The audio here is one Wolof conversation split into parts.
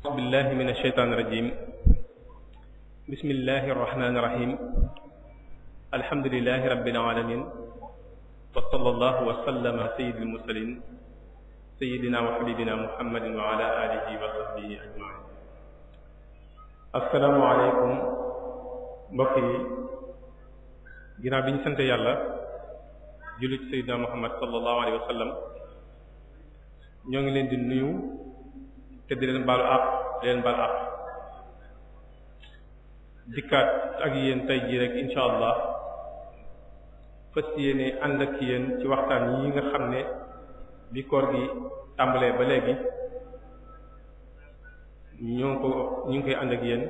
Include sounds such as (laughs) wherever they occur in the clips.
أعوذ بالله من الشيطان الرجيم بسم الله الرحمن الرحيم الحمد لله رب العالمين وصلى الله وسلم على سيد المرسلين سيدنا وحبيبنا محمد وعلى آله وصحبه أجمعين السلام عليكم mbokk yi ginnaaw bi ñu sant yàlla julli ci Seydina Muhammad sallallahu alayhi wa sallam ñoo ngi leen di nuyu te di leen baalu àq di leen baalu àq dikkaat ak yéen tey jii rek incha allah fas yéene ànd ak yéen ci waxtaan yi nga xam ne bi koor gi tàmbalee ba léegi ñoo ko ñu ngi koy ànd ak yéen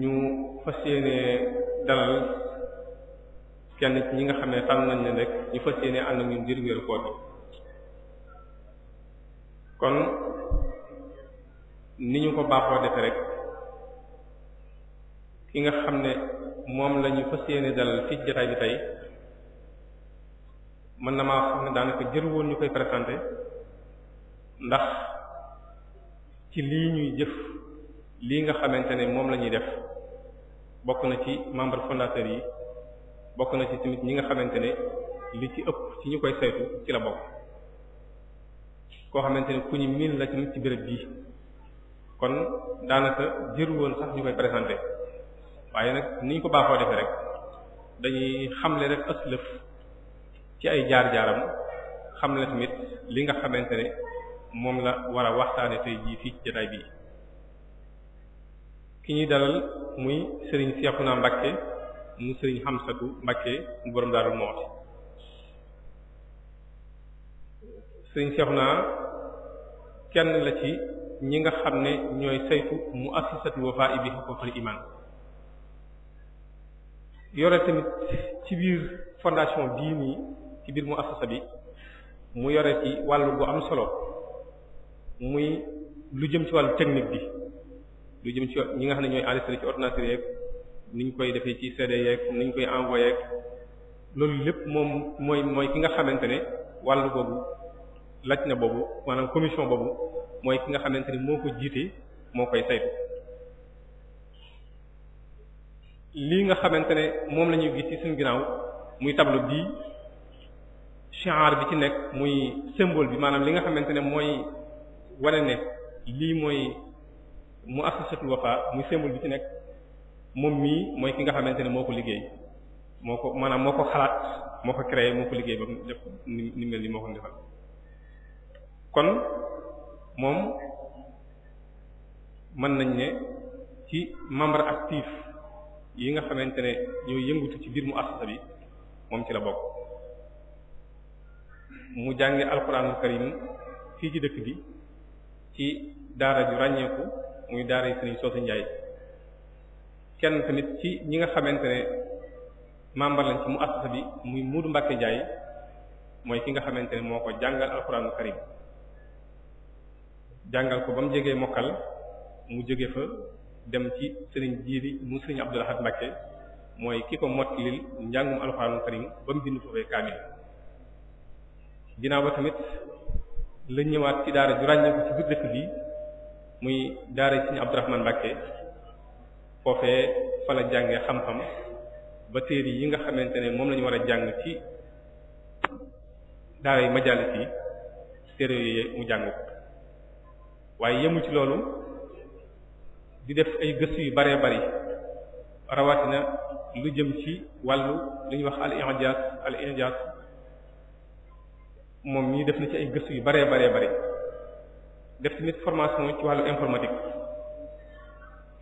ñu fas yéene dalal kenn ci ñi nga xam ne tànn nañ leen rek ñu fas yéene ànd ak ñun ngir wéeru koor gi kon ni ñu ko baaxoo defe rek ki nga xam ne moom la ñu fas yéene dalal fii jotaay bi tey mën na ma xam ne daanaka jër woon ñu koy présenté ndax ci lii ñuy jëf lii nga xamante ne moom la ñuy def bokk na ci membre fondateur yi bokk na ci tamit ñi nga xamante ne li ci ëpp ci ñu koy saytu ci la bokk koo xamante ne ku ñu miin la ci ci béréb bii kon daanaka jër woon sax ñu koy présenté waaye nag ni ñu ko baaxoo defe rek dañuy xamle rek aslëf ci ay jaar-jaaram xam na tamit li nga xamante ne moom la war a waxtaane tey jii fii ci jotaay bii ki ñuy dalal muy sëriñ Seexuna Mbàkke mu sëriñ Xamsatu Mbàkke mu borom Daaru Muxti sëriñ Cheikh naa kenn la ci ñi nga xam ne ñooy saytu mu assisati Wafa bi haqqul iman yore tamit ci biir fondation bii nii ci biir mu assasa bi mu yore ci wàllu bu am solo muy lu jëm ci wàllu technique bi lu jëm ci ñi nga xam ne ñooy enregistré ci ordinateur yeeg niñ koy defee ci CD yeeg niñ koy envoyé loolu lépp moom mooy mooy ki nga xamante ne wàllu boobu laj na boobu maanaam commission boobu mooy ki nga xamante ne moo ko jiite moo koy saytu lii nga xamante ne moom lañuy ñuy gis ci suñu ginnaaw muy tableau bii shiar bi ci nekk muy symbole bi maanaam li nga xamante ne mooy wane ne lii mooy mu assasatul wafa muy symbole bi ci nekk moom mii mooy ki nga xamante ne moo ko liggéey moo ko maanaam moo ko xalaat moo ko créé moo ko liggéey ba mu def ni mel ni moo ko defal kon moom mën nañ ne ci membre actif yi nga xamante ne ñoo yëngutu ci biir mu assasa bi moom ci la bokk mu jànge alxuraanul karim fii ci dëkk bi ci daara ju ràññeeku muy daara yi sëriñ soosu njaay kenn tamit ci ñi nga xamante ne membre lañ ci mu assasa bi muy muuru Mbàkke Njaay mooy ki nga xamante ne moo ko jàngal alxuraanul karim jàngal ko ba mu jegee mokkal mu jóge fa dem ci sëriñ jiiri mu sëriñ Abdul Ahad mooy ki ko mottalil njàngum alxuraanul karim ba mu bind foofee kaamil ginnaaw ba tamit la ñëwaat ci daara ju ràññee ci bi muy daara sëriñ Abdurahmaan Mbakke foofee fa la ba téere yi nga xamante moom lañu war a jàng ci daara yi yooyu mu jàng ko waaye yëmu ci loolu di def ay gëstu yu baree bari rawatina lu jëm ci wàllu lu ñuy wax al injaas al injaas moom ñii def na ci ay gëstu yu baree baree bari def tamit formation ci wàllu informatique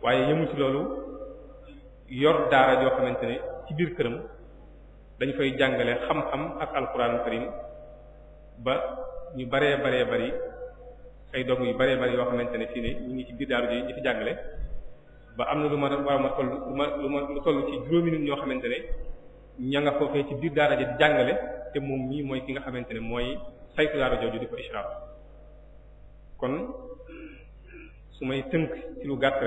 waaye yemu ci loolu yor daara joo xamante ne ci biir këram dañ koy jàngale xam-xam ak alquran karim ba ñu baree baree bari ay dong yu bëree bëri yoo xamante ne fii nii ñu ngi ci biir daaru ji di fi jàngale ba am na lu ma war ma toll lu ma lu ma lu ci juróomi nit ñoo xamante ne ña nga foofee ci biir daara ji di jàngale te moom mii mooy ki nga xamante ne mooy saytu daara su may tënk ci gàtt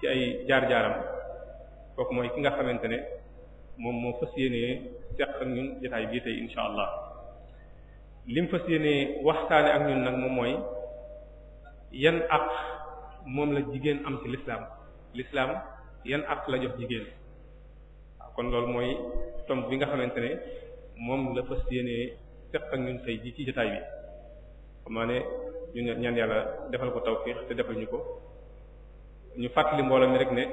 ci ay jaar-jaaram kooku mooy ki nga xamante ne moom moo fas yéenee seq ak ñun jotaay bii tey insha allah lim mu fas yéene waxtaane ak ñun nag moom mooy yan àq moom la jigéen am ci lislaam lislaam yan àq la jox jigéen waaw kon loolu mooy tomb bi nga xamante ne moom la fas yéene teq ak ñun tey ji ci jotaay bi xam naa ne ñu ñaan yàlla defal ko tawfiq te defal ñu ko ñu fàttali mbooloo mi rek ne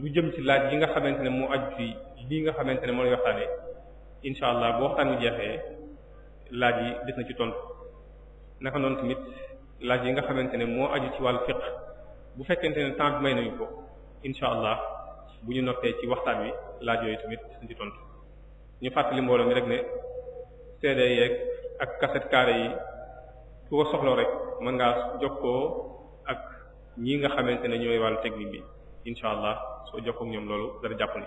lu jëm ci laaj yi nga xamante ne moo aju ci lii nga xamante ne moo lay waxtaane incha allah bu waxtaan wi jeexee laaj yi des na ci tontu naka noonu tamit laaj yi nga xamante ne moo aju ci wàllu fiqh bu fekkente ne temps bi may nañu ko incha allah bu ñu noppee ci waxtaan wi laaj yooyu tamit des na ci tontu ñu fàttali mbooloo mi rek ne CD yeeg ak cassette carré yi ku ko soxloo rek mën ngaa jokkoo ak ñi nga xamante ne ñooy wàll technique bi incha allah soo jokkoo ak ñoom loolu dara jàpp ne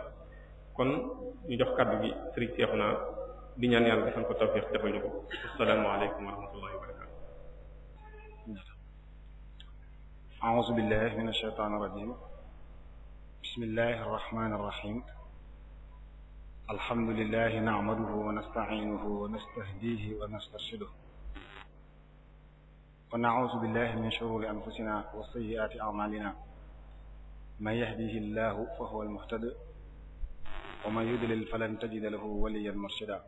kon ñu jox kàddu gi Serigne Cheikhouna di ñaan yàlla defal ko tawfiq defal ñu ko assalaamu aleykum wa rahmatullahi wa barakatuh a'uuzu billahi minash shaytaanir rajiim bismillahir rahmaanir rahiim alhamdulillahi na'maduhu wa nasta'iinuhu wa nastahdiihi wa nastarshiduhu wa na'uuzu billahi min shuruuri anfusinaa wa sayyi'aati a'maalinaa man yahdihi llaahu fa huwal muhtadi wa man yudlil falan tajida lahu waliyyan murshidaa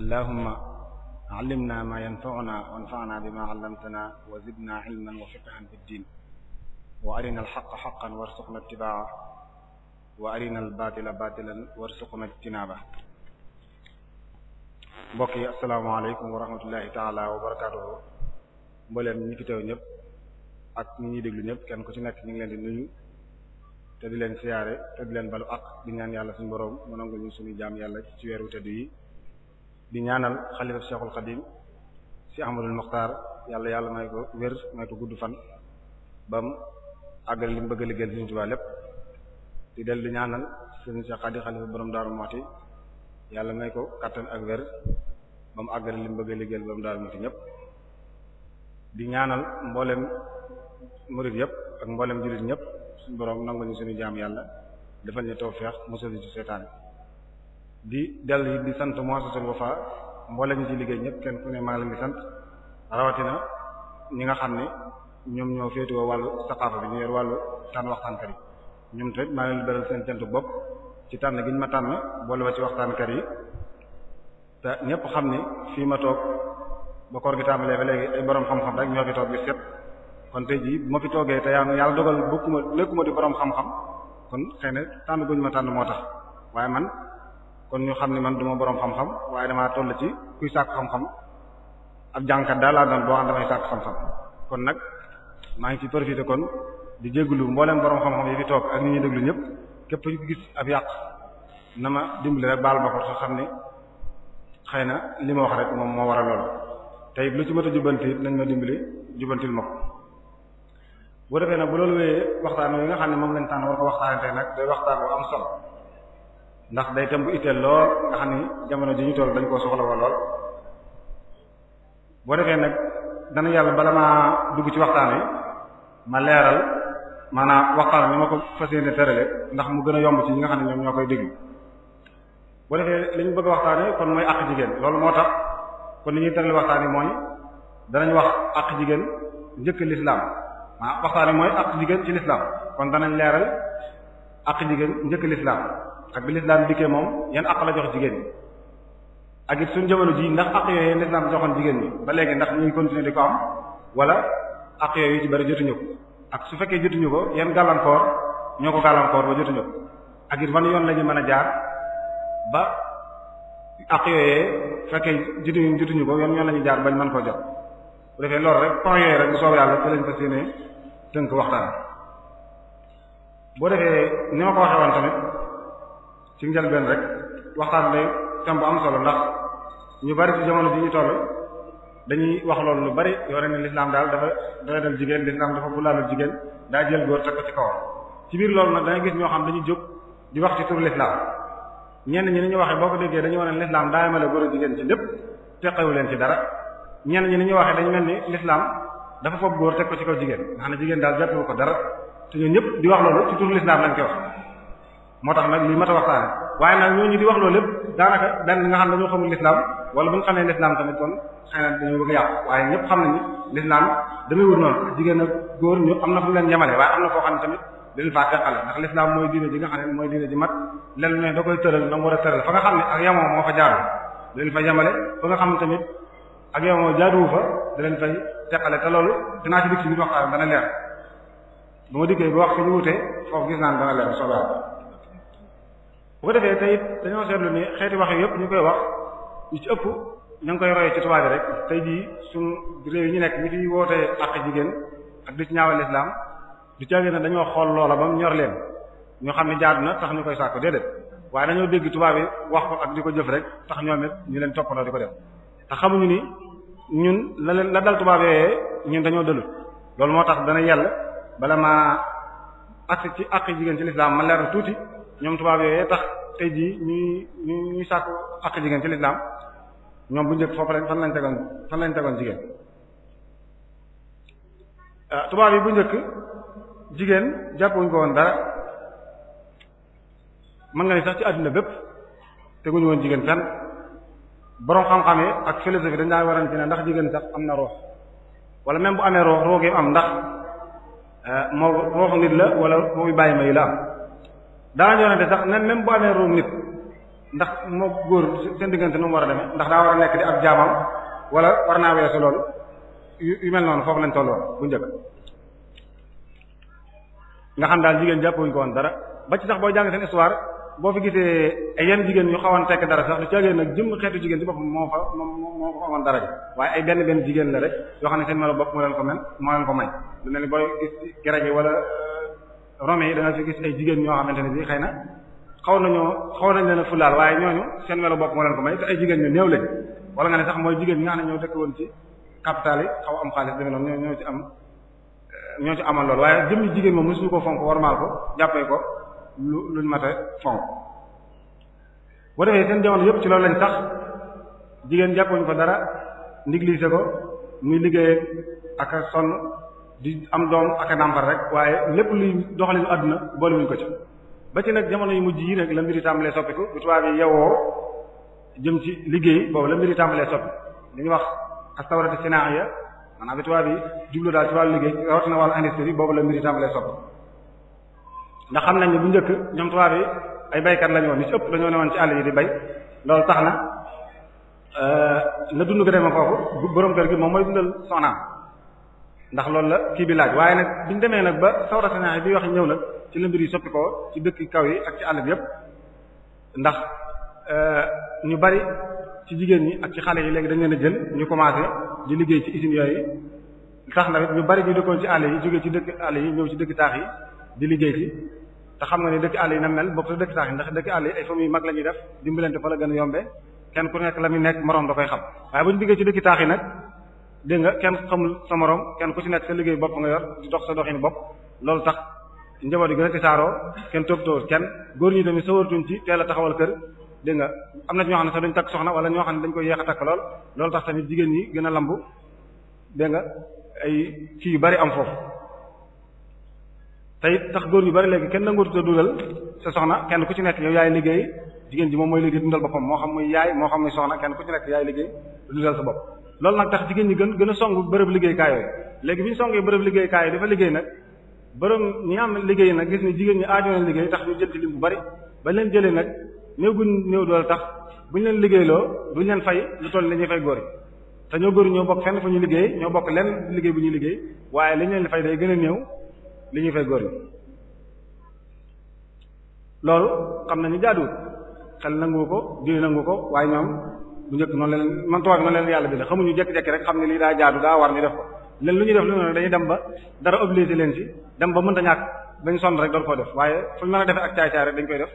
allahumma allimna ma yanfa'una wanfa'na bima 'allamtana wa zidna 'ilman wa fiqhan fid din wa arina al-haqqa haqqan warzuqna ittiba'ahu wa arina al-batila batilan warzuqna ijtinaba mbokk yi assalaamu alaykum wa rahmatullahi ta'ala wa barakatuhu mbooleem ñi fi teew ñëpp ak ñi ñuy déglu ñëpp kenn ku ci nekk ñu ngi leen di nuyu te di leen siyaare te di leen balu ak di ñaan yàlla suñu boroom mu nangul ñu suñu jaam yàlla ci weeru tedd yi di ñaanal xalifa Cheikhul Xadim si Ahmadul Muxtaar yàlla yàlla may ko wér may ko gudd fan ba mu àggal li mu bëgg a liggéeyal Sëriñ Tuubaa lépp di del di ñaanal Sëriñ Cheikh Xadim xalifa daa Daaru Muxti yàlla may ko kàttan ak wér ba mu àggal li mu bëgg a liggéeyal borom Daaru Muxti ñëpp di ñaanal mboolem murid yëpp ak mboolem jullit ñëpp suñu borom nangu ñu suñu jaam yàlla defal ñu tawfeex mosal ñu ci seetaan di dellu yi di sant muassasatul Wafa mboolem ñi ci liggéey ñëpp kenn ku ne maa leen di sant rawatina ñi nga xam ne ñoom ñoo féetewoo wàllu saqaafa bi ñu yor wàllu tànn waxtaankat yi ñoom tamit maa leen di beral seen cant bopp ci tànn gi ma tànn boole ba ci waxtaankat yi te ñëpp xam ni fii ma toog ba koor gi tàmbalee ba léegi ay borom xam-xam rek ñoo fi toog bi set kon tey jii bu ma fi toogee te yaa yàlla dogal bokkuma nekkuma di borom xam-xam kon xëy na tànn guñu ma tànn moo tax waaye man kon ñu xam ne man du ma boroom xam-xam waaye damaa toll ci kuy sàkk xam-xam ab jàngkat daal laa doon boo xam damay sàkk xam-xam kon nag maa ngi ci profité kon di jégalu mbooleem boroom xam-xam yi fi toog ak ni ñuy déglu ñëpp képp ku gis ab yàq na ma dimbali rek baal ma ko soo xam ne xëy na li ma wax rek moom moo war a loolu tey lu ci mën a jubanti nañ ma dimbali jubantil ma ko boo defee nag bu loolu wéyee waxtaan wi nga xam ne moom lañ tànn war ko waxtaanee tey ndax day tam bu itteel lool nga xam ni jamono ji ñu toll dañ ko soxla woon lool boo defee nag dana yàlla bala maa dugg ci waxtaan wi ma leeral maanaam waxtaan ni ma ko fas yéene tërale ndax mu gën a yomb ci ñi nga xam ne ñoom ñoo koy déglu boo defee li bëgg a wi kon mooy àq jigéen loolu moo tax kon li ñuy tërale waxtaan yi mooy danañu wax àq jigéen njëkk lislaam ah waxtaan yi mooy àq jigéen ci lislaam kon danañ leeral àq jigéen njëkk lislaam ak bi lislaam dikkee moom yan àq la jox jigéen ñi ak it suñ jamono ji ndax àq yooyu lislaam joxoon jigéen ñi ba léegi ndax ñuy continuer di ko am wala àq yooyu ci bari jotuñu ko ak su fekkee jotuñu ko yan gàllankoor ñoo ko gàllankoor ba jotuñu ko ak it wan yoon la ñu mën a jaar ba àq yooyee fekkee jotuñu jotuñu ko yan yoon la ñu jaar bañ mën koo jot bu defee loolu rek point yooyu rek bu yàlla ci lañ fas yéenee tënk waxtaan boo defee ni ma ko waxee ci njëlbeen rek waxtaan lay thème bu am solo ndax ñu bari ci jamono ji ñu toll dañuy wax loolu lu bari yore ne lislaam daal dafa doyadal jigéen lislaam dafa bulaalal jigéen daa jël góor teg ko ci kawam ci biir loolu nag da gis ñoo xam dañuy jóg di wax ci tur lislaam ñenn ñi ni waxee boo ko déggee dañu wane ne lislaam daa yemale góor jigéen ci lépp teqewu leen ci dara ñenn ñi ni ñu waxee dañu mel ni lislaam dafa foog góor teg ko ci kaw jigéen nga xam ne jigéen daal jàppewu ko dara te ñun ñëpp di wax loolu ci tur lislaam lañ koy wax moo tax nag luy mat a waxtaane waaye nag ñooñu di wax loolu lépp daanaka benn nga xam ne dañoo xamul lislaam wala bu ñu xamee lislaam tamit kon xëy na dañoo bëgg a yàqu waaye ñëpp xam nañu lislaam damay wut noonu jigéen ak góor ñu am na fu mu leen yemale waaye am na foo xam ne tamit dañu faa teqale ndax lislaam mooy diine ji nga xam ne mooy diine ji mat len ne da koy tëral na mu war a tëral fa nga xam ne ak yamoo moo fa jaaru dañu fa yemale fa nga xam ne tamit ak yamoo jaaduwu fa da leen fay teqale te loolu dinaa ci dikk ci biir waxtaan dana leer bu ma dikkee bu wax fi ñu wutee foofu gis naan dana leer soobee bu ko defee tey dañoo seetlu ni xeeti wax yëpp ñu koy wax yu ci ëpp ña ngi koy roye ci tubaab yi rek tey jii suñu réew yi ñu nekk ñu fi wootee ak jigéen ak di ci ñaawal islam du caagee na dañoo xool loola ba mu ñor leen ñoo xam ne jaadu na tax ñu koy sàkku déedéet waaye dañoo dégg tubaab yi wax ko ak di ko jëf rek tax ñoom it ñu leen toppandoo di ko def te xamuñu ni ñun la leen la dal tubaab ñun dañoo dëlut loolu moo tax dana yell bala maa agsi ci ak jigéen ci lislaam ma leer tuuti ñoom tubaab yooyee tax tey jii ñuy ñuy ñuy sàkku ak jigéen ci lislaam ñoom bu njëkk foofu lañ fan lañ tegoon fan lañ tegoon jigéen euh, tubaab yi bu njëkk jigéen jàppuñ ko woon dara mën nga ni sax ci àdduna bépp teguñu woon jigéen fenn boroom xam-xam yi ak philosophie dañ daan warante ne ndax jigéen sax am na ruux wala même bu amee ruux ruux am ndax euh, moo ruuxu nit la wala mooy bàyyi may la am danañ yonante sax même même boo amee ruum nit ndax moo góor seen diggante nu mu war a demee ndax daa war a nekk di ab jaamam wala war naa weesu loolu yu mel noonu foofu lañ tolloon bu njëkk nga xam daal jigéen jàpp ko woon dara ba ci sax boo jàng seen histoire boo fi gisee ay yenn jigéen yu xawoon tekk dara sax lu caagéen nag jëm xeetu jigéen ci bopp moo fa moo fa xawoon dara waaye ay benn benn jigéen la rek yoo xam ne seen melo bopp moo leen ko mel moo leen ko may lu mel ni booy gis geraje romains yi da fi gis ay jigéen ñoo xamante ne bii xëy na xaw ñoo xaw nañ leen a fulaal waaye ñooñu seen melo bopp moo leen ko may te ay jigéen ñu néew lañ wala nga ne sax mooy jigéen ñi nga xam ne ñoo dëkk woon ci capital xaw am xaalis deme noonu ñoo ñoo ci am eh, ñoo ci amal loolu waaye jëmmi jigéen moom mosuñu ko fonk maal ko jàppee ko lu luñ mat a fonk boo defee seen jamono yëpp ci loolu lañ sax jigéen jàppuñ ko dara négligé ko muy liggéey ak sonn di am doom ak a nàmpal rek waaye lépp luy doxalinu àdduna boole wuñ ko ba ci nag jamono yu mujj yi nag la mbiri tàmbalee soppiku bu tubaab yi yewoo ci liggéey boobu la mbiri tàmbalee soppi li ñuy wax astawrati sinaaya maanaam bi tubaab yi jublu daal ci wàllu liggéey rawatina wàllu industrie boobu la mbiri tàmbalee soppi ndax xam nañ ne bu njëkk ñoom tubaab yi ay baykat lañu woon ñu ci ëpp dañoo newoon ci àll yi di bay loolu tax na euh, la dund ko demee foofu borom kër gi moom mooy dundal soxnaam ndax loolu la kii bi laaj waaye nag bi ñu demee nag ba sawra sanaa bi wax ñëw nag ci la mbir yi soppi koo ci dëkk kaw yi ak ci àll bi yépp ndax euh, ñu bari ci jigéen ñi ak ci xale yi léegi dañ leen a jël ñu commencé di liggéey ci yooyu tax na ñu bari ñu dëkkoon ci àll yi jógee ci dëkk àll yi ñëw ci dëkk taax yi di liggéey ci te xam nga ne dëkk àll yi na mel bokk te dëkk taax yi ndax dëkk àll yi ay famille mag la ñuy def dimbalante fa la gën a yombe kenn ku nekk la muy nekk moroom da koy xam waaye bu ñu liggéey ci dëkk taax yi nag dégg nga kenn xamul sa morom kenn ku ci nekk sa liggéey bopp nga yor di dox sa doxin bopp loolu tax njaboot yi gën a tisaaroo kenn toppatoo kenn góor ñi tamit sawartuñ ci teel a taxawal kër dégg nga am na ñoo xam ne sax dañ takk soxna wala ñoo xam ne dañ koy yeex a takk lool loolu tax tamit jigéen ñi gën a lambu dégg nga ay kii yu bari am foofu te it tax góor yu bari léegi kenn nanguutu dugal sa soxna kenn ku ci nekk yow yaay liggéey jigéen ji moom mooy liggéey dundal boppam moo xam muy yaay moo xam muy soxna kenn ku ci nekk yaay liggéey dundal sa bopp loolu nag tax jigéen ñi gën gën a song bërëb liggéeykaay léegi bi ñu songee bërëb liggéeykaay dafa liggéey nag bërëb ñi am liggéey nag gis ni jigéen ñu aajo na liggéey tax ñu jël ci bu bari ba leen jëlee nag néew gu néew doole tax bu ñu leen liggéeyloo lu toll fay góor yi te ñoo góor ñoo bokk fenn fu ñu liggéey ñoo bokk lenn liggéey bu ñuy liggéey waaye li ñu leen fay day gën a néew li ñuy fay góor yi loolu xam nañu jaaduwul xel nangu ko diine nangu ko waaye ñoom bu njëkk noonu leen man tubaab bi noonu leen yàlla bi la xamuñu jekk-jekk rek xam ne lii daa jaadu daa war ñu def ko leen lu ñuy def lu ne dañuy dem ba dara obligé leen ci dem ba mënta ñàkk dañ sonn rek doon ko def waaye fuñu mën a def ak caay-caay rek dañ koy def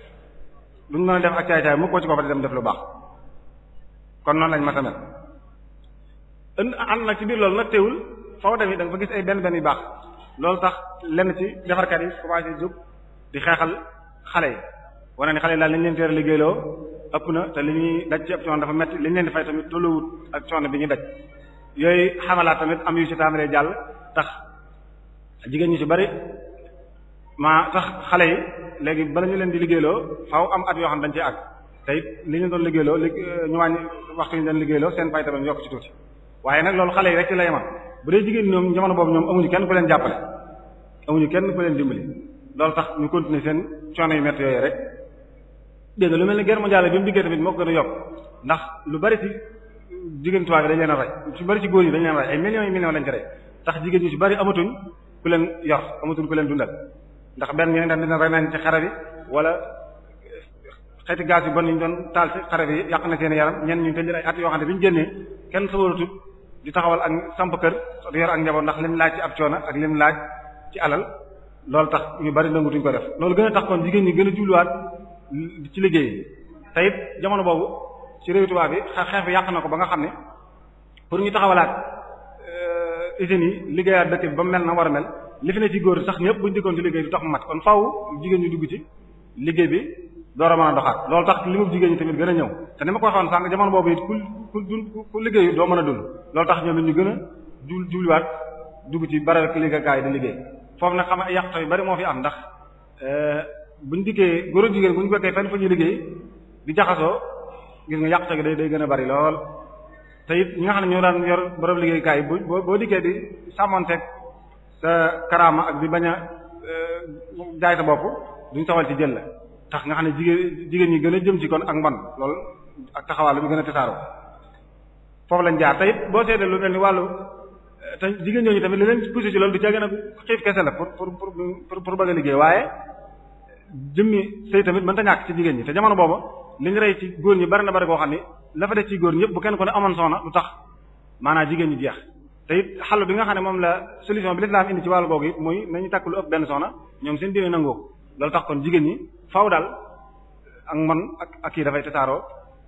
luñu mën a def ak caay-caay mu ko ci boppam dem def lu baax kon noonu lañ ma tamel ënd ànd nag ci biir loolu nag teewul faw tamit da nga fa gis ay benn benn yu baax loolu tax lenn ci defarkat yi commencé jóg di xeexal xale wane ni xale yi daal nañ leen teer liggéeyloo ëpp na te li ñuy daj ci ëpp coono dafa metti li ñu leen di fay tamit tolluwut ak coono bi ñuy daj yooyu xamalaat tamit am yu si tàmbalee jàll tax jigéen ñi ci bari maa tax xale yi léegi bala ñu leen di liggéeyloo faaw am at yoo xam dañ cee àgg te li ñu doon liggéeyloo li ñu wàññi waxtu ñu doon liggéeyloo seen fay tamit yokk ci tuuti waaye nag loolu xale yi rek ci la yemal bu dee jigéen ñoom jamono boobu ñoom amuñu kenn ku leen jàppale amuñu kenn ku dimbali loolu tax seen coono yu metti rek dégg lu mel ne guerre mondiale bi mu diggee tamit moo ko gën a yokk ndax lu bari ci jigéen tubaab yi dañ leen a rey ci bari ci góor yi dañ leen a ay millions yi millions lañ ko rey tax jigéen ñu bari amatuñ ku leen yor amatuñ ku leen dundal ndax benn ñeneen dañ leen rey nañ ci xare bi wala xeeti gaz yu bon ñu doon taal ci xare yàq na seen yaram ñenn ñu tëj at yoo xam ne bi ñu kenn sabaratut di taxawal ak samp kër di yor ak njaboot ndax lim laaj ci ab coono ak lim laaj ci alal loolu tax ñu bari nangutuñ ko def loolu gën a tax kon jigéen ñi gën a jubluwaat ci liggéey te it jamono boobu ci réew tubaab bi xeex bi yàq na ko ba nga xam ne pour ñu taxawalaat euh, usines yi liggéeyaat dëkk bi ba mel na war a mel li fi ne ci góor sax ñëpp bu diggoon ci liggéey du mu mat kon faaw jigéen ñu dugg ci liggéey bi door a mën a doxaat loolu tax li mu jigéen ñi tamit gën a ñëw te ni ma ko waxoon sànq jamono boobu it ku ku ku ku doo mën a dund loolu tax ñoom ñu gën a jublu jubluwaat dugg ci baral liggéeykaay di liggéey foofu nag xam yàq yu bari moo fi am ndax euh, bu buñ dikkee góor jigéen ñu fekkee fenn fu ñu liggéey di jaxasoo gis nga yàq gi day day gën a bari lool te it ñi nga xam ne ñoo daan yor borom liggéeykaay bu boo dikkee di sàmmonteeg sa karaama ak bi bañ a euh, jaay sa bopp duñ sawal ci jël la tax nga xam ne jigéen jigéen ñi gën a jëm ci kon ak mbon lool ak taxawaal bi gën a tasaaroo foofu lañ jaar te it boo seetee lu mel ni wàllu te jigéen ñooñu tamit li leen poussé ci loolu du gën a pour pour pour pour bëgg a liggéey waaye jëmmi sëy tamit mën ta ñàkk ci jigéen ñi te jamono booba li ñu rey ci góor ñi bari na bari koo xam ne la def ci góor ñëpp bu kenn ko ne amoon soxna lu tax maanaam jigéen ñi jeex te it xalu bi nga xam ne moom la solution bi lislaam indi ci wàllu googu it mooy nañu takk lu ëpp benn soxna ñoom seen diine nangoo ko loolu tax kon jigéen ñi faaw daal ak man ak ak kii dafay tasaaroo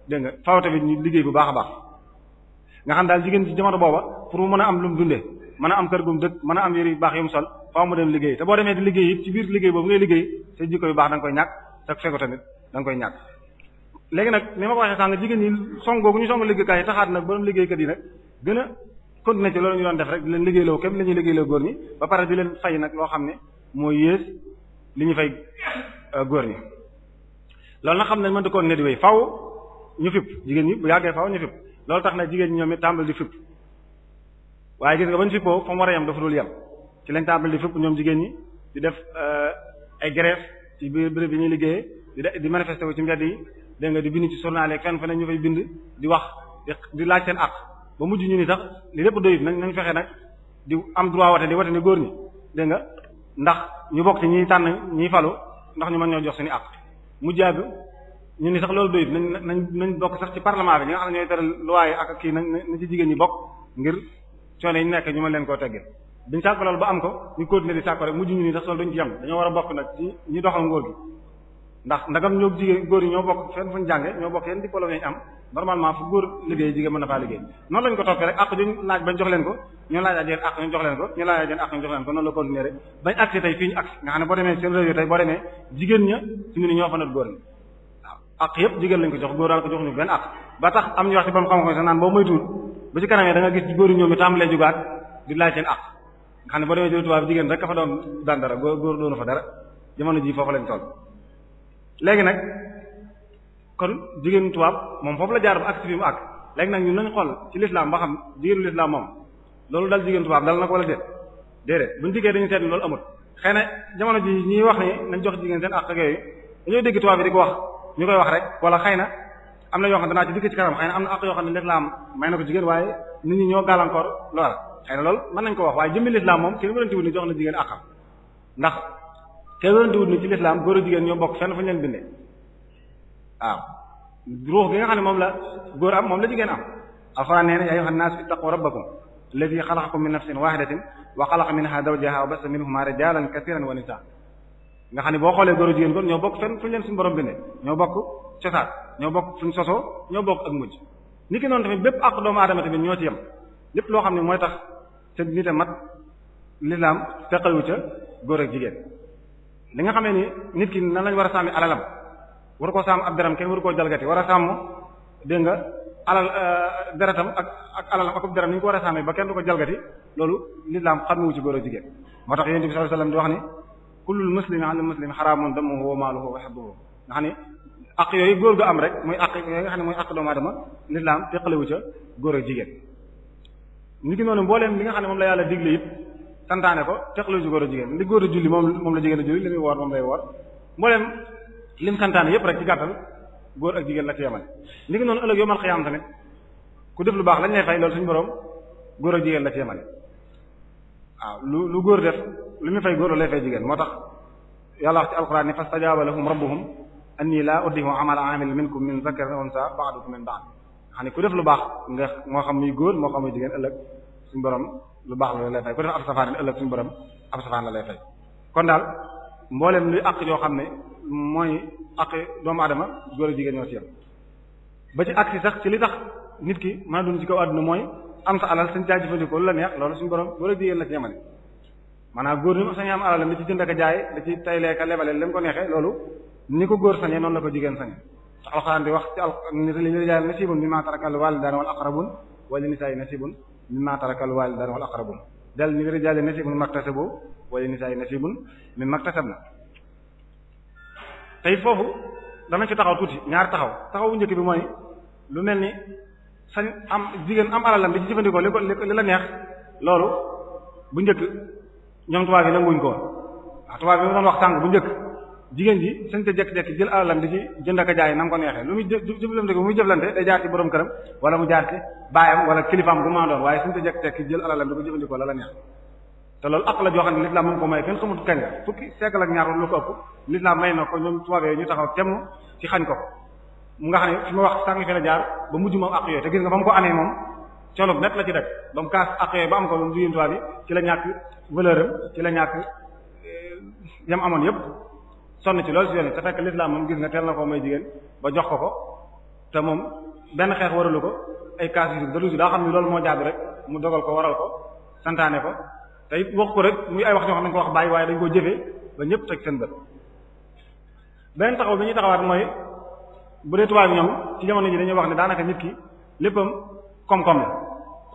dégg nga faaw tamit ñu liggéey bu baax a baax nga xam daal jigéen ci jamono booba pour mu mën a am lu mu dundee mën a am kër gu mën a am yëri yu baax yu mu sol faaw mu dem liggéey te boo demee di liggéey it ci biir liggéey boobu ngay liggéey sa jikko yu baax da koy ñàkk sa fegu tamit da koy ñàkk léegi nag ni ma ko waxee sànq jigéen ñi song googu ñu song liggéeykat yi taxaat nag borom liggéeykat yi nag gën a continuer ci loolu ñu doon def rek di leen liggéeyloo képp ñu ñuy liggéeyloo góor ñi ba pare di leen fay nag loo xam ne mooy yées li ñu fay euh, góor ñi loolu nag xam nañ mënta koon ne di wéy ñu fipp jigéen ñi bu yàggee faw ñu fipp loolu tax na jigéen ñi ñoom it tàmbali di fipp waaye gis nga bañ fippoo a yem dafa ci lañ tàmbali di fépp ñoom jigéen ñi di def euh, ay grève ci biir béréb bi ñuy liggéeyee di di manifester wu ci mbedd yi dégg nga di bind ci journal ak fenn feneen ñu fay bind di wax di laaj seen àq ba mujj ñu ni sax li lépp doyut nañ nañ fexe nag di am droit wote di wote ni góor ñi dégg nga ndax ñu bokk ci ñiy tànn ñiy falu ndax ñu man ñoo jox suñu àq mu jaag ñu ni sax loolu doyut nañ nañ nañ bokk sax ci parlement bi ñi nga xam ne ñooy tëral loi yi ak kii nañ na ci jigéen ñi bokk ngir coono yi nekk ñu ma leen koo teggee biñ sàkku loolu ba am ko ñu continuer di sàkku rek mujj ñu ni sax sol dañu ci yem dañoo war a bokk nag ci doxal ngóor gi ndax ndagam ñoo jigéen góor yi ñoo bokk fenn fuñu ñoo bokk yenn diplôme yi am normalement fu góor liggéey jigéen mën na ñu laaj jox leen ko jox leen ko ko noonu la continuer rek bañ agsi tey fii ñu agsi nga xam ña suñu ni ñoo fa nat góor ñi waaw àq jigéen lañ ko jox góor daal ko jox ñu benn àq ba tax am ñu wax ci bam xam-xam sax naan boo moytuwul ba ci kanamee da gis góor ñoom ñu tàmbalee jugaat di laaj seen àq xam ne boo demee ci tubaab jigéen rek ka fa doon daan dara góor góor doonu fa dara jamono ji foofu lañ toll léegi nag kon jigéen tubaab moom foofu la jaar ba ak si fi mu ak léegi nag ñun nañ xool ci lislaam ba xam jigéenu lislaam moom loolu dal jigéen tubaab dal na ko wala déet déedéet ñu diggee dañu seetlu loolu amut xëy na jamono ji ñuy wax ni nañ jox jigéen seen ak ak yooyu dañoo dégg tubaab yi di ko wax ñu koy wax rek wala xëy na am na yoo xam ne danaa ci dikk am na ak yoo xam ne lislaam may na ko jigéen waaye nit ñi ñoo gàllankoor loola xëy na loolu mën nañ ko wax waaye jëmmi lislaam moom kenn wérantiwut ni jox na jigéen àqam ndax kenn wérantiwut ni ci lislaam góor jigéen ñoo bokk fenn fu ñu leen bindee waaw gi xam ne moom la góor am moom la jigéen am alxuraan nee na yaa ayyuhan naas ittaqu rabbakum alladhi xalaqakum min nafsin wahidatin wa xalaqa minha zawjaha wa bassa minhuma rijalan katiran wa nisaa nga xam ne boo xoolee góor a jigéen ñoo bokk fenn fu ñu leen bindee ñoo bokk cosaan ñoo bokk suñu sosoo ñoo bokk ak mujj niki noonu tamit bépp àq doomu aadama tamit ñoo ci yem lépp loo xam ne mooy tax te nit a mat lislaam feqalu ca góor ak jigéen li nga xamee ni nit ki nan lañ war a sàmmi alalam war koo sàmm ab deram kenn waru koo jalgati war a sàmm dégg nga alal euh, deretam ak ak alalam ak deram ni ñu ko war a sàmmee ba kenn du ko jalgati loolu lislaam xamuwu ci góor ak jigéen moo tax yonent bi sallallahu alayhi wasallam di wax ni kullul muslimi ala muslimi xaraamun damuhu wa maaluhu wa hibbuhu nga xam ne aq yooyu góor gu am rek muy aq yooyu nga xam ne muy aq doomu aadama lislaam feqalewu ca góor ak jigéen ni ki noonu mbooleem li nga xam ne moom la yàlla digle it santaane ko teqalu ci góor a jigéen li góor a julli moom moom la jigéen a julli li muy woor moom lay woor mbooleem lim santaane yépp rek ci gàttal góor ak jigéen la ci yemale ni ki noonu ëllëg yomal xiyaam tamit ku def lu baax lañ lay fay loolu suñu borom góor ak jigéen la ci waaw lu lu góor def lu muy fay góor lay fay jigéen moo tax yàlla wax ci alxuraan ni fastajaaba lahum rabbuhum anni laa uddihu amala amil minkum min zakarin wa unsa ba'dukum min ba'd xam ne ku def lu baax nga moo xam muy góor moo xam muy jigéen ëllëg suñu borom lu baax la lay fay ku def ab safaan ëllëg suñu borom ab safaan la lay fay kon daal mboolem luy àq yoo xam ne mooy àq doomu adama góor a jigéen ñoo ci ba ci àq sax ci li tax nit ki mën a dund ci kaw àdduna mooy am sa alal sañ caa jëfandikoo lu la neex loolu suñu borom góor a jigéen la ci yemale maanaam góor ñi sañu am alal da ci jënd ak jaay da ci tayleeka lebale li mu ko neexee loolu ni ko góor sañee noonu la ko jigéen sañee alxuraan di wax ci al li rijaal nasibun mimma tarakal walidaan wal aqrabun wa li nisaa nasibun mimma tarakal walidaan wal aqrabun dal ni rijaal nasibun maktasabu wa li nisaa nasibun mimma maktasabna tey foofu danañ ci taxaw tuuti ñaar taxaw taxaw bu njëkk bi mooy lu mel ni sañ am jigéen am alalam di ci jëfandikoo li ko li la neex loolu bu njëkk ñoom tubaab yi nanguwuñ ko woon ndax tubaab yi doon wax tàng bu njëkk jigéen ji sañ te jekk-jekk jël alalam di ci jënd jaay na ko neexee lu muy jëflante bu muy jëflante day jaar ci borom këram wala mu jaar ci baayam wala kilifaam bu ma doon waaye sañ te jekk-jekk jël alalam di ko jëfandikoo la la neex te loolu àq la joo xam ne lislaam mu ngi ko may kenn xamut kañ la fukki siècle ak ñaar ko ëpp lislaam may ñu taxaw temm ci xañ ko mu nga xam ne fi ma wax sànq fi la jaar ba mujj moom àq yooyu te gis nga ba mu ko amee moom coono net la ci def ba mu kaas àq yooyu ba am ko ba mu jigéen la ñàkk valeur am eh, amoon yépp sonn ci loolu si yoon yi te fekk lislaam moom gis nga teel na koo may jigéen ba jox ko ko te moom benn xeex waralu ko ay kaas yu dul daa xam ni loolu moo jaadu rek mu dogal ko waral ko santaane ko te it wax ko rek muy ay wax ñoo xam ne dañ ko wax bàyyi waaye dañ koo jëfee ñëpp teg seen bët. beneen taxaw bi ñuy taxawaat mooy bu dee ñoom ci ji dañuy wax ne daanaka nit ki léppam koom-koom la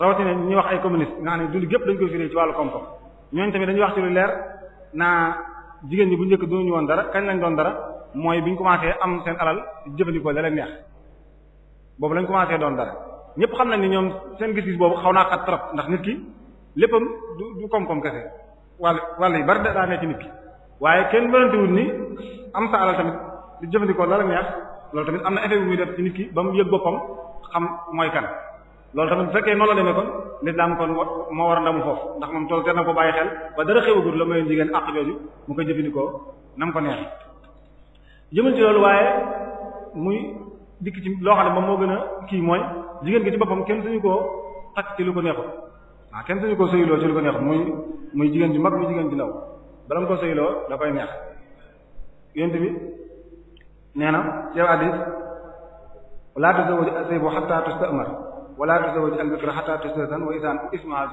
rawatina ñuy wax ay communiste nga xam ne dund gépp dañ koy firé ci wàllu koom-koom ñooñu tamit dañuy wax ci lu leer naa. jigéen ñi bu njëkk doonuñu woon dara kañ lañ doon dara mooy bi ñu commencé am seen alal jëfandikoo da leen neex boobu lañ commencé doon dara ñëpp xam nañ ni ñoom seen gis-gis boobu xaw naa xat trop ndax nit ki léppam du du koom-koom kese wàll wàll yi bari daa nekk ci nit ki waaye kenn mënatiwul ni am sa alal tamit di jëfandikoo da la neex loolu tamit am na effet bu muy def ci nit ki ba mu yëg boppam xam mooy kan loolu tamit bu fekkee noonu la demee kon lislaam kon moo war a mu foofu ndax moom tool te na ko bàyyi xel ba dara xewagul la mayoon jigéen àq jooju mu ko jëfandikoo nam ko neex jëmal ci loolu waaye muy dikk ci loo xam ne moom moo gën a kii mooy jigéen ki ci boppam kenn suñu koo takk ci lu ko neexul waaw kenn suñu koo sëyloo ci lu ko neexul muy muy jigéen ju mag muy jigéen ju ndaw bala mu ko sëyloo da koy neex yéen tamit nee na ci hadith wala tazawwaj al-bikra hatta tastazan wa izan ismuha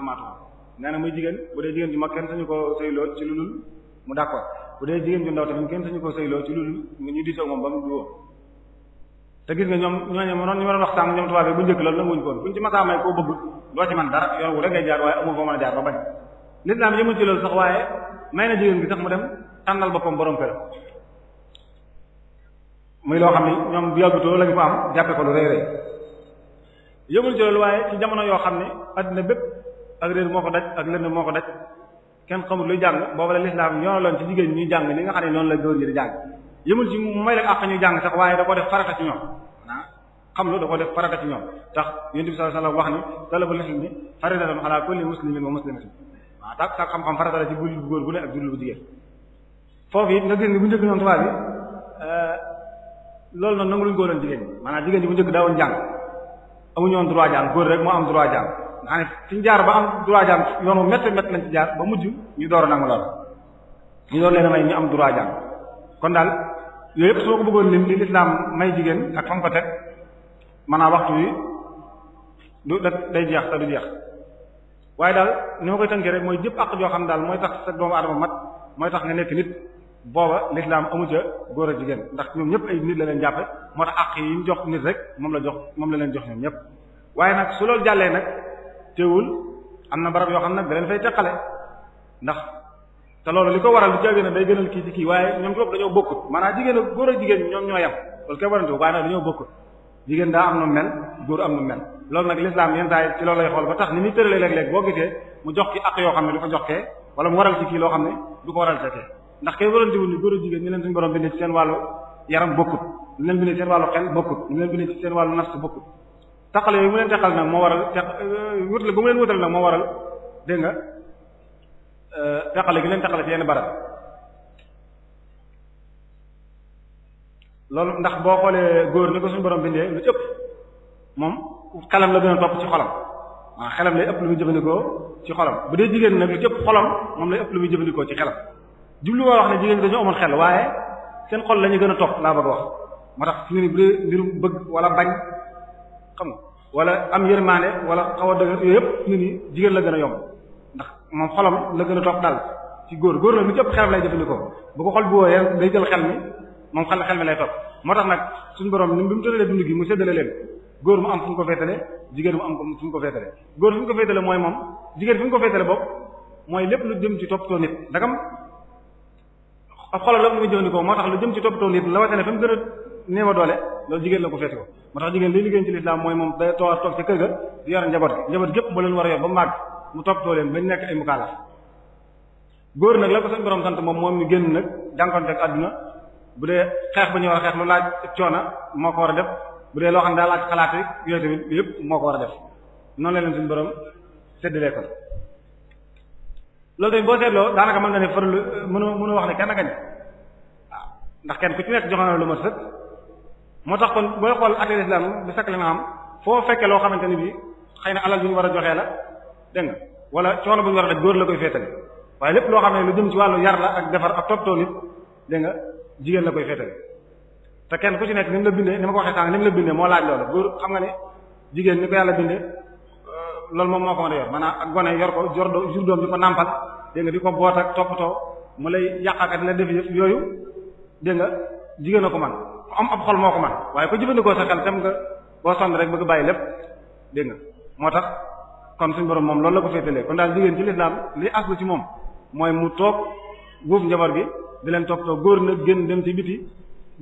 na muy jigéen bu dee jigéen ju mag kenn sañu ko sëyloo ci lulul mu d'accord bu dee jigéen ju ndaw tamit kenn sañu ko sëyloo ci lulul ñu di soog moom ba mu duwoo te gis nga ñoom ñooñu mënoon ñu mënoon wax sànq ñoom tubaab yi bu njëkk loolu nanguwuñ ko woon buñ ci masaa may koo bëgg doo ci man dara yoon wu rek ngay jaar waaye amu fa mën a jaar ba bañ lislaam yëmul ci loolu sax waaye may na jigéen gi mu dem tànnal boppam borom kër ko yëmul ci loolu waaye ci jamono yoo xam ne addina bépp ak réer moo ko daj ak lënd moo ko daj kenn xamul luy jàng booba la lislaam yoonaloon ci jigéen ñuy jàng ni nga xam ne noonu la góor ñi di jàng yëmul ci mu la àq ñuy jàng sax waaye da ko def farata ci ñoom ah xam lu ko def farata ci tax yonent bi sallallahu alayhi wasallam wax ni talabul ilmi faridatun ala kulli muslimin wa muslimatin waaw tax sax bu góor bu ak jullit bu jigéen foofu it nga gis ni bu njëkk noonu tubaab bi euh, loolu noonu nangu luñu góoroon jigéen ñi bu njëkk daawoon jàng amuñoon woon droit jaan góor rek moo am droit jaan maanaam fi ñu jaar ba am droit jaan yoon wu métti métti lañ ci jaar ba mujj ñu door a nangu lool ñu door leen a may ñu am droit jaan kon daal yooyu yëpp soo ko bëggoon lim li lislaam may jigéen ak fa nga ko teg maanaam waxtu wi du day jeex te du jeex waaye daal ni ma koy tënkee rek mooy jëpp àq joo xam ne daal mooy tax sa doomu aadama mat mooy tax nga nekk nit booba lislaam amu ca góor a jigéen ndax ñoom ñëpp ay nit la leen jàppe moo tax àq yi ñu jox nit rek moom la jox moom la leen jox ñoom ñëpp waaye nag su loolu jàllee nag teewul am na barab yoo xam nag da leen fay ndax te loolu li ko waral lu ci gën a day gënal kii ci kii waaye ñoom ñëpp dañoo bokkut maanaam jigéen ak góor ak jigéen ñoom ñoo yem loolu koy warante waaye nag dañoo bokkut jigéen daa am nu mel góor am nu mel loolu nag lislaam yenn saa yi ci loolu lay xool ba tax ni muy tëralee léeg-léeg boo gisee mu jox ki àq yoo xam ne du ko jox kee wala mu waral ci kii ne du ko waral ndax kay waroon diwul ni góor a jigéen ñu leen suñu borom bind ci seen wàllu yaram bokkut ñu leen bind ci seen wàllu xel bokkut ñu leen bind ci seen wàllu nafs bokkut taqale yooyu mu leen teqal nag moo waral teq euh, wutale ba mu leen wutale nag moo waral dégg nga euh, teqale gi leen teqale ci yenn barab loolu ndax boo xoolee góor ni ko suñu borom bindee lu ci ëpp moom xelam la gën a topp ci xolam waaw xelam lay ëpp lu muy jëfandikoo ci xolam bu dee jigéen nag ëpp xolam moom lay ëpp lu jëfandikoo ci jublu ma wax ne jigéen ñi dañoo amul xel waaye seen xol la ñu gën a topp laa bëgg wax moo tax fi mu ne nii mbirum bëgg wala bañ xam nga wala am yërmande wala xaw a dëgër yooyu yëpp fi nii jigéen la gën a yomb ndax moom xolam la gën a topp daal ci góor góor la lu ci ëpp lay jëfandikoo bu ko xol bu wooyee day jël xel mi moom xel xel mi lay topp moo tax nag suñu borom ni mu tëralee dund gi mu séddale leen góor mu am fu mu ko féetale jigéen mu am ko féetale góor fu ko féetale mooy moom jigéen fu mu ko féetale bopp mooy lépp lu jëm ci toppatoo nit ndagam ab xolam la ko muy jëfandikoo moo tax lu jëm ci toppatoo nit la waxee ne fa mu gën a néew doole loolu jigéen la ko feeti ko moo tax jigéen liy liggéey ci lislaam mooy moom day toog toog ci kër ga di yor njaboot gi njaboot gépp ba leen war a yor ba màgg mu toppatoo leen bañ nekk ay mukallaf góor nag la ko suñu borom sant moom moom ñu génn nag jànkonte ak àdduna bu dee xeex ba ñu war a xeex lu laaj coona moo ko war a def bu dee loo xam ne daa laaj xalaat yëpp moo ko war a def noonu la leen suñu borom loolu dañ boo seetloo daanaka mën nga ne faralu mënoo mënoo wax ne kenn gañ waaw ah, ndax kenn ku ci nekk joxoon na lu ma sëkk moo tax kon booy xool atte islam bi sakk la am foo fekkee loo xamante ni bi xëy na alal bi mu war a joxee la dégg nga coono bu ñu war a def góor la koy féetale waaye lépp loo xam ne lu jëm ci wàllu yar la ak defar ak toppatoo nit dégg nga jigéen la koy féetale te kenn ku ci nekk ni mu la bindee ni ma ko waxee sànq ni mu la bindee moo laaj loolu góor xam ne jigéen ni ko yàlla bindee loolu moom moo ko man a yor maanaam ak gone yor ko jor jur doom di ko nàmpal dégg nga di ko boot ak toppatoo mu lay yàqakat la def yëpp yooyu dégg nga jigéen a ko man ku am ab xol moo ko man waaye ko jëfandikoo sa xel tam nga boo sonn rek bëgg bàyyi lépp dégg moo tax kon suñu borom moom loolu la ko féetalee kon daal jigéen ci lislaam li aslu ci moom mooy mu toog guuf njaboot bi di leen toppatoo góor na génn dem ci biti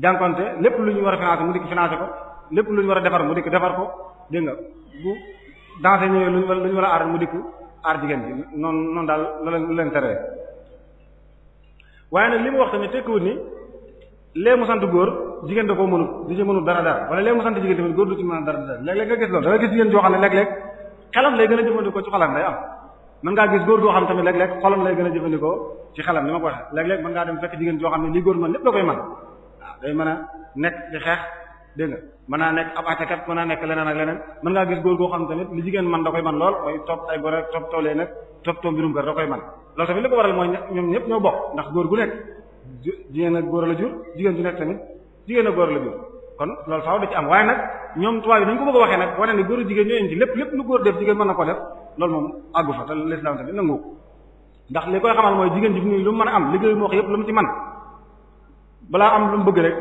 jànkonte lépp lu ñuy war a financer mu dikk financer ko lépp lu ñu a defar mu dikk defar ko dégg dansé ñëwee lu ñu war a aar mu dikku aar jigéen bi noon noonu daal lu leen teree waaye nag li mu wax tamit tekkiwut ni lee mu sant góor jigéen da koo mënut di ci mënut dara dara wala lee mu sant jigéen tamit góor du ci mën dara dara léeg-léeg nga gis loolu danga gis jigéen joo xam ne léeg-léeg xelam lay gën a jëfandikoo ci xolam day am mën ngaa góor goo xam tamit léeg-léeg xolam lay gën a jëfandikoo ci xelam ni ma ko waxee léeg-léeg mën ngaa dem fekk jigéen joo xam ne lii góor mën lépp da koy mën waaw day mën a nekk di xeex dégg nga mën naa nekk ab atekat mën naa nekk leneen ak leneen mën ngaa gis góor goo xam tamit li jigéen man da koy man lool mooy topp ay góor ak topp toolee nag topp too mbirum kër da koy man loolu tamit li ko nekk la jur jigéen ju nekk tamit jigéen ci am waaye nag ñoom tubaab yi ko bëgg waxee nag wane ne góor jigéen ñoo yem ci lépp lépp lu góor def jigéen mën na ko def mooy jigéen ji nii lu mu mën a am liggéey mu wax yëpp lu mu ci man balaa am lu mu bëgg rek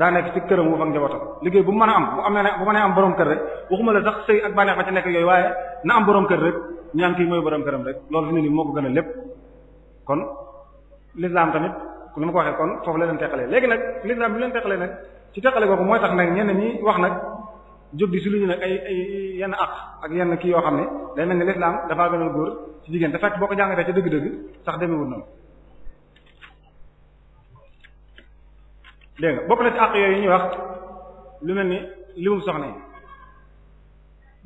daa nekk ci këram wu fa njabootam liggéey bu mën a am bu am ne bu mën a am borom kër rek waxuma la sax sëy ak bànneex ba ci nekk yooyu waaye na am borom kër rek ñaan kii mooy borom këram rek loolu fi ne nii moo ko gën a lépp kon l'islam tamit lu ma ko waxee kon foofu la leen teqalee léegi nag l'islam bi leen teqalee nag ci teqale kooku mooy tax nag ñenn ñi wax nag jóg di si lu ñu nag ay ay yenn àq ak yenn kii yoo xam ne day mel ne l'islam dafaa gënal góor ci boo ko jàngatee ca dëgg-dëgg sax demewul dégg nga bokk na ci àq yooyu ñuy wax lu mel ni limum soxna yi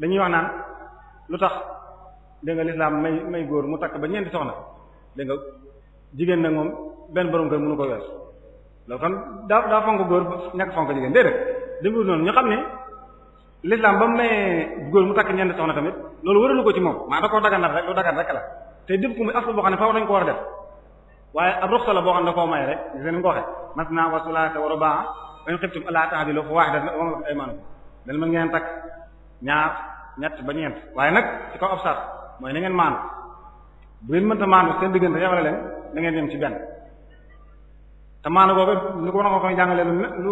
dañuy wax naan lu tax dégg nga lislaam may may góor mu takk ba ñeenti soxna dégg nga jigéen nag moom benn borom kër mënu ko wees loolu kon daa daa fonk góor ñàkk fonk jigéen déedéet déglu noonu ñu xam ne lislaam ba mayee góor mu takk ñeenti soxna tamit loolu waralu ko ci moom maa da koo daganal rek lu dagan rek la te dib ku muy asku boo xam ne faaw dañ ko war a def waaye ab ruxsa la boo xam ne koo may rek gis ngeen ko waxee masna wa sulaasa wa rubaa a in xiftum allaa ta'dilu fa waahidatan aw ma malakat aymaanukum dañ mën ngeen takk ñaar waaye nag ci kaw ab sar mooy na ngeen maandu bu ngeen mënta maandu seen diggante yemale leen na ngeen ci benn te maandu boobu ni ko mën a ko jàngalee lu lu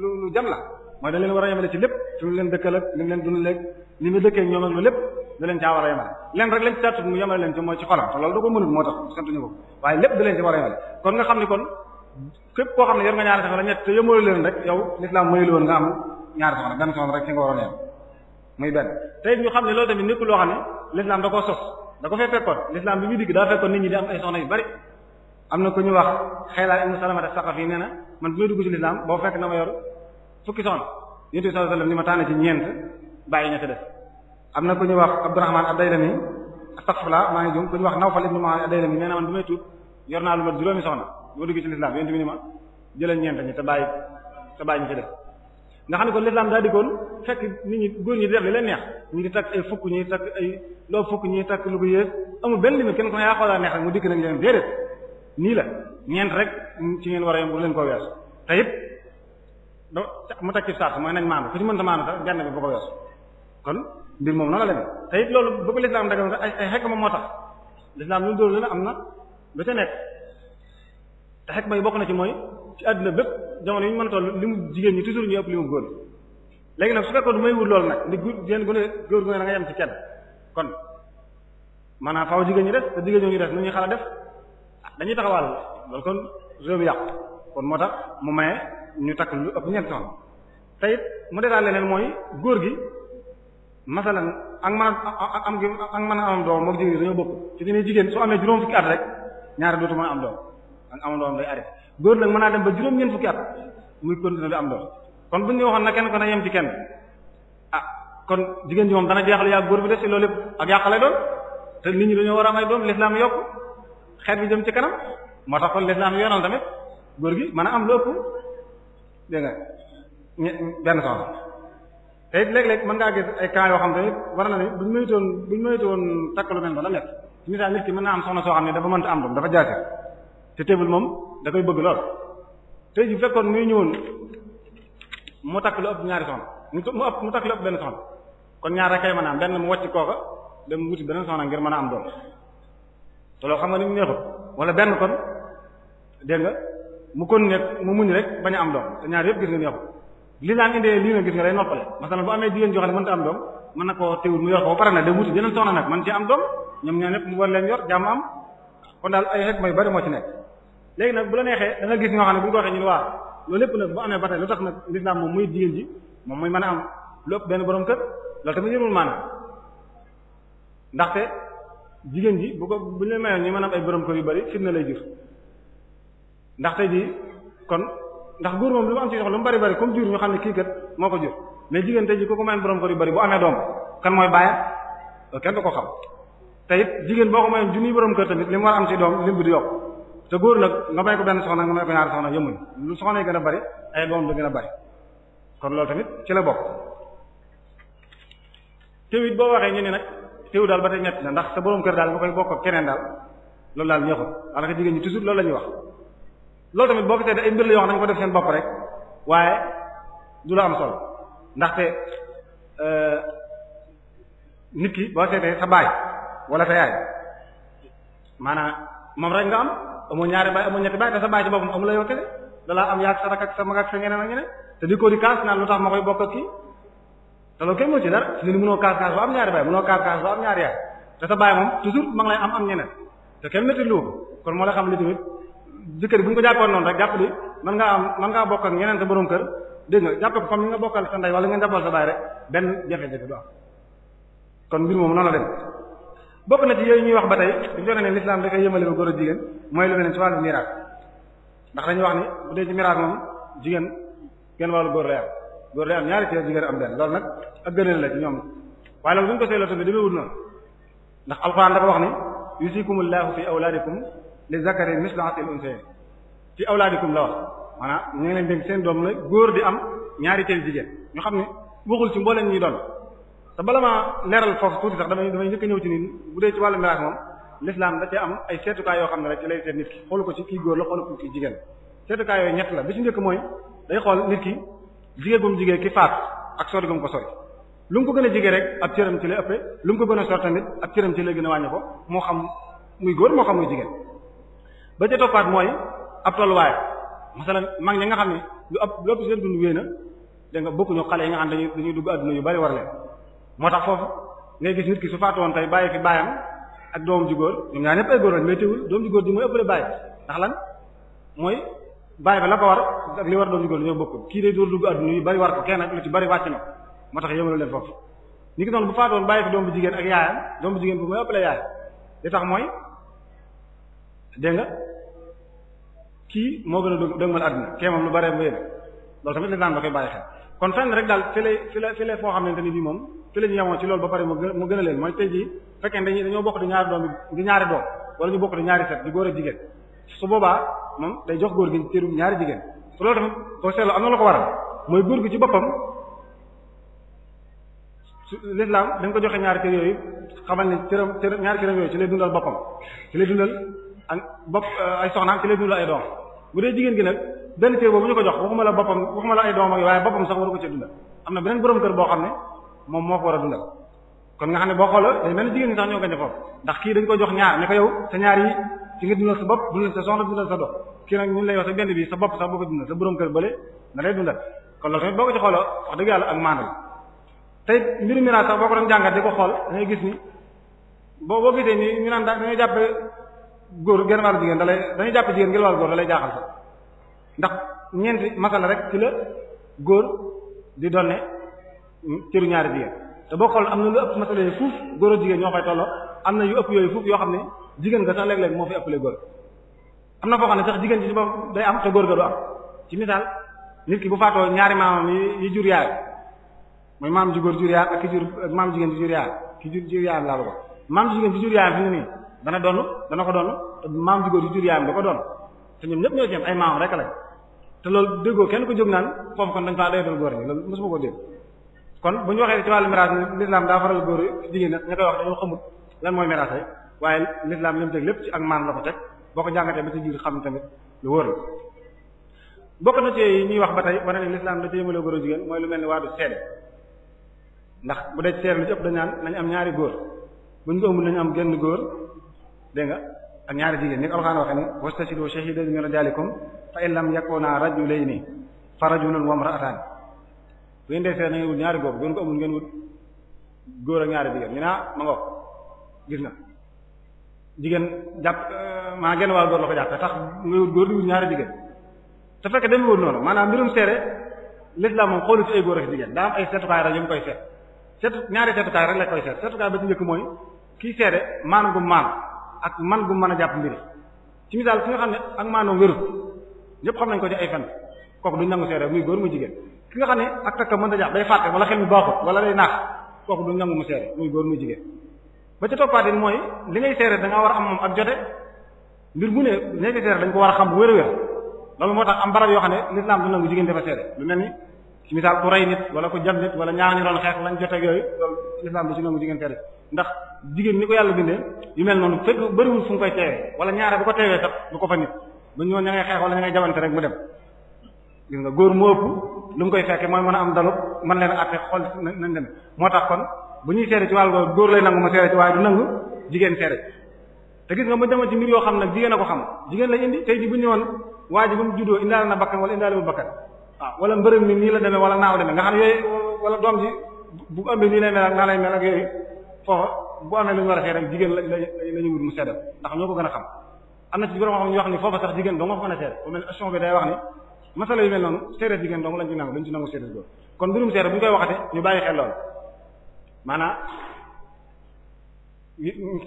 lu lu jam la mooy da leen war a yemale lépp fi mu leen dëkkal ak li mu leen dundalee li mu dëkkee ak ñoom ak lu leen caa war a yemale leen rek lañ ci tàttut mu yemale leen ci mooy ci xolam te loolu da ko mënul moo tax santuñu ko waaye lépp da koo xam ne yor nga ñaari soxna ñett te yëmale leen rek yow woon nga am ñaari soxna ci nga waroon yem muy benn tey ñu xam ne loolu tamit nekkul loo xam ne l'islam da koo sos da ko fee fekkoon l'islam bi muy digg daa fekkoon nit ñi di am ay soxna yu bari am na ku ñu wax xëy na Ibn Salamata na man bu may dugg ci l'islam boo fekk na ma yor fukki soxna yonent bi sallallahu alayhi wasallam ni ma tànn ci ñeent bàyyi ña na ku ñuy wax Abdurrahman ad-Daylami astaghfirullah maa ngi jum ku ñuy wax Nawfal ibn Mu'awiya ad-Daylami nee na man bi may tuub yor naa lu ma juróomi soxna boo duggee ci lislaam yonent bi ni ma jëlal ñeent ñi te bàyyi te bàyyi ñi ca def nga xam ne kon lislaam daa dikkoon fekk nit ñi góor ñi di def leen neex ñu ngi takk ay fukk ñi takk ay loo fukk ñi takk lu ko yées amul benn limite kenn ko yaa xoolaa neex rek mu dikk nag leen déedéet nii la ñeent rek ci ngeen war a yem bu ko wees te da mu teg ci sart mooy nañ maandu ku ci mënta maandu sax benn bi bu ko weesu moom noonu la demee te it loolu bu ko lislaam moo tax lislaam lu dóor lu am na lu ca nekk te xekk ma na ci mooy ci àdduna bépp jamono yi mën a toll li mu jigéen ñi toujours ñu ëpp li léegi nag su fekkoon may wut nag ni gu yéen gu ne góor gu yem ci kenn kon maanaam faaw jigéen ñi des te jigéen ñi des nu ñuy def ah, dañuy taxawal loolu kon réew mi yàqu kon moo tax mu maye ñu takk lu ëpp ñeenti soxna te it mu deraat leneen mooy góor gi masalan ak mën a am ak mën a am doom moo jigéen dañoo bokk ci dañuy jigéen soo amee juróom fukki at rek ñaari dootu mooy am doom ak am doom day góor nag mën naa dem ba juróom-ñeent fukki at muy continuer di am doom kon bu ñu waxoon na kenn ko na yem ci kenn ah kon jigéen ji moom dana jeexal yaa góor bi des loolu lépp ak yàq lay te nit ñi dañoo war a am ay doom l'islam yokk xeet bi jëm ci kanam moo tax kon l'islam yoonal tamit góor gi mën a am lu ëpp dégg nga benn soxna te it léeg-léeg mën ngaa gis ay cas yoo xam ne war na ni buñ moytoon buñ moytoon takk lu mel noonu la nekk ki mën naa am soxna soo xam ne dafa mënta am doom dafa jaase te teebul moom da bëgg lool tey ji fekkoon muy ñëwoon mu takk lu ëpp ñaari soxna mu ëpp mu takk lu ëpp benn soxna kon ñaar rek kay mën a am benn mu wàcc kooka dem wuti beneen soxna ngir mën a am doom te loo xam nga ni mu neexut wala benn kon dégg mu kon nekk mu muñ rek bañ am doom te ñaar yëpp gis nga ni yokku li daan indee lii na gis nga day noppale masalan bu amee jigéen joo xam ne mënta am doom mën na ko teewul mu yor ko ba pare na day wuti yeneen soxna nag man ci am doom ñoom ñoo ñëpp mu war leen yor jàmm am kon daal ay xeq may bari moo ci nekk léegi nag bu la neexee da gis ñoo xam ne bu ñu ko waxee ñu ne waa loolu lépp nag bu amee ba tey lu tax nag lislaam moom muy jigéen ji moom muy mën a am lu benn borom kër loolu tamit yërmul maanaam jigéen ji bu ko bu ñu la mayoon ay borom kër yu bari fitna lay jur ndax tey jii kon ndax góor moom lu mu am ci yox lu mu bari bari comme jur ñu xam ne kii kat moo ko jur mais jigéen tey jii ku ko mayoon borom kër yu bari bu amee doom kan mooy bàyya loolu kenn du ko xam te it jigéen boo ko mayoon junniy borom kër tamit li mu war am ci doom lim bi du yokk te góor nag nga may ko benn soxna nga may ko ñaari soxna yëmuñ lu soxna yi gën a bari ay doom du gën a bari kon loolu tamit ci la bokk teew it boo waxee ñu ne nag teew daal ba tey ñett na ndax sa borom kër daal nga koy bokk ak keneen daal loolu daal ñeexul alaka jigéen ñi toujours loolu la ñuy wax loolu tamit boo gisee da ay mbir la yoo xam dañ ko def seen bopp rek waaye du la am solo ndaxte euh, nit ki boo seetee sa baay wala sa yaay maanaam moom rek nga am amoo ñaari baay amoo ñetti baay te sa baay la yow kese dalaa am yaag sa rak ak sa mag ak sa ñeneen ak ñeneen te di lu tax ma koy bokk ak kii te loolu kenn mënu ci dara si ni mënoo kaas kaas ba am ñaari baay mënoo kaas kaas ba am ñaari yaay te sa baay moom toujours ma lay am am ñeneen te kenn métti lu ko kon moo la xam li tamit jëkkër bu ñu ko jàppoon noonu rek jàpp ni man ngaa am man ngaa bokk ak ñeneen sa borom kër dégg nga jàppe ko comme ni nga bokkal sa ndey wala nga jàppal sa baay rek benn jafe-jafe du am kon mbir moom noonu la dem bokk na ci yooyu ñuy wax ba tey di jone ne l'islam dafay yëmale ba góor jigéen mooy lu mel ne ci wàllu miraas ndax dañuy wax ni bu dee ci miraas moom jigéen genn wàllu góor lay am góor lay am ñaari cër jigéen am benn loolu nag ab gënal la ci ñoom waaye loolu bu ñu ko seetloo tamit demeewul noonu ndax alxuraan dafa wax ni yusikumullahu li zakari mislu hatil unsayni fi awlaadikum la wax maanaam ñu ngi leen dénk seen doom la góor di am ñaari teel jigéen ñu xam ne waxul ci mbooleen ñuy doon te bala maa leeral foofu tuuti sax damay damay njëkk a ñëw ci nii bu dee ci wàllu miraas moom l'islam da cee am ay seetukaay yoo xam ne rek ci lay seet nit ki xoolu ko ci kii góor la xoolu ko ci jigéen seetukaay yooyu ñett la bi ci njëkk mooy day xool nit ki jigéen bu mu jigéen ki faat ak sori bu mu ko sori lu mu ko gën a jigéen rek ab cëram ci lay ëppee lu mu ko gën a sori tamit ab cëram ci lay gën a ko moo xam muy góor moo xam muy jigéen ba ca toppaat mooy ab tolluwaay masalan mag ñi nga xam ne lu ëpp lu ëpp seen dund wéy na da nga bokkuñu xale yi nga xam dañuy dañuy dugg adduna yu bari war leen moo tax foofu ngay gis nit ki su faatu woon tey bàyyi fi baayam ak doomam ju góor ñoom ñaar ñëpp ay góor lañ doom ju góor ji mooy ëppale bàyyi ndax lan mooy bàyyi ba ko war ak li war doom ju góor ñoo bokkul kii day door dugg adduna yu bari war ko kenn ak lu ci bari wàcc na moo tax yëmalo leen foofu ni ki noonu bu faatu woon bàyyi fi doom bu jigéen ak yaayam doom bu jigéen bi mooy ëppale yaayam li tax mooy dégg nga kii moo gën a dëgmal àdduna kee moom lu bare mu yëg loolu tamit lislaam da koy bàyyi xel kon fenn rek daal fi lay fi lay foo xamante ni bii moom fi la ñu ci loolu ba pare mu gën mu gën a leen mooy tey jii fekkee dañuy dañoo bokk bokk di ñaari set di góor su boobaa moom day jox góor gi ñaari jigéen te loolu tamit boo seetloo ko waral mooy góor gi ci boppam su lislaam dañ ko joxe ñaari cër yooyu xamal ne cëram cër ñaari cëram yooyu ci lay dundal boppam ci lay dundal ak bopp eh, ay soxnaam ci lay dundal ay doom bu dee jigéen gi nag benn cër boobu ñu ko jox waxuma la boppam waxuma la ay doom waaye boppam sax waru ko ci dundal am na beneen borom kër boo xam ne moom moo ko a dundal sa bopp bi sa bopp sax boo ko dundal sa borom kër bële na lay dundal kon loolu tamit boo ko ci xoola wax dëgg ak maanal tey mbiru miraas sax boo dangay gis góor genn wàllu jigéen da lay jàpp jigéen genn wàllu góor da jaaxal sax ndax ñeenti masala rek ci la góor di doon ne cëru ñaari jigéen te boo xool am na lu ëpp masala yi fuuf góor a jigéen ñoo koy tolloo am na yu ëpp yooyu yoo xam ne jigéen nga sax léeg moo fi ëppale góor na foo xam ne sax jigéen ci bopp day am te góor ga du am ci misaal nit ki bu faatoo ñaari maamam yi jur yaayam mooy maam ju góor jur yaayam ak ki jur maam jigéen ji jur yaayam ki jur jur yaayam laa la maam jigéen ji jur yaayam fi mu nii dana doon dana ko doon maam ju góor yu jur yaayam da ko doon te ñoom ñëpp ñoo ci am ay maam rek lañ te loolu déggoo kenn ko jóg naan foofu kon dañ faa day doon góor ñi loolu mosuma ko dégg kon bu ñu waxee ci wàllu miraas l'islam daa faral góor jigéen ña koy wax dañoo xamul lan mooy miraas ay waaye l'islam lim teg lépp ci ak maan la ko teg boo ko jàngatee ba ci biir xam tamit lu wóor la bokk na ci ñuy wax ba tey wane ne l'islam da ci yëmale góor jigéen mooy lu mel ni waadu seede ndax bu dee seede lu ci ëpp dañ naan nañ am ñaari góor bu ñu ko ëmbul nañu am genn góor dégg nga ak ñaari jigéen ni ko alxaana waxe ni wastasidu shahidayn min rijalikum fa in lam yakuna rajulayni fa rajulun wa imra'atan bu ngeen ñaari góor bu ngeen góor ak ñaari jigéen ñu naa ah, ma ngoog gis nga jigéen jàpp eh, maa genn wàll tax ñaari jigéen te fekk demee noonu maanaam mbirum seere l'islam moom xoolu ci ay góor ak jigéen daa am ay seetukaay rek yu mu koy seet seetu ñaari seetukaay rek la koy seet seetukaay ba ci njëkk mooy kii seede maanu gu maanu ak man gu mën a jàpp mbiri ci misaal ki nga xam ne ak maanoom wérut ñëpp xam nañ ko ci ay fan kooku duñ nangu seere muy góor mu jigéen ki nga xam ne ak takka mën a jàpp day fàtte wala xel mi baaxut wala day naax kooku duñ nangu mu seere muy góor muy jigéen ba ca toppaatin mooy li ngay seere da nga war a am moom ak jote mbir mu ne li ngay seere dañ ko war a xam bu wér a wér loolu moo tax am barab yoo xam ne l'islam du nangu jigéen dafa seere lu mel ni ci misaal ku rey nit wala ko jam nit wala ñaar ñu doon xeex lañ jot ak yooyu loolu lislaam bi ci nangu jigéen ndax jigéen ni ko yàlla bindee yu mel noonu fekk bëriwul fu mu koy teewee wala ñaare bu ko ko fa nit ba ñëwoon ña ngay xeex wala ña ngay jamante rek mu dem nga góor mu ëpp lu mu koy fekke mooy mën a am dalub mën leen atte xool nañ dem moo tax kon bu ñuy seere ci wàll go góor lay nangu ma seere ci waaye du nangu te gis nga bu demoon ci mbir yoo xam nag jigéen a ko xam jigéen lañ indi tey ji bu ñëwoon waa ji bu mu juddoo indaale na bakkan wala indaale bu bakkan ah wala mbërëm mi nii la demee naa naaw demee nga xam yooyu wala doom ji bu ëmbee nii lay mel ak naa lay mel ak yooyu foofa bu amee lu ñu war a xëy rek jigéen la la wut mu seddal ndax ñoo ko gën a xam am na ci borom xam wax ni foofa a seede bu mel ni action bi day wax ni masala yu mel noonu seede jigéen dong lañ ci nangu dañ ci nangu seede góor kon mbirum ñu koy waxate ñu bàyyi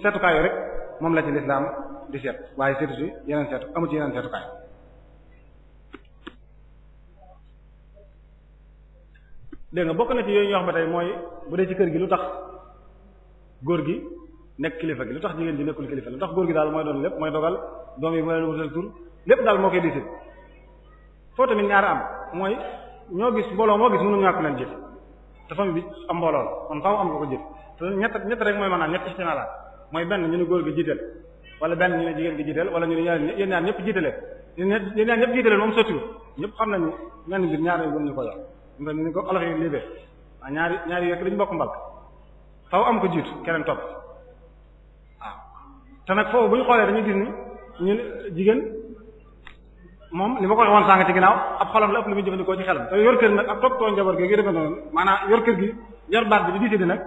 xel moom la ci lislaam di seet waaye seetu si yeneen seetu amu ci yeneen seetukaay dégg nga bokk na ci yooyu ñu wax ba tey mooy bu dee kër gi lu tax góor gi nekk lu tax jigéen ji nekkul lu tax góor gi daal mooy doon lépp mooy dogal doom yi mooy leen wutal tur lépp daal moo koy décide foo tamit ñaar am mooy gis mbooloo moo gis mënu ñàkk leen jëf te famille bi am mbooloo kon faaw am ko ko jëf te ñett ñett rek mooy maanaam ñett la mooy benn ñu ne góor gi jiiteel wala benn ñu ne jigéen gi jiiteel wala ñu ne yéen ñaar ñëpp jiitale yéen ñaar ñëpp jiitale ñëpp xam nañu menn ñaar ñu ko yor mel ni ko olof yi libee waa ñaari ñaari yokk dañu am ko jiitu keneen topp waaw te bu ñu xoolee dañuy gis ni ñu jigéen moom li ma ko waxee woon sànq ci ginnaaw ab xolam la ëpp lu ci xelam te yor kër nag ak toppatoo njaboot gi gi yor kër gi yor baat bi di diisee di nag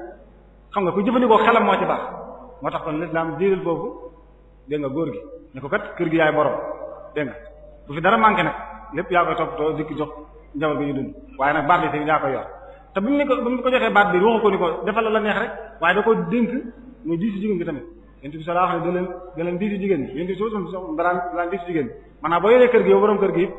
xam nga ku jëfandikoo xelam moo ci baax moo tax kon lislaam diidal foofu dégg nga góor gi ne ko kat kër gi yaay borom dégg nga bu fi dara manqué nag lépp yaa koy toppatoo dikk jox njaboot gi ñu dund waaye nag baat bi tamit yaa ko yor te bu mu ne ko bu mu ko baat bi waxu ko ni ko defal la neex rek waaye da ko dénk muy diisu jigéen tamit yéntu bi sallallahu jigéen bi yéntu bi sallallahu alayhi wasallam daraan daraan diisu jigéen bi maanaam boo yoree kër gi yow da a tamit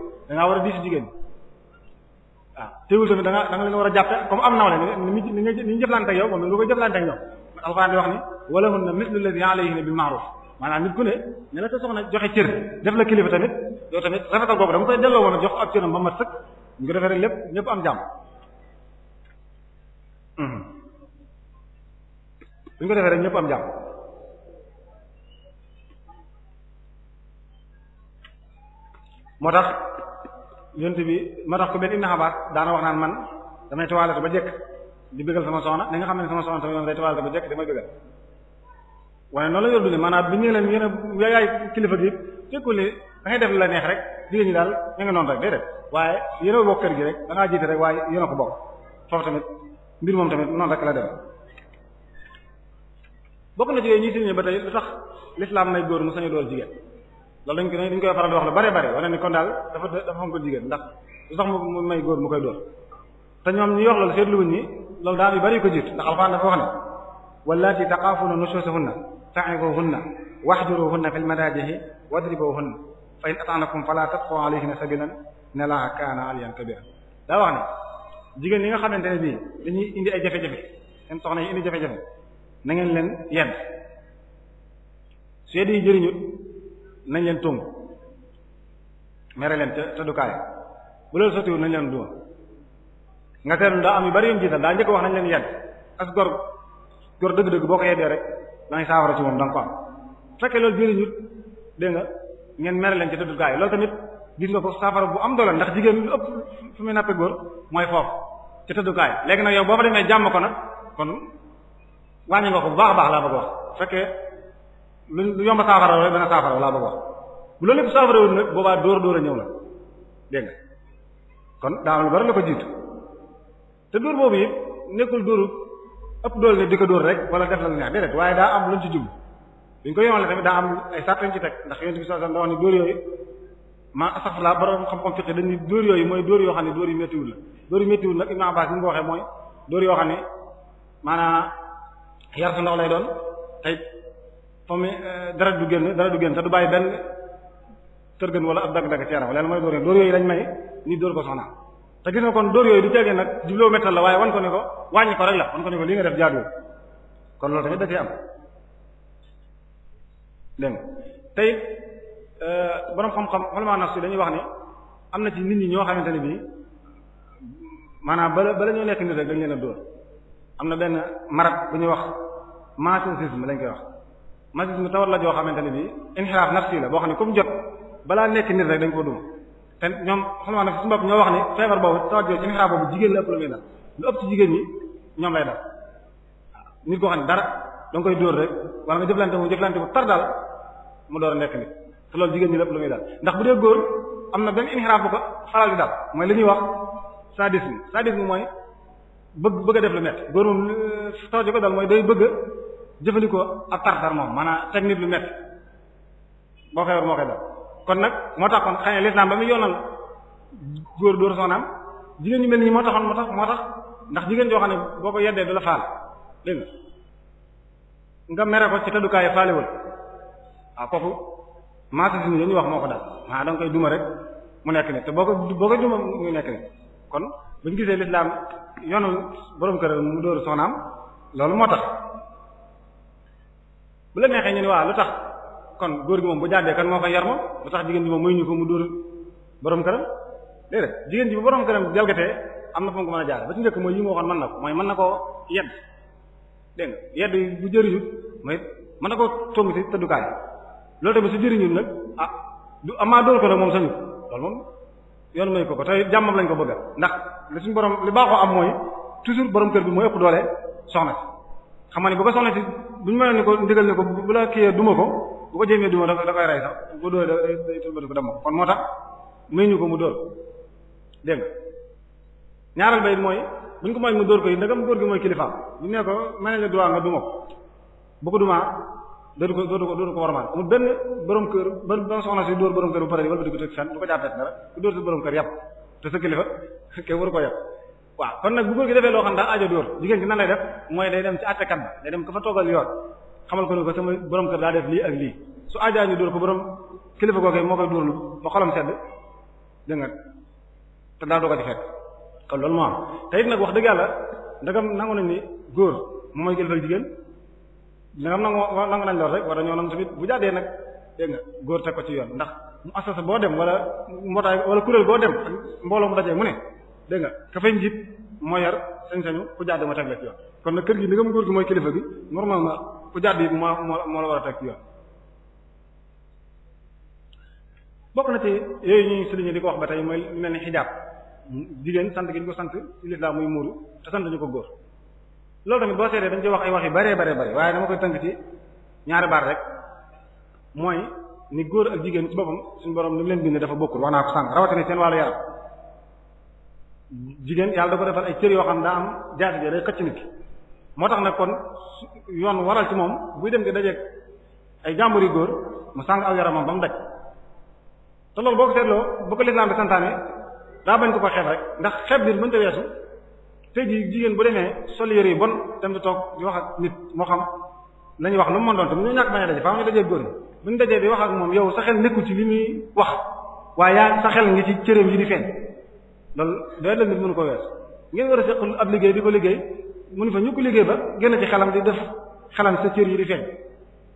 da nga war a jàppe comme am nawle ni ñu jëflante ak yow moom nga koy jëflante ak ñoom alxuraan di wax ni wala hunna mislu alladhi alayhinna bil ma'ruf maanaam nit ku ne ne la sa soxna joxe cër def la yow tamit rafetal koy delloo woon a jox ak cëram ba mat sëkk Mm-hmm. ñu ko defee rek lépp ñëpp am jàmm suñ ko defee rek ñëpp am jàmm moo tax yonent bi moo tax ku benn Ibn Abbas daana wax naan man damay toilette ba jëkk di bëggal sama soxna ni nga xam ne sama soxna tamit day toilette ba jëkk damay bëggal waaye noonu la ñu dundee maanaam bi ñu leen yéen a yaay kilifa gi tekkul ne da ngay def la neex rek jigéen ñi daal ña nga noonu rek déedéet waaye yéen a bokk kër gi rek da ngaa rek waaye yéen a ko bokk foofu tamit mbir moom tamit noonu rek la dem bokk na ci yooyu ba tey lu tax nay góor mu sañu dool jigéen dañ ko dañ koy faral di wax kon daal dafa dafa xam ko jigéen may góor mu koy dool te ñoom ñi wax loolu seetluwuñ loolu daal yu bari ko jiit ndax alxuraan dafa wax ne wallaati taqaafuna nushuzahunna ta'ibuhunna wahjuruhunna fil madajihi wadribuhunna fa in ata'nakum fala tadqu alayhinna sabilan ne la kaana aliyan kabira daa wax ne jigéen yi nga xamante ne bi dañuy indi ay jafe-jafe seen soxna yi indi jafe-jafe na ngeen leen yedd su yedd yi jëriñu nañ leen tung mere leen te dukaay bu loolu sotiwul nañ leen duma nga seetlu daa am yu bari yu jiital daa njëkk wax nañ leen yedd as gor gor dëgg-dëgg boo ko yeddee rek la ngay saafara moom da nga ko am bu fekkee loolu jëriñut dégg nga ngeen mere leen ci tëddut loolu tamit gis nga ko saafara bu am doole ndax jigéen lu ëpp fu muy nappe góor mooy foofu ci tëddukaay léegi na yow boo fa demee jàmm ko nag kon wàññi nga ko bu baax a baax laa bëgg wax fekkee lu yomb saafara rek dana saafara laa bëgg wax bu loolu lépp saafara wu nag boobaa dóor dóor a ñëw la dégg kon daanaka lu bari la ko jiitu te dóor boobu yëpp nekkul dóoru ëpp dool ne di ko dóor rek wala def la neex déedéet waaye daa am luñ ci jublu buñ ko yemale tamit daa am ay sàrt yuñ ci teg ndax yonent bi sallallahu alayhi yooyu ma asaf la borom xam-xam fiqh dañuy yooyu mooy dóor yoo xam ne dóor yu méttiwul la dóor yu méttiwul nag Ibn Abbas ni mu ko waxee mooy dóor yoo xam ne maanaam yar sa ndox lay doon tey fa mu dara du génn dara du génn te du bàyyi benn tërgën wala ab dagg-dagg ci yaram leen mooy dóor yooyu dóor yooyu lañ may ni dóor ko soxna te gis nga kon dóor yooyu du jege nag jubloo méttal la waaye wan ko ne ko wàññi ko rek la wan ko ne ko li nga def jaaduwul kon loolu tamit da am dégg tey euh, borom xam-xam xolmaa dañuy wax ne am na ci nit ñi ñoo xamante ne bii maanaam bala bala ñoo nekk nit rek dañ leen a dóor am na benn marat bu ñuy wax ma lañ koy wax masochisme tawar la joo xamante ne bii inxiraaf nafsi la boo xam ne comme jot balaa nekk nit rek dañ koo duma te ñoom xamaa ne suñu ñoo wax ne feebar boobu tawat jooju inxiraab boobu jigéen la ëpp la muy dal lu ëpp ci jigéen ñi ñoom lay dal nit koo xam ne dara da koy dóor rek wala nga jëflante mu jëflante bu tar daal mu a nekk nit loolu jigéen ñi la ëpp dal ndax bu dee góor am na benn inxiraab bu ko faral mooy li ñuy wax sadisme sadisme mooy bëgg bëgg def lu metti góor moom tawat mooy day bëgg jëfandikoo ak tartar moom maanaam technique lu metti boo feebar moo koy dal kon nag moo tax kon xëy lislaam ba muy yoonal góor dóor soxnaam jigéen ñu mel nii moo taxoon moo tax moo tax ndax jigéen joo xam ne boo ko yeddee du la faal dégg nga nga ko ci tëddukaay faaliwul waaw kooku maasasini la ñuy wax moo ko dal maa da koy duma rek mu nekk ne te boo ko boo ko duma mu nekk ne kon bu ñu gisee lislaam yoonal borom kër mu dóor soxnaam loolu moo tax bu la neexee ñu ne waa lu tax. kon góor gi moom bu jàddee kan moo koy yar moom bu tax jigéen ji moom muy ñu ko mu dóor borom këram jigéen ji bu borom këram jalgatee am na fa mu ko mën mu waxoon mën ko mooy mën na koo yedd dégg nga yedd bu jëriñut mooy mën na koo tóngi ci loolu su jëriñul nag ah du amaa dóor ko nag moom sañu ko ko te jàmmam lañ ko bëggal ndax li suñu borom li baaxoo am mooy toujours borom kër bi moo ëpp doole soxna si xam nga ne bu ko soxna si bu ñu mënoon ne ko ndigal ne ko bu la kiyee duma ko ko bu ko jéemee duma da koy rey sax bu dóor day tëlbati ko dem kon moo tax may ñu ko mu dóor dégg nga ba it mooy buñ ko may mu dóor ko yi ndegam dóor gi mooy kilifaam ñu ne ko mane la droit nga duma ko bu ko dumaa dootu ko dootu ko dootu ko warmaal amul kër ba soxna si dóor borom kër bu pare wala di ko teg fenn du ko jàppee du dóor sa borom kër yàpp te sa kilifa (laughs) ke waru ko yàpp waaw kon nag bu góor gi defee loo xam daa aajo dóor jigéen gi nan lay def mooy day dem ci àttekat ba day dem ko fa toogal yoon xamal ko ni ko sama borom kër daa def lii ak lii su aajaa ñu dóor ko borom kilifa googee moo koy dóorlu ba xolam sedd dégg nga te daa doo ko di fekk kon loolu moo am nag wax dëgg yàlla ndagam nangu nañ ni góor mooy kilifa ak jigéen ndagam nangu nangu nañ lool rek war dañoo nangu tamit bu jaadee nag dégg góor teg ko ci yoon ndax mu asasa boo dem wala mbootaay wala kuréel boo dem ak mbooloo mu dajee mu ne dégg ka fay njiit moo yar sañ-sañu ku jàdd ma teg la ci yoon kon kër gi ni nga mu góor gi mooy kilifa gi normalement ku jàdd yi moo moo la war a teg ci yoon bokk na ci yooyu ñuy sëriñ di ko wax ba tey mooy mel ni xijaab jigéen sant gi ñu ko sant ci lislaam muy muuru te sant ñu ko góor loolu tamit boo seetee dañ ci wax ay wax yu bare bare bare waaye dama koy tënk ci ñaari baat rek mooy ni góor ak jigéen ci boppam suñu borom leen bind dafa bokkul wax naa ko sànq rawatina seen jigéen yàlla da ko defal ay cër yoo xam daa am jaasi ja day xëcc nit ki moo tax nag kon yoon waral ci moom buy dem di dajeeg ay jàmbur yu góor mu sàng aw moom ba mu daj te loolu boo ko seetloo bu ko lislaam bi santaane daa bañ ko ko xeeb ndax xeeb nit mënta weesu tey jii jigéen bu demee sol yére yu bon dem di toog di wax ak nit moo xam la ñuy wax lu mu mën doon te mu ñu ñàkk bañ a daje faaw ñu dajee góor ñi bu ñu dajee di wax ak moom yow sa xel nekkul ci li muy wax waaye yaa sa xel ngi ci cëréem yi di feeñ loolu doy la nit mënu ko wees ngeen war a seq ab liggéey di ko liggéey mënu fa ñu ko liggéey ba génn ci xelam di def xelam sa cër yi di feeñ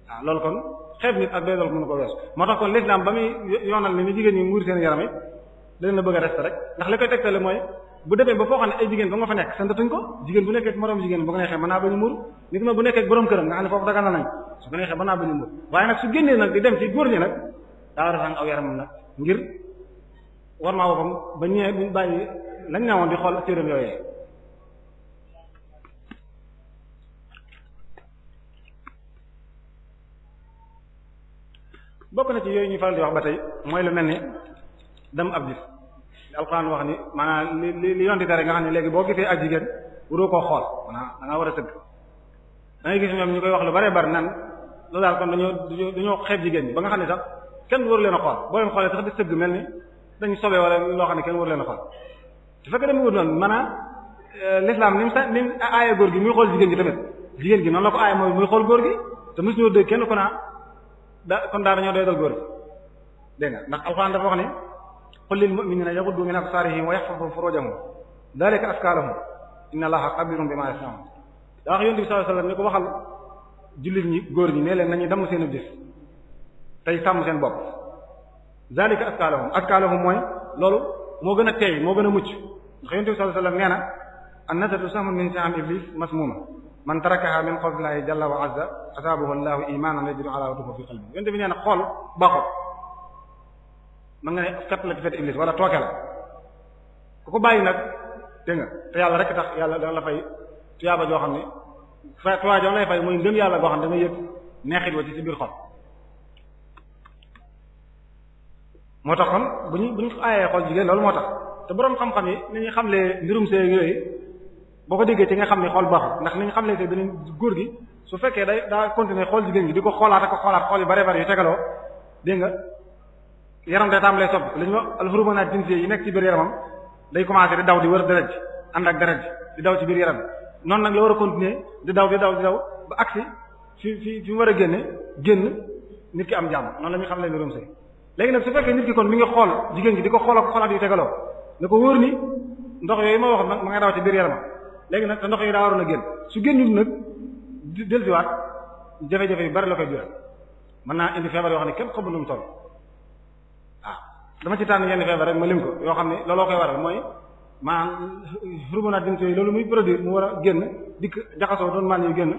waaw loolu kon xeeb nit ak doy dal mënu ko wees moo tax kon l'islam ba muy yoonal ni ni jigéen ñi muur seen yaram yi bëgg rek ndax li koy tegtale mooy bu demee ba foo xam ne ba nga fa nekk santatuñ ko jigéen bu nekkee moroom jigéen ba nga neexee mën naa bañu mur ni ki bu nekkee boroom këram nga xam ne foofu dagal na nañ su ko neexee mën naa bañu mur waaye nag su génnee nag di dem ci góor ñi a aw yaramam nag ngir war naa boppam ba ñëwee buñ bàyyi lañ ne woon di xool téeram yooyee bokk na ci yooyu ñu faral di wax ba tey mooy lu mel ni dem ab gis li wax ni maanaam li li li yonti tere nga xam ne léegi boo gisee ak jigéen waroo koo xool maanaam da ngaa war a sëgg da ngay gis ñoom ñu koy wax lu bare bari nan loolu daal kon dañoo dañoo xeeb jigéen ñi ba nga xam ne sax kenn waru leen a xool boo leen xoolee sax di sëgg mel ni dañu sobee wala loo xam ne kenn war leen a xool su fekkee dama wut noonu maanaam euh, l'islam ni mu sa ni mu aaya góor gi muy xool jigéen gi tamit jigéen gi noonu la ko aaya mooy muy xool góor gi te mosu ñu dégg kenn ku a da kon daa dañoo doy dal góor gi dégg nga ndax alxuraan dafa wax ne qul lil mu'minina yaghuddu min absarihim wa yahfazu furujahum dhalika azka lahum inna allaha khabirun bima yasna'un daa wax yonent bi sallallahu alayhi wasallam ne ko waxal jullit ñi góor ñi nee leen nañu damm seen gis tey sàmm seen bopp zalika aska lahum aska lahum mooy loolu moo gën a teey moo gën a mucc ndax yonent bi sallallahu alayhi wasallam nee na an-nazatu sahmun min saham iblis masmuma man tarakaha min xawfillahi jalla wa azza asaabahu allahu imanan yajidu alaawatahu fi qalbi yonent bi nee na xool baaxul mën nga ne fett la ci fett iblis wala tooke la ku ko bàyyi nag dégg nga te yàlla rek tax yàlla dana la fay tuyaaba joo xam ne fa tuyaaba joo lay fay mooy ngëm yàlla goo xam ne dangay yëg neexit wa ci si biir xol moo tax kon bu ñu bu ñu aayee xool jigéen loolu moo tax te boroom xam-xam yi ni ñu xamlee mbirum sëy yooyu boo ko déggee ci nga xam ne xool baaxul ndax ni ñu xamlee que beneen góor gi su fekkee day daa continuer xool jigéen gi di ko xoolaat ak ko xoolaat xool yu bare bare yu tegaloo nga yaram day tàmbalee sopp li ñu wax alxurumanaat jinsiye yi nekk ci biir yaramam day commencer daw di wër deret ji ànd ak deret ji di daw ci noonu nag la war di daw di daw di daw ba agsi fi fi fi war a génne génn nit ki am jàmm noonu la ñu xamlee mbirum sëy léegi nag su fekkee nit ki kon mi ngi xool jigéen gi di ko xool ak xoolaat yu tegaloo na ko wóor nii ndox yooyu ma waxoon nag ma ngay daw ci biir yaramam léegi nag te ndox yooyu daa waroon a génn su génnul nag dellusiwaat jafe-jafe yu bari la koy mën naa indi feebar yoo xam ne kenn xamul nu mu dama ci tànn yenn feebar rek ma lim ko yoo xam ne looloo koy mooy maanaam hormonat dina tooy mu war a génn dikk jaxasoo doon man yu génn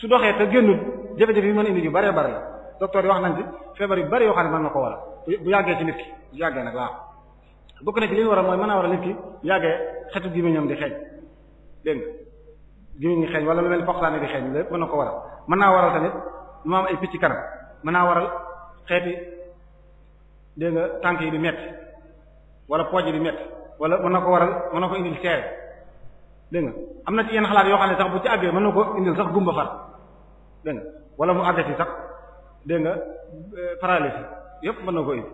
su doxee te génnul jafe yi mën indi yu bëree bëri la docteur yi wax nañ ci feebar yu bari yoo xam ne mën na ko waral bu yàggee ci nit ki bu yàggee nag laa bokk na ci li ñu waral mooy mën naa waral nit ki yàggee xetu gémmiñam di xeeñ dégg nga gémmiñ xeeñ wala lu mel ni foqtaane di xeeñ mën na ko waral mën naa waral tamit mu am ay picc kanam mën naa waral xeeti dégg nga tànk yi di metti wala pooj yi di wala mën na ko waral mën na ko indil seere dégg nga am na ci yenn xalaat yoo xam ne sax bu ci àggee mën na ko indil sax gumba far dégg nga wala mu àggati sax dégg nga euh, paralysie yëpp mën na ko indi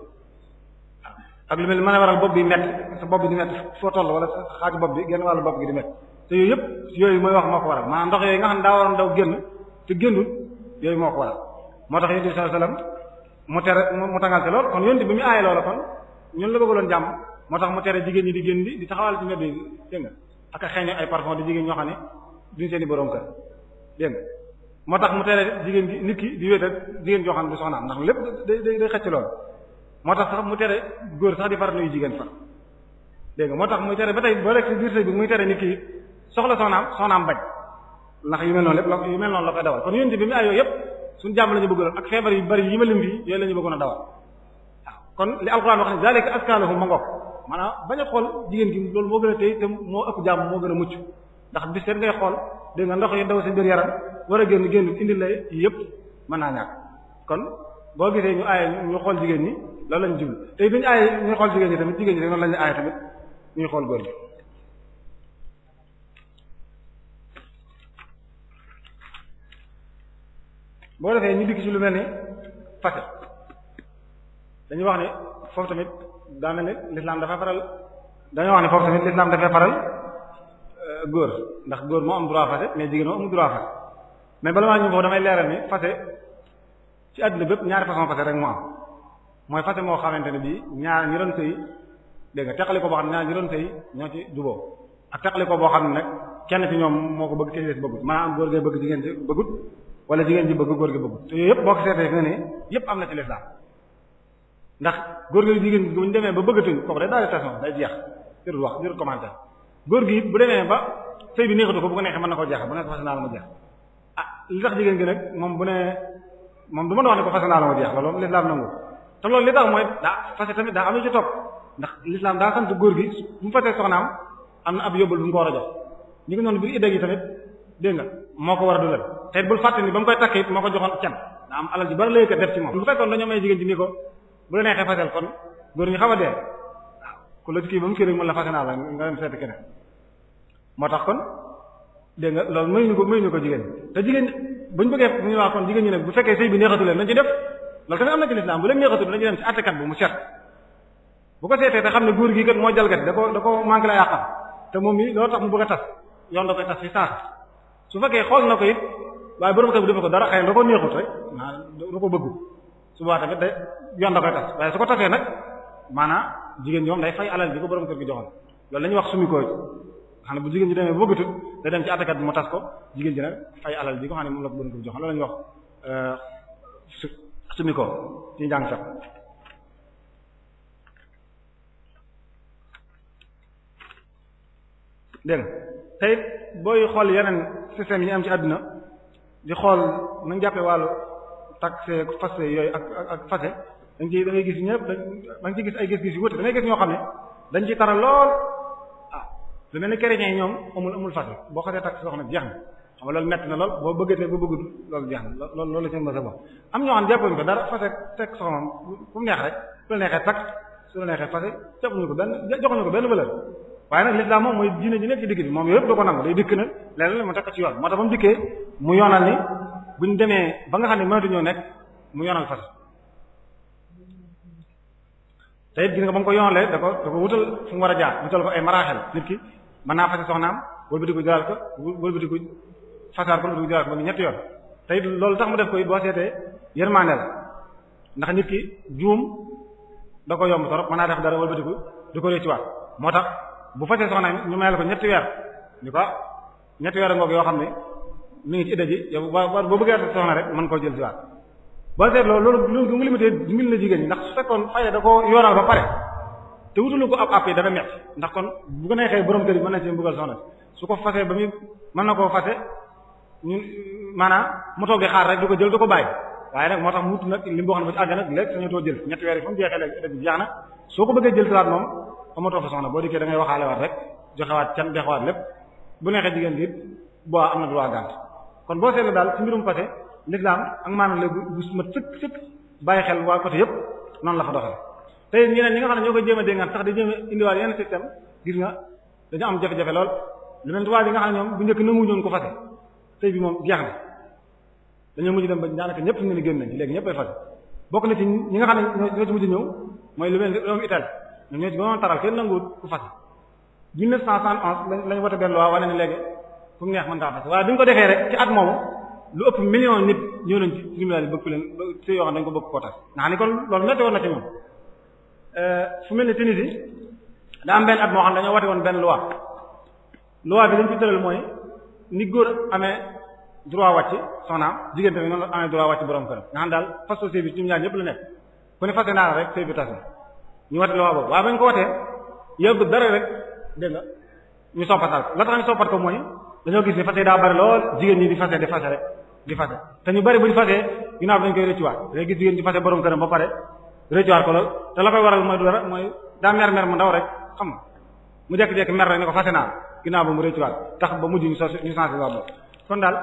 ak lu mel ni mën a waral bopp bi metti sa bopp bi di metti foo toll wala sa bopp bi genn wàllu bopp gi di metti te yooyu yëpp yooyu mooy wax moo ko waral maa ndox yooyu nga xam ne daa waroon daw génn te génnul yooyu moo ko waral moo tax yonent sa sallallahu alayhi wasallam mu tere mu tàngal ci lool kon yonent bi mu aaye loola kon ñun la bëggaloon jàmm moo tax mu tere jigéen ñi di génn di di taxawal ci mbedd yi dégg nga ak a xeeñe ay parfum di jigéen ñoo xam ne duñ borom kër dégg moo tax mu tere jigéen gi nit di wéet ak jigéen joo xam soxnaam ndax lépp day day day xëcc moo tax sax mu tere góor sax di far nuyu jigéen fa dégg moo tax muy tere ba tey boo rek ci biir sëy bi muy tere nit ki soxla soxnaam soxnaam bañ ndax yu mel noonu lépp la yu mel noonu la koy dawal ay yooyu yëpp suñu jàmm la ñu bëggoon ak feebar yu bari yi ma lim fii yooyu la ñu bëggoon a dawal kon li alxuraan wax ne zalika askaaluhum ma ngoog maanaam bañ a xool jigéen gi loolu moo gën a tey te moo ëpp jàmm moo gën a mucc ndax bis seen ngay xool dégg nga ndox yi daw sa biir yaram war a génn génn indi la yépp mën naa ñàkk kon boo gisee ñu aaye ñu xool jigéen ñi loolu lañ jublu te bi aaye jigéen ñi tamit jigéen ñi rek noonu lañu aaye tamit ñuy xool góor ñi boo defee ñu dikk ci lu mel ni fase dañu wax ne foofu tamit daa daana ne l'islam dafa faral dañoo wax ne foofu tamit l'islam dafay faral góor ndax góor moo am droit fase mais jigéen moo amul droit fase mais bala maa ñu foofu damay leeral ni fase ci àdduna bépp ñaari façon fase rek moo am mooy fase moo xamante ne bii ñaar ñu doon sëy dégg nga ko boo xam ne ñaar ñu doon sëy ñoo ci juboo ak teqali ko boo xam ne nag kenn ci ñoom moo ko bëgg kenn ci bëggut maanaam góor gee bëgg jigéen ci bëggut wala jigéen ji bëgg góor gi bëggut yooyu yëpp boo ko seetee fi ne nii yëpp am na ci lislaam ndax góor gi jigéen gi ñu demee ba bëggatuñ kooku day daal di station day jeex góor gi it bu demee ba sëy bi neexatu ko bu ko neexee mën na koo jeexal bu ko fase naa la ma jeex ah li moom bu ne moom du mën a wax ne ko fase naa la ma jeex loolu lislaam nangu te loolu li tax daa fase tamit daa am lu ci topp ndax lislaam daa sant góor gi bu mu fasee soxnaam na ab yóbbal bu mu ko a jox ñu ngi noonu biir idda gi tamit moo ko war a te bul fàtte ni ba mu koy takk moo ko joxoon am alal ji bari la yëkkat def ci moom bu fekkoon dañoo ko bu la neexee fasel kon góor ñu xaw a dee ku la ci kii moom kii rek la fàtte naa la nga dem seeti keneen moo tax kon dégg nga loolu mayuñu ko mayuñu ko jigéen te jigéen buñ bëggee ñu wax kon jigéen ñi nag bu fekkee sëy bi neexatu leen nañ ci def loolu tamit am na ci lislaam bu leen neexatu nañ ci dem ci àttekat bu mu seet bu ko seetee te xam ne góor gi kat moo jalgati da ko da ko manqué la yàqam te moom mi loolu tax mu bëgg a tas yoon da koy tas fi sax su fekkee xool na ko it waaye borom kër bi dafa ko dara xëy na ko neexut rek da ko bëggu su boobaa da koy tas waaye su ko tasee nag maanaam jigéen ñi moom day fay alal bi ko borom kër gi joxoon loolu la ñuy wax sumi ko xam ne bu jigéen ji demee bëggatul day dem ci attakat bi mu tas ko jigéen ji nag fay alal bi ko xam ne moom la ko borom kër gi loolu la wax euh, su ko ci njàng sax dégg tey booy xool yeneen système yi am ci àddina di xool nañ jàppee wàllu taxe fase yooyu ak ak fase dañ ci da ngay gis ñëpp da gis ay gis-gis yu wute da ngay gis ñoo xam ne dañ ci tara lool ah lu mel ni chrétiens yi ñoom amul amul boo xasee takk soxna jeex na xam nga loolu metti na lool boo bëggatee ba bëggul loolu jeex na loolu loolu la seen mësa bo am ñoo ne jàppuñu ko dara fase teg soxna fu mu neex rek su la neexee takk su la neexee fase jàppuñu ko benn joxuñu ko benn valeur waaye nag l'islam moom mooy diine ji nekk digg bi moom yooyu yëpp du ko nangu day dikk na leneen mu teg ko ci yoon moo tax ba mu dikkee mu yoonal ni buñ demee ba nga xam ne mënatuñoo nekk mu yoonal fase te it gis nga ba mu ko yoonalee da ko da ko wutal fu mu war a jaar wutal ko ay maraaxel nit ki mën naa fase soxnaam wëlbatiku jëlaat ko wëlbatiku fasaar ko wëlbatiku jëlaat ko ba mu ñetti yoon te it loolu tax ma def ko it boo seetee yërmande la ndax nit ki juum da ko yomb torop mën naa def dara wëlbatiku du ko réccuwaat moo tax bu fasee soxnaam ñu mayal ko ñetti weer ni ko ñetti weer ngoog yoo xam ne mu ngi ci idda ji yow boo bëggee soxna rek mën koo jël si boo seetloo loolu loolu mu ngi limité dimbali na jigéen ñi ndax su fekkoon fayda da ko yoonal ba pare te wutalu ko ab àpp yi dana metti ndax kon bu ko neexee borom kër yi mën na ci mbugal soxna su ko fasee ba muy mën na koo fase ñun maanaam mu toog di xaar rek du ko jël du ko bàyyi waaye moo tax mu wut nag li mu waxoon ba ci àjjana léegi too jël ñetti weer yi fa mu jeexee léegi jeex na soo ko bëggee jël salaat moom amatoo fa soxna boo dikkee da ngay waxaale waat rek joxewaat can dexewaat lépp bu neexee jigéen bi it boo am na droit gànt kon boo seetlu daal ci mbirum fase lislaam ak maanaam léegi bu ma sëkk sëkk bàyyi xel waa côté yëpp noonu la fa doxale tey ñeneen ñi nga xam ne ñoo koy jéem a déngaan sax di jéem a indiwaat nga dañu am jafe lool lu mel tubaab yi nga xam ne ñoom bu njëkk nangu ñoon ko fase tey bi moom jeex na dañoo mujj dem ba daanaka ñëpp ñu ne génn léegi ñëpp ay bokk na ci ñi nga xam ne ñoo ci mujj ñëw mooy lu mel ni doomu Italie ñoom ñoo ci gënoon taral kenn nanguwut ku fase 1971 lañ wote benn loi wane ne léegi ku neex mën taa fase waaye bi ñu ko defee rek ci at moomu lu ëpp million nit ñëw nañ ci tribunal yi bëgg leen ci yoo xam dañ ko bëgg koo tax nga xam ne kon loolu métti woon na ci moom euh, fu mel ni Tunisie daa am benn at moo xam dañoo wate woon benn loi loi bi lañ ci tëral mooy ni góor amee droit wàcc soxnaam jigéen tamit noonu amee droit wàcc borom këram nga xam daal fas sëy bi ci ñaar ñëpp la nekk ku ne fase naa rek sëy bi tas na ñu wate loi boobu waaye bañ ko watee yóbbu dara dégg nga ñu soppatal la tax ñu soppat ko mooy dañoo gis ne fase daa bari lool jigéen ñi di fase di fase rek di fase te ñu bari bu ñu fasee ginnaaw bi dañ koy rëccuwaat day gis jigéen di fase borom këram ba pare rëccuwaat ko lool te la koy waral mooy du dara mooy daa mer mer mu ndaw rek xam nga mu jekk-jekk mer rek ne ko fase naa ginnaaw ba mu rëccuwaat tax ba mujj ñu sos ñu sensé waa boobu kon daal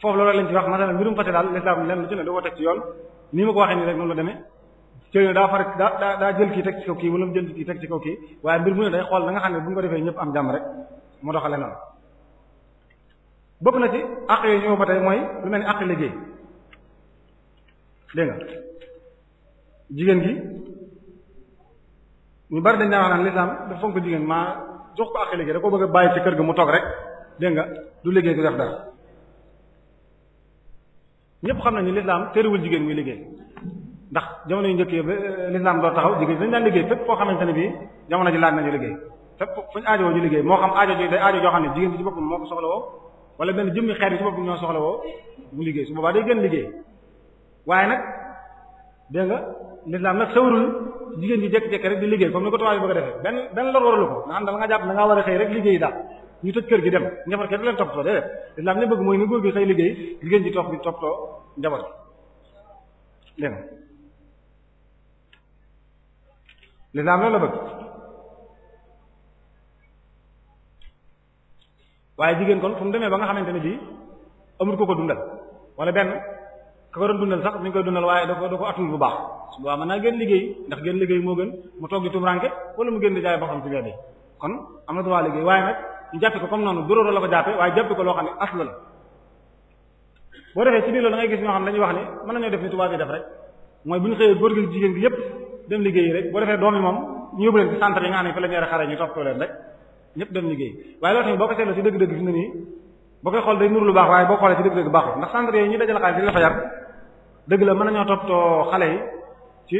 foofu loolu lañ ci wax maanaam mbirum fase daal l'islam lenn lu ci ne da ko teg ci yoon nii ma ko waxee nii rek noonu daa far kii teg ci kaw kii wala mu jël kii teg ci kaw kii waaye mbir mu ne ne bu ñu ñëpp am jàmm rek mu doxale noonu bokk na ci àq yooyu ñëw ba tey mooy lu mel ni àq liggéey dégg nga jigéen gi ñu bari dañ daan wax naan lislaam dafa fonk jigéen maa jox ko àq liggéey da ko bëgg bàyyi ci kër gi mu toog rek dégg nga du liggéey du def dara ñëpp xam nañu lislaam tëriwul jigéen muy liggéey ndax jamono yu njëkk yi eh, lislaam doo taxaw jigéen dañ daan liggéey fépp foo xamante ne bii jamono ji laaj nañu liggéey fépp liggéey moo xam aajo ji day aajo joo xam ne jigéen bi ci boppam moo ko soxla woo wala benn jëmmi xeet bi su bopp ñoo soxla woo mu liggéey su boobaa day gën liggéey waaye nag dégg nga lislaam nag sawarul jigéen ji jékki-jékki rek di liggéey comme ni ko tubaab yi bëgg a defee benn benn lor waralu ko nga xam nga jàpp da ngaa war a xëy rek liggéey daal ñu tëj kër gi dem njaboot kenn du leen toppatoo déedéet lislaam ne bëgg mooy ni góor gi xëy liggéey jigéen ji topp di toppatoo njaboot dégg nga lislaam loolu la bëgg waaye jigéen kon fu mu demee ba nga xamante ne bii amul ko ko dundal wala benn ka ko doon dundal sax mi koy dundal waaye da ko da ko atul bu baax su boobaa mën naa gën liggéey ndax gën liggéey moo gën mu togg di tumranke wala mu gën di jaay boppam ci mbedd kon am na droit waaye nag ñu jàppe ko comme noonu duróora la ko jàppe waaye jàppe ko loo xam ne aslu la boo defee ci biir loolu da gis ñoo xam ne dañuy wax ne mën nañoo def ni tubaab yi def rek mooy bu ñu xëyee góor gi jigéen gi yépp dem liggéey rek boo defee doom moom ñu yóbbu leen ci centre yi nga xam ne fa ñëpp dem liggéey waaye loolu tamit boo ko seetloo ci dëgg-dëgg fi mu nii boo koy xool day nuru lu baax waaye boo xoolee ci dëgg-dëgg baaxul ndax centre yooyu ñu dajal xaalis di la yar dëgg la mën nañoo toppatoo xale yi ci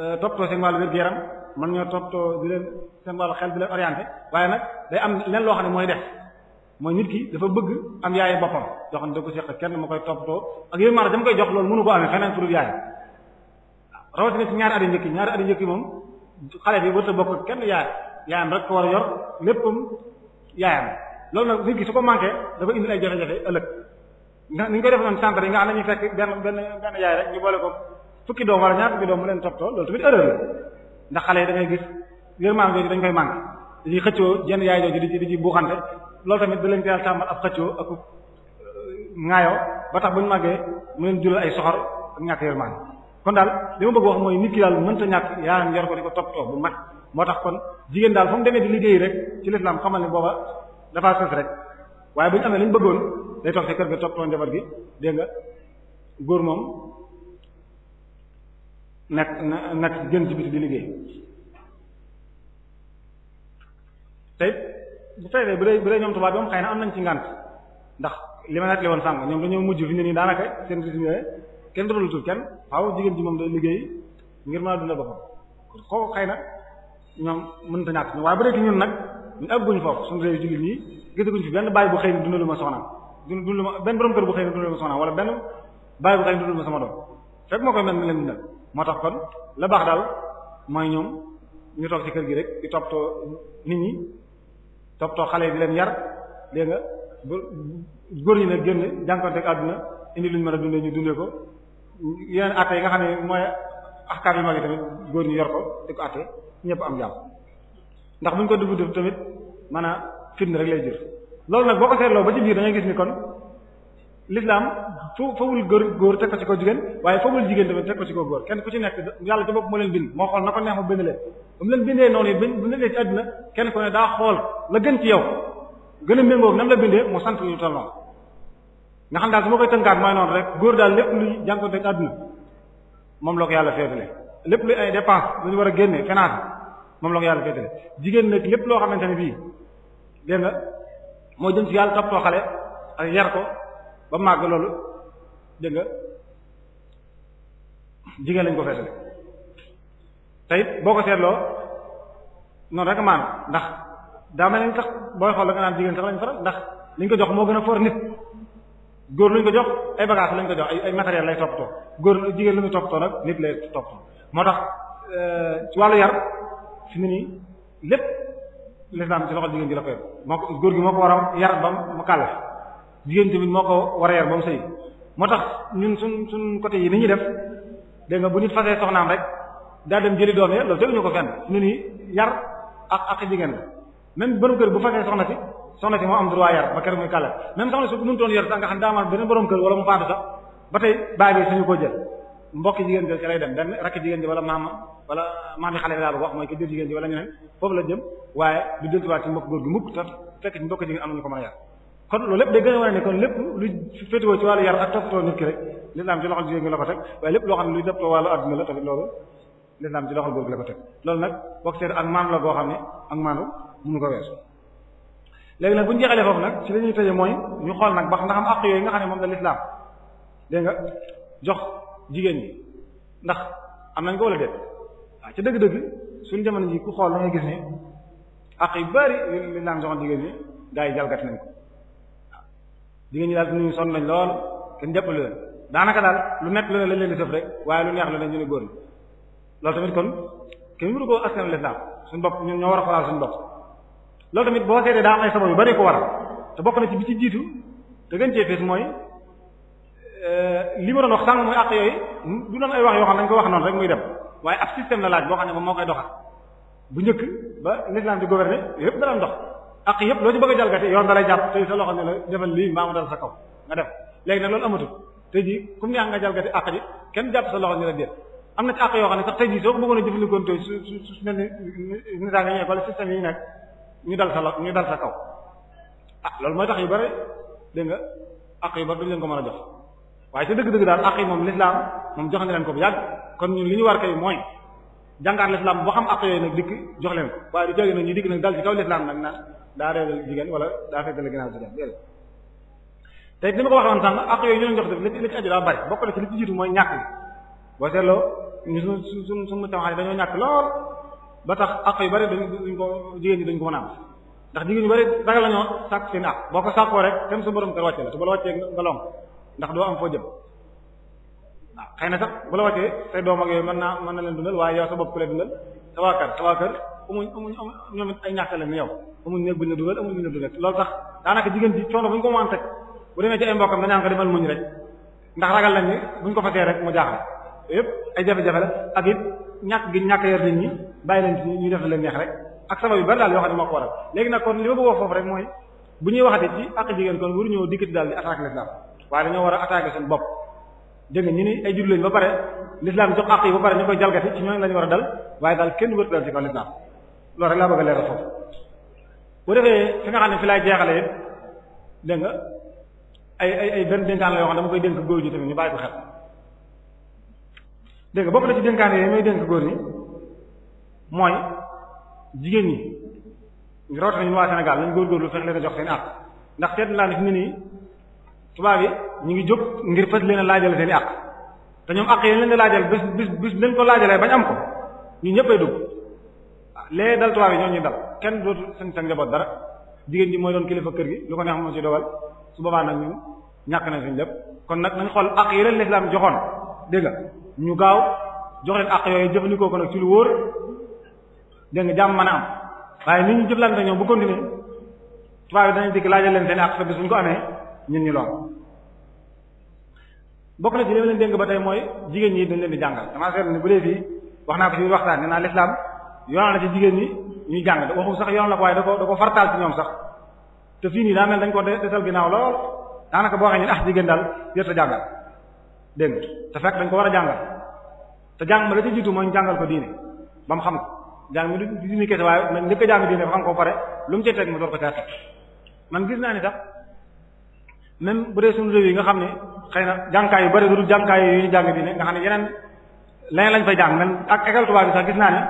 euh, toppatoo seen wàllu wér yaram mën ñoo too di leen seen wàllu xel di leen orienté waaye nag day am leen loo xam ne mooy def mooy nit ki dafa bëgg am yaaye boppam yoo xam ne da ko seq kenn ma koy toppatoo ak yooyu maanaam dama koy jox loolu mënu ko amee feneen pour yaay rawatina ci ñaari at yu moom xale bi wërta bokk kenn yaay yaayam rek ko war a yor léppam yaayam loolu nag nit ki su ko manqué dafa indil ay jafe-jafe ëllëg ndax ni ñu koy def noonu centre yi nga xam ne ñuy fekk benn benn benn yaay rek ñu boole ko fukki doom wala ñaar fukki doom mu leen toppatoo loolu tamit erreur la ndax xale yi da ngay gis yërmaande jooju dañ koy manqué dañuy xëccoo jenn yaay jooju di ci di ci loolu tamit da leen teel tàmbal ab xëccoo ak euh, ŋaayoo ba tax bu ñu màggee mu leen jural ay soxor ak ñàkk yërmaande kon daal li ma bëgg wax mooy nit ki daal mënta ñàkk yaayam yor bu mat moo tax kon jigéen daal fu mu demee di liggéey rek ci lislaam xamal ne booba dafaa sës rek waaye bu ñu amee li ñu bëggoon day toog ci kër ga toppatoo njaboot gi dégg nga góor moom nekk nekk gën ci di liggéey tey bu fekkee bu dee bu dee ñoom tubaab bi moom na am nañ ci ngànt ndax li ma nekk li woon sànq ñoom dañoo mujj fi ne nii daanaka seen régime yooyu kenn dootul kenn waaw jigéen ji moom day liggéey ngir mën a dundal boppam ko xëy na ñoom mënut a ñàkk waaye bu dee ci ñun nag ñun àgguñ foofu suñu réew jullit ñi gisaguñ fi benn baay bu xëy na dundalu ma soxnaam dund dundalu ma benn borom kër bu xëy na dundalu ma soxnaam wala benn baay bu xëy na ma sama doom fekk moo koy mel ni leen dundal moo tax kon la baax daal mooy ñoom ñu toog ci kër gi rek di toppatoo nit ñi toppatoo xale yi di leen yar dégg nga góor ñi nag génn jànkonteeg àdduna indi luñu mën a dundee ñu dundee ko yeneen atte yi nga xam ne mooy axkaar yu mag yi tamit góor ñi yor ko ñëpp am jàmm ndax buñ ko dugg def tamit man a fitna rek lay jur loolu nag boo ko seetloo ba ci biir da ngay gis ni kon l'islam fo fawul góor góor teg ko ci ko jigéen waaye fawul jigéen tamit teg ko ci ko góor kenn ku ci nekk yàlla ci bopp moo leen bind moo xool na ko neex mu bind leen ba mu leen bindee noonu yi bu bindee ci àdduna kenn ku ne daa xool la gën ci yow gën a méngóog nam la bindee mu sant lu toll noonu nga xam daal su ma koy tënkaat mooy rek góor daal lépp luy jànkuwante ak àdduna moom la yàlla feebale lépp lu ay dépense lu ñu war a génne finance moom la ko yàlla féetale jigéen nag lépp loo xamante ne bii dégg nga moo jëm yàlla toppatoo xale ak yar ko ba nga jigéen lañ ko féetale te boo ko seetloo noonu rek maan ndax daa mel ni sax booy xool la jigéen sax lañ ndax liñ ko jox moo gën a nit góor luñ ko jox ay lañ ko jox ay ay matériel lay toppatoo góor jigéen lu muy toppatoo nag nit lay toppatoo moo tax euh, ci yar fi mu nii lépp l'islam ci loxol jigéen ji la koy moo ko góor gi moo ko war a yar ba mu kàllaf jigéen tamit moo ko war a yar ba mu sëy moo tax ñun suñ suñ côté yi ni ñuy def dégg nga bu nit fasee soxnaam rek daa dem jëli doom ya loolu teguñu ko fenn ñu ni yar ak ak jigéen la même borom kër bu fasee soxna si soxna si moo am droit yar ba kër muy kàllaf même soxna si bu mënutoon yar sax nga xam daa amal beneen borom kër wala mu faatu sax ba tey bàyyi bi suñu ko jël mbokki jigéen jooju lay dem benn rakk jigéen ji wala maama wala maami xale bi laa bëgg wax mooy ki jur jigéen ji wala ñeneen foofu la jëm waaye du deltuwaat ci mbokk góor gi mukk te fekk ci mbokk jigéen am nañu ko mën a yar kon loolu lépp day gën a wane ne kon lépp lu féetewoo ci wàllu yar ak toppatoo nit ki rek lislaam ci loxol jigéen gi la ko teg waaye lépp loo xam ne luy toppatoo wàllu adduna la tamit loolu lislaam ci loxol góor gi la ko teg loolu nag bokk seet ak maanu la boo xam ne ak maanu mënu ko weesu léegi nag bu ñu jeexalee foofu nag ci li ñuy tëje mooy ñu xool nag bax ndax am àq yooyu nga xam ne moom la lislaam dégg nga jox jigéen ñi ndax am nañ ko wala déet waaw ca dëgg-dëgg suñu jamono ji ku xool dangay gis ni ak yu bari li naan joxoon jigéen ñi nañ ko waaw jigéen ñi daal ñu sonn nañ lool kenn jàppale leen daanaka daal lu nekk lu ne lañ leen di tëf rek waaye lu neex lu ne ñu ne góor ñi loolu tamit kon kenn mënu koo askan l'islam suñu bopp ñun ñoo war a xoolaal suñu bopp loolu tamit boo seetee daa am ay yu bari ko waral te bokk na ci bi ci jiitu te gën cee mooy Euh, li ma doon wax sànq mooy àq yooyu du doon ay wax yoo xam dañ ko wax noonu rek muy dem waaye ab système la laaj boo xam ne moom moo koy doxal bu njëkk ba l'islam di gouverner yépp da doon dox àq yépp loo bëgg a jalgati yoon da lay jàpp tey sa loxo ne sa kaw nga def léegi nag loolu amatul tey jii ku neex nga jalgati àq kenn jàpp sa loxo ne la déet am na ci àq yoo xam ne sax tey jii soo ko bëggoon a jëfandikoon tey su su su mel ni nisaa nga ñëw wala système yi nekk ñu dal sa ñu dal sa kaw ah loolu mooy tax yu bari dégg nga àq yu bari duñ leen ko mën a jox waaye te dëgg-dëgg daal àq yi moom lislaam moom jox na leen ko bu yàgg kon ñun li ñu war kay mooy jàngaat lislaam boo xam àq yooyu nag dikk jox leen waaye du jógee nag ñu dikk nag dal ci kaw lislaam nag na daa reedal wala daa feddal ginnaaw jigéen déedéet te it ni ma ko waxoon sànq àq yooyu ñu leen jox def li ci aju daa bari bokk na ci li ci jiitu mooy ñàkk boo ba tax àq yu bari dañ ko jigéen ñi dañ ko mën a am ndax jigéen ñu bari ragal lañoo sàkk seen àq boo ko sàkkoo rek dem sa borom kër wàcce la te bala wàccee ndax doo am foo jëm waaw xëy na sax bu la wàccee say doom ak yooyu mën naa mën na leen dundal waaye yow sa bopp ku leen dundal sa waa kër sa waa kër amuñ amuñ ñoom ay ñàkk leen yow amuñ néeg buñ la dugal amuñ buñ la dugal loolu sax daanaka jigéen ji coono bu ñu ko mën teg bu demee ci ay mbokkam dañaan ko demal muñ rek ndax ragal lañ ni buñ ko fasee rek mu jaaxle yëpp ay jafe-jafe la ak it ñàkk gi ñàkk yar nit ñi bàyyi leen ci ñuy def leen neex rek ak sabab yu bari daal yoo xam ne moo ko waral léegi nag kon li ma bëgg wax foofu rek mooy bu ñuy waxatee ci ak jigéen kon waruñoo dikkati daal di attaque l'islam waaye dañoo war a attaquer seen bopp dégg nga ñu ni ay jullit lañ ba pare l'islam jox àq yi ba pare ñu koy jalgati ci ñooñu la ñu war a dal waaye daal kenn wërtu dal ci kaw l'islam loolu rek laa bëgg leeral foofu bu defee fi nga xam ne fi laay jeexale yépp dégg nga ay ay ay benn dénkaan la yoo xam dama koy dénk góor ji tamit ñu bàyyi ko xel dégg nga bokk na ci yi may dénk mooy jigéen ñi rawatina ñu waa Sénégal lañ góorgóorlu fexe leen a jox seen àq ndax seetlu laa ne fi mu nii tubaab yi ñu ngi jóg ngir fas leen a laajale seen i àq te ñoom àq yi leen di laajal bis bis bis leen ko laajalee bañ am ko ñu ñëpp ay dugg waaw ah, yi ñoo ñuy dal kenn dootu seen seen njaboot dara jigéen ji mooy doon kilifa kër gi lu ko neex moo ci boobaa nag ñun ñàkk nañ suñ kon nag nañ xool àq yi leen lislaam joxoon dégg nga ñu gaaw jox leen àq yooyu jëfandikoo ko nag ci lu wóor dégg nga jàmm mën a am waaye ni ñu jëflante ñoom bu continuer tubaab yi danañ dikk àq te bis bu ñu ko amee ñun ñu lool bokk na ci li leen dénk ba tey mooy jigéen ñi dañ leen di jàngal damaa seetlu ne bu dee fii wax naa ko ci waxtaan nee naa l'islam yoonal na ci jigéen ñi ñuy jàng waxu sax yoon la ko waaye da ko da ko fartaal ci ñoom sax te fii nii daa mel dañ ko desal ginnaaw lool daanaka boo waxee ñun ah jigéen daal yërta jàngal dégg te fekk dañ ko war a jàngal te jàng ma la ci jiitu mooy ñu jàngal ko diine ba mu xam ko jàng mi du diine kese a jàng pare lu mu ci teg mu door ko caa man gis naa ni sax même bu dee suñu yi nga xam ne xëy na jànkaay yu bari du jànkaay yu ñu jàng diine nga xam ne yeneen leneen lañ fay jàng man ak école tubaab bi sax gis naa ne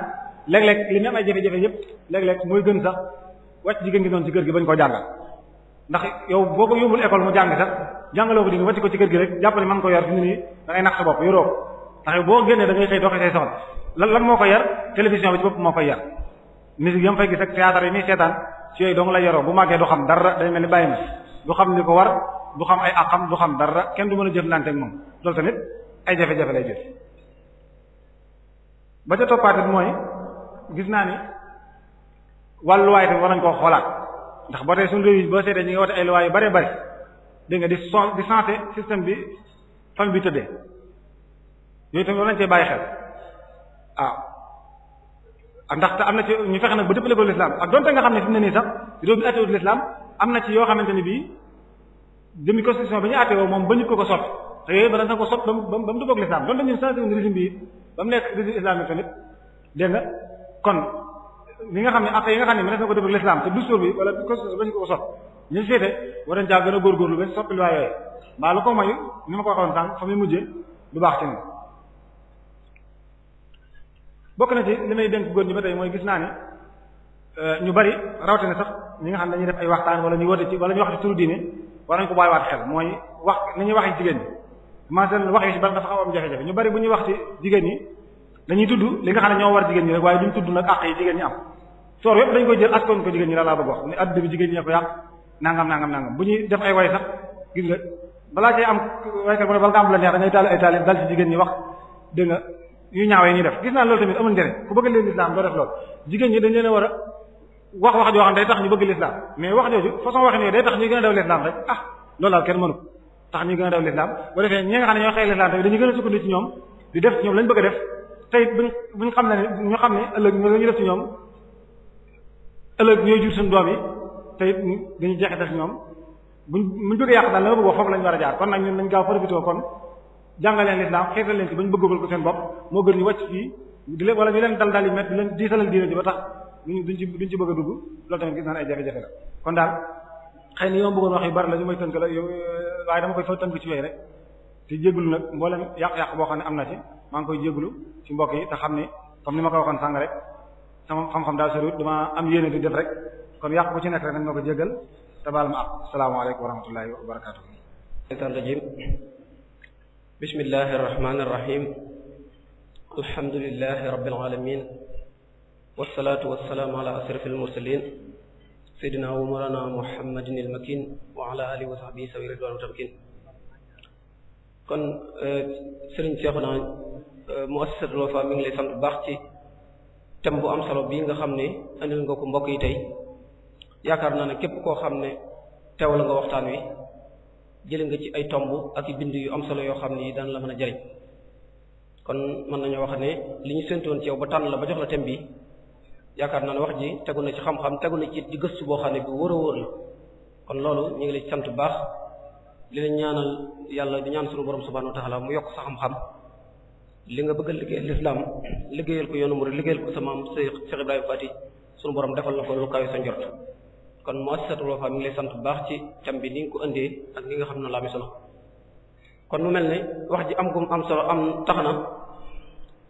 léeg-léeg li même ay jafe yëpp léeg-léeg mooy gën sax wàcc jigéen gi noonu ci kër gi bañ koo jàngal ndax yow boo ko yóbbul école mu jàng sax jàngaloo ko di nga ko ci kër gi rek jàpp ne man ko yar fi mu nii da ngay nax sa bopp yoroo ndax boo génnee da lan lan moo ko yar télévision bi ci bopp moo koy yar musique yam fay gis ak théâtre yi muy seetaan ci yooyu dong la yoroo bu màggee du xam dara day mel ni bàyyi ma du xam ni ko war du xam ay àqam du xam dara kenn du mën a jëflante ak moom loolu tamit ay jafe-jafe lay jëf ba ca toppaatit mooy gis naa ni wàlluwaay tamit war nañ koo xoolaat ndax ba tey suñu réew yi boo seetee ay luwaay yu bare bare dégg nga di son di sensé système bi fam bi yooyu tamit war nañ cee bàyyi xel waaw ah. ah, ndax te am na ci ñu fexe nag ba dëppale ko lislaam ah, nga xam ne fi mu ne nii sax réew bi attewut lislaam am na ci yoo xamante ni bii jëmmi constitution bi ñu àtte woo moom ba ñu ko ko sot te yooyu ba na ko sot ba mu ba mu dëppoog l'islam doon dañu changé ba mu nekk régime islamique kon li nga xam ne àtte yi nga xam ne mënees na ko dëppoog l'islam te dustoor bi wala constitution ba ñu ko ko sot war nañ caa gën a góorgóorlu ba soppi loi yooyu mbaa lu ko mayu ni ma ko waxoon sànq fa muy mujjee du baax ci ñun bokk na ci li may dénk góor ñi ba tey mooy gis naa ne Euh, ñu bari rawatina sax ñi nga xam ne dañuy def ay waxtaan wala ñu woote ci wala ñu wax ci turu diine war nañ ko bàyyiwaat xel mooy wax ni ñuy wax yi ñu li nga xam ne ñoo war jigéen ñi rek waaye duñ tudd nag àq yi jigéen ñi am soor yépp dañ koy jël askoon ko jigéen ñi la laa ñi ne ko yàq nangam nangam def gis la neex da ngay naa loolu tamit amul njëriñ ku bëgg leen lislaam doo def loolu jigéen ñi dañ leen war a wax wax joo xam day tax ñu bëgg lislaam mais wax jooju façon waxin yooyu day tax ñuy gën a daw lislaam rek ah loolu daal kenn mënu tax boo defee ñi nga xam ne a sukkandiku ñoom di def ci ñoom lañ bëgg a def tey buñ ñu xam ne ëllëg ñu lañu def ñoom ëllëg ñooy jur suñu doom yi tey dañuy jeexital ci ñoom buñ buñ bëgg yàq la ma bëgg wax foofu lañu war a jaar kon nag ñun nañ gaaw profité kon jàngaleen lislaam xeetal leen ci bañ bëggul ko seen bopp moo gën ñu wàcc fii di leen wala ñu leen dal daal yu métti leen diisalal diine ji ba tax duñ duñ ci duñ ci bëgg a dugg loolu tamit gis naa ne ay jafe-jafe la kon daal xëy na yow bëggoon wax yi bari la ñu may tënk la yow euh, waaye dama koy fa tënk ci yooyu rek te jéglu nag mboolem yàq-yàq boo xam ne am na ci maa ngi koy jéglu ci mbokk yi te xam ne comme ni ma ko waxoon sàng rek sama xam-xam am yéene di def rek kon yàq bu ci nekk rek nañ ma ko jégal te baal ma ak salaamaaleykum wa rahmatullahi wa barakatuh. bismillahir rahmanir rahim alhamdulilahi rabbil alamin wasalaatu wasalaamu ala asraf almursalin sayidina wa mawlana muhammadin almakin wa ala alihi wa sahbihi sawi ridwaan wa tamkin kon am eh, Seexuna eh, muassasatul Wafa mi bu am solo bii nga xam ne andil nga ko mbokk yi tey yaakaar naa ne képp koo xam ne teewal nga waxtaan wi jële nga ci ay tomb ak i bind yu am solo yoo xam ne yi daan la a jariñ kon mën nañoo wax ne li ñu séntoon ci yow ba tànn la ba jox la thème yaakaar naa ne wax ji tegu na ci xam-xam tegu na ci gëstu boo xam ne bu wóor a wóor la kon loolu ñu ngi lay sant bu baax li lañ ñaanal yàlla di ñaan sunu borom subhanahu wa ta'ala mu yokk sa li nga bëgg a lislaam liggéeyal ko yoonu murid liggéeyal ko sa maam Cheikh Ibrahima Fati sunu borom defal la ko lu kaw sa njort kon muassasatul Wafa mi ngi lay sant bu baax ci thème bi ni nga ko indee ak ni nga xam ne laa mi solo kon mu mel ne wax ji am gum am solo am tax na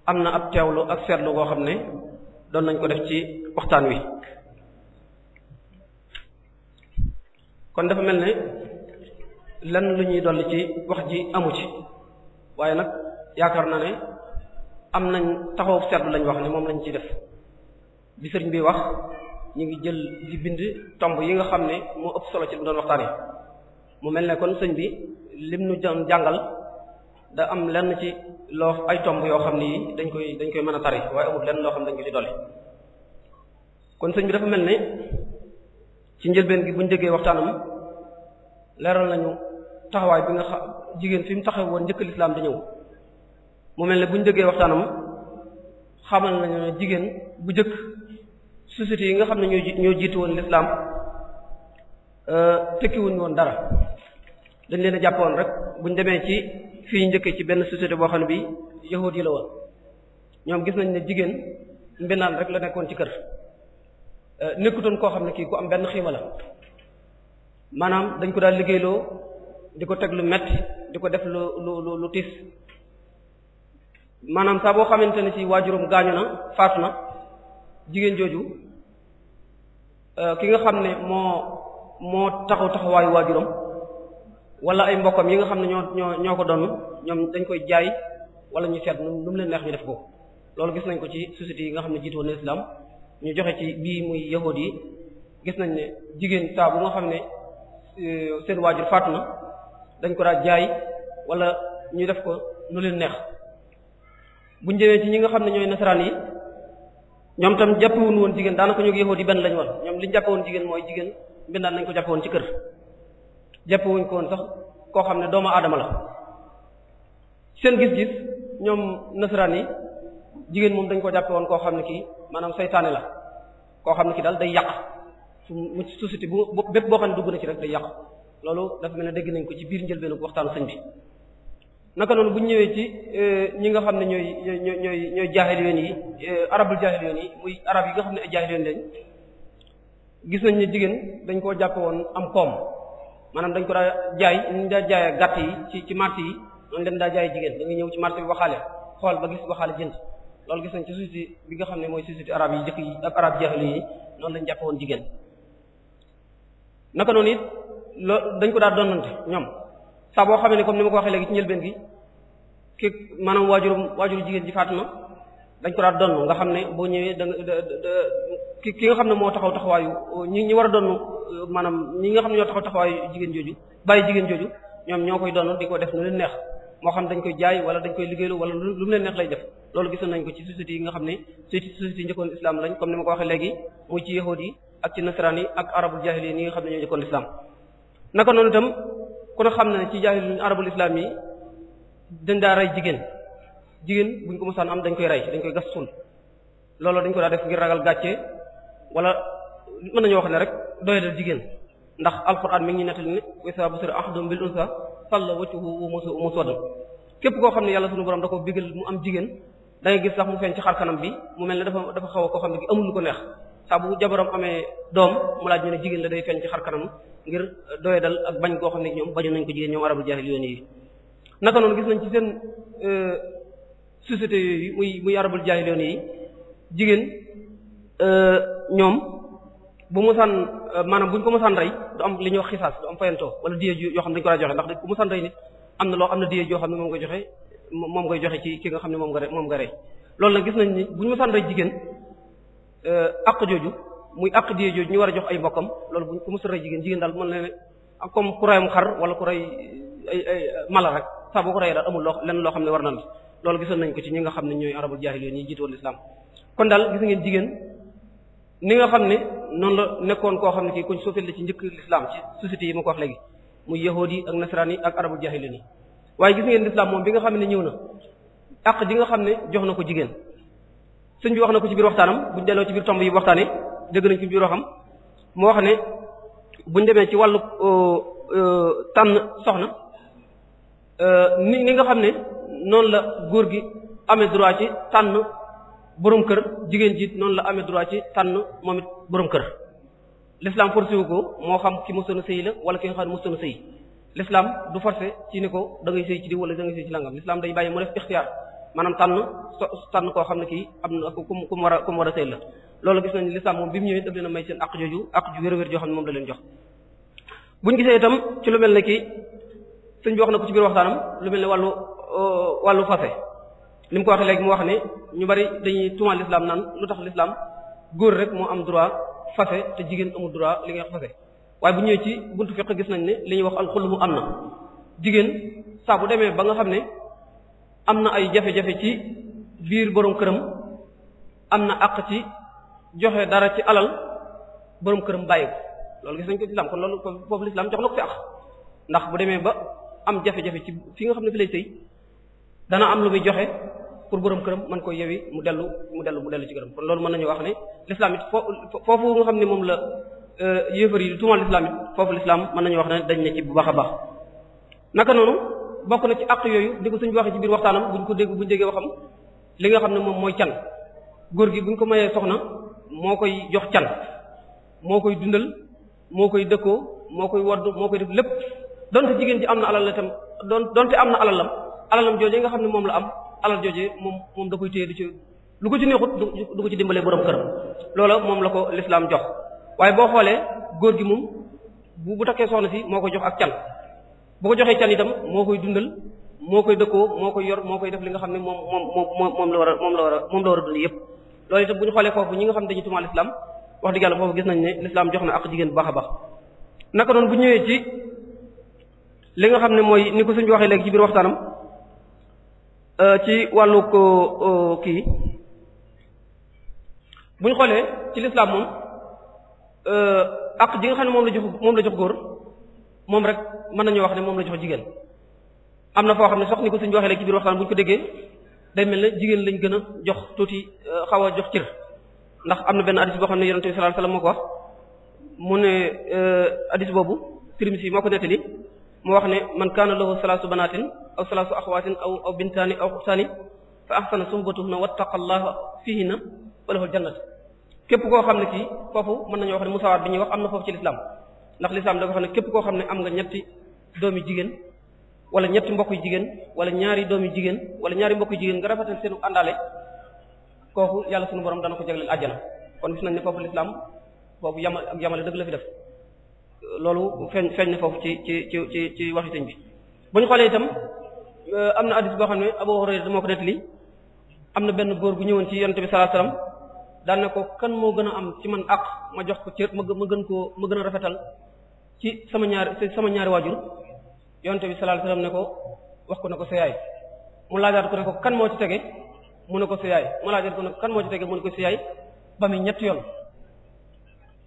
am na ab teewlu ak seetlu goo xam ne doon nañ ko def ci waxtaan wi kon dafa mel ne lenn lu ñuy dolli ci wax ji amu ci waaye nag yaakaar na ne am nañ taxaw seetlu lañ wax ne moom lañ ci def bi sëriñ bi wax ñu ngi jël di bind tomb yi nga xam ne moo ëpp solo ci lu doon waxtaan yi mu mel ne kon sëñ bi lim nu jàng jàngal da am lenn ci loo ay tomb yoo xam ni dañ koy dañ koy mën a tari waaye amul lenn loo xam dañ ko ci dolli kon sëñ bi dafa mel ne ci njëlbeen gi buñ déggee waxtaanam leeral nañu taxawaay bi nga xam jigéen fi mu woon njëkk lislaam di ñëw mu mel ne bu buñ déggee waxtaanam xamal nañu ne jigéen bu njëkk société yi nga xam ne ñoo jiitu woon lislaam Euh, tekkiwuñ woon dara dañ leen a jàppoon rek buñ demee ci fii njëkkee ci benn société boo xam ne bi yahut yi la woon ñoom gis nañ ne jigéen mbinaan rek la nekkoon ci kër euh, nekkutoon koo xam ne kii ku am benn xiima la maanaam dañ ko daal liggéeyloo di ko teg lu metti di ko def lu lu tiis maanaam saa boo xamante ne ci waajuram gaañu na faatu na jigéen jooju euh, ki nga xam ne moo moo taxaw taxawaayu waajuram wala ay mbokkam yi nga xam ne ñoo ñoo ñoo ko doon ñoom dañ koy jaay wala ñu seet nu mu leen neex ñu def ko loolu gis nañ ko ci société yi nga xam ne jiitu woon na islam ñu joxe ci bii muy yahuud yi gis nañ ne jigéen saa bu nga xam ne euh, seen waajur faatu na dañ ko daa jaay wala ñu def ko nu leen neex buñ jëmee ci ñi nga xam ne ñooy nasaraan yi ñoom tam jàppewuñu woon jigéen daanaka ñu yahuud yi benn lañ woon ñoom liñ jàppe woon jigéen mooy jigéen mbindaan nañ ko jàppe ci kër jàppe wuñ ko woon sax koo xam ne doomu aadama la seen gis-gis ñoom nasaraan yi jigéen moom dañ ko jàppewoon koo xam ne kii maanaam saytaane la koo xam ne ki daal day yàq su mu société bu bépp boo xam ne dugg na ci rek day yàq loolu dafa mel ne dégg nañ ko ci biir njëlbeenu waxtaanu sëñ bi naka noonu bu ñëwee ci euh, ñi nga xam ne ñooy ñooy ñooy ñooy jaahil yoon yi euh, arabul jaahil yoon yi muy arab yi nga xam ne ay jaahil yoon lañ gis nañ ne jigéen dañ koo jàppe am koom maanaam dañ ko daa jaay ñu daa jaay gàtt yi ci ci marché yi noonu leen daa jaay jigéen da nga ñëw ci marché bi waxaale xool ba gis waxaale jënd loolu gis nañ ci société bi nga xam ne mooy société arabe yi jëkk yi ak arabe jaahili yi noonu lañ jàppe woon jigéen naka noonu it loo dañ ko daa donante ñoom saa boo xamee ne comme ni ma ko waxee léegi ci ñëlbeen gi ki maanaam waajuru waajuru jigéen ji faatu dañ ko daan donn nga xam ne boo ñëwee da nga ki nga xam ne moo taxaw taxawaayu ñi ñi war a donn maanaam ñi nga xam ne ñoo taxaw taxawaayu jigéen jooju bàyyi jigéen jooju ñoom ñoo koy donn di ko def nu leen neex moo xam dañ koy jaay wala dañ koy liggéeylu wala lu mu leen neex lay def loolu gisoon nañ ko ci sociétés yi nga xam ne sociétés njëkkoon islam lañ comme ni ma ko waxee léegi muy ci yahud yi ak ci nasaraan yi ak arabul jaahil yi ñi nga xam ne ñoo njëkkoon islam naka noonu itam ku ne xam ne ci jaahil arabul islam yi dañ daa rey jigéen jigéen buñ ko mosaan am dañ koy rey dañ koy gas suul loolu dañ ko daa def ngir ragal gàcce wala mën nañoo wax ne rek doyadal jigéen ndax alquran mi ngi nettali ne wa saa busira ahadun bil unsa salla wajhuhu muswaddan képp koo xam ne yàlla sunu borom da ko bigal mu am jigéen da ngay gis sax mu feeñ ci xar kanam bi mu mel ne dafa dafa xaw a koo xam ne gi amul lu ko neex saa bu jabaram amee doom mu laa ñu ne jigéen la day feeñ ci xar kanam ngir doyadal ak bañ koo xam ne ñoom bañu nañ ko jigéen ñoom arabul jaahil yoon yi naka noonu gis nañ ci seen euh, société yooyu muy muy arabul jaahiliyoon yi jigéen euh, ñoom bu mosaan euh, maanaam bu ñu ko mosaan rey du am li ñuy wax xisaas du am fayantoo wala yoo xam ne dañu joxe ndax ku mosaan rey nit am na loo am na diye yoo xam ne moom ngay joxe moom ngay joxe ci ki nga xam ne moom nga moom nga rey loolu na gis nañ ni bu ñu mosaan rey jigéen euh, àq jooju muy àq diye jooju ñu war a jox ay mbokkam loolu bu ku mosaan rey jigéen jigéen daal mën na ne ah, comme ku reyum xar wala ku rey ay ay mala rek saa boo ko loo lenn loo xam ne war na la loolu gisoon nañ ko ci ñi nga xam ne ñooy arabul jaahiliya ñi jiitu woon lislaam kon daal gis ngeen jigéen ni nga xam ne noon la nekkoon koo xam ne kii kuñ suufeel la ci njëkk lislaam ci société yi ma ko wax léegi muy yahuud yi ak nasaraan yi ak arabul jaahiliya nii waaye gis ngeen lislaam moom bi nga xam ne ñëw na àq di nga xam ne jox na ko jigéen sëñ bi wax na ko ci biir waxtaanam bu delloo ci biir tomb yi waxtaane dégg nañ ci biir waxam mu wax ne buñ demee ci wàllu euh, euh, tànn soxna euh, ni nga xam ne noonu la góor gi amee droit ci tànn borom kër jigéen ji noonu la amee droit ci tànn moom it borom kër l'islam forcé wu ko moo xam ki mosoon a sëy la wala ki nga xam ne mosoon a sëy l'islam du forcé ci ni ko dangay ngay ci diw wala da ngay sëy ci langam l'islam day bàyyi mu def ixtiyaar maanaam tànn so tànn koo xam ne kii am na ku mu ku mu war a ku mu war a la loolu gis nañu l'islam moom bi mu ñëwee daf leen a may seen aq jooju aq ju wér-wér joo Euh, wàllu fase li mu ko waxee léegi mu wax ne ñu bari dañuy tuumal l'islam naan lu tax l'islam góor rek moo am droit fase te jigéen amul droit li ngay fase waaye bu ñëwee ci buntu fiqh gis nañ ne li ñuy wax alxullu am na jigéen saa bu demee ba nga xam ne am na ay jafe-jafe ci biir boroom këram am na àq ci joxe dara ci alal borom këram bàyyi ko loolu gis nañ ko l'islam kon loolu foofu l'islam jox na ko fi ndax bu demee ba am jafe-jafe ci fi nga xam ne fi lay sëy dana am lu muy joxe pour borom këram mën ko yewi mu dellu mu dellu mu dellu ci këram kon loolu mën nañu wax ne l'islam it foofu nga xam ne moom la euh, yéefar yi tuumal l'islam it foofu l'islam mën nañu wax ne dañ ne ci bu baax a baax naka noonu bokk na ci àq yooyu ni ko suñ waxee ci biir waxtaanam buñ ko dégg bu déggee waxam li nga xam ne moom mooy can góor gi buñ ko mayee soxna moo koy jox can moo koy dundal moo koy dëkkoo moo koy wodd moo koy def lépp donte jigéen ci am na alal la tam donte am na alalam alalam jooje nga xam ne moom la am alal jooje moom moom da koy téye du ci lu ko ci neexut du ko ci dimbalee borom këram loola moom la ko lislaam jox waaye boo xoolee góor gi moom bu bu takkee soxna si moo ko jox ak can boo ko joxee can itam moo koy dundal moo koy dëkkoo moo koy yor moo koy li nga xam ne moom moom moom moom la war a moom la war a moom a dund bu ñu xoolee foofu ñi nga xam ne dañu tumaal lislaam wax dëgg yàlla foofu gis nañ ne lislaam jox na ak jigéen bu baax a baax naka noonu bu ñëwee ci li nga xam ne mooy ni ko waxee léegi ci biir waxtaanam Euh, ci wàllu ko euh, kii bu ñu xoolee ci lislaam moom euh, ak ji nga xam ne moom la jox moom la jox góor moom rek mën nañu wax ne moom la jox jigéen am na foo xam ne sox ni ko suñu waxee léegi ci biir waxtaan bu ko déggee day mel ne jigéen lañ gën a jox tuuti xaw a jox cër ndax am na benn hadith boo xam ne yonent bi sallallahu alayhi wasallam moo ko wax mu ne hadith boobu yi moo ko nettali mu wax ne man kaana lahu salaasu banaatin aw salaasu axawaatin aw aw bintaani aw xusaani fa ahsana suhbatuhunna wattaqallaha fihinna falahul jannat képp koo xam ne kii foofu mën nañu wax ne musawaat bi ñuy wax am na foofu ci lislaam ndax lislaam dafa xam ne képp koo xam ne am nga ñetti doomi jigéen wala ñetti mbokk jigéen wala ñaari doomi jigéen wala ñaari mbokku jigéen nga rafetal seenu àndaale kooku yàlla sunu borom dana ko jagleel àjjana kon gis nañ ne foofu lislaam boobu yama ak yamale dëgg la fi def loolu feeñ feeñ ne foofu ci ci ci ci ci waxi bi bu ñu xoolee itam euh, am na addis boo xam ne Abu Hurayra moo ko nettali am na benn góor gu ñëwoon ci yonent bi sallallahu daan na ko kan moo gën a am ci man àq ma jox ko cër ma gën koo ma gën a rafetal ci sama ñaari sama ñaari waajur yonent bi sallallahu alayhi wasallam ne ko wax ko ne ko sa yaay mu laajaat ko ne ko kan moo ci tegee mu ne ko sa yaay mu laajaat ko moo ci tege mu ne yaay ba muy ñetti yoon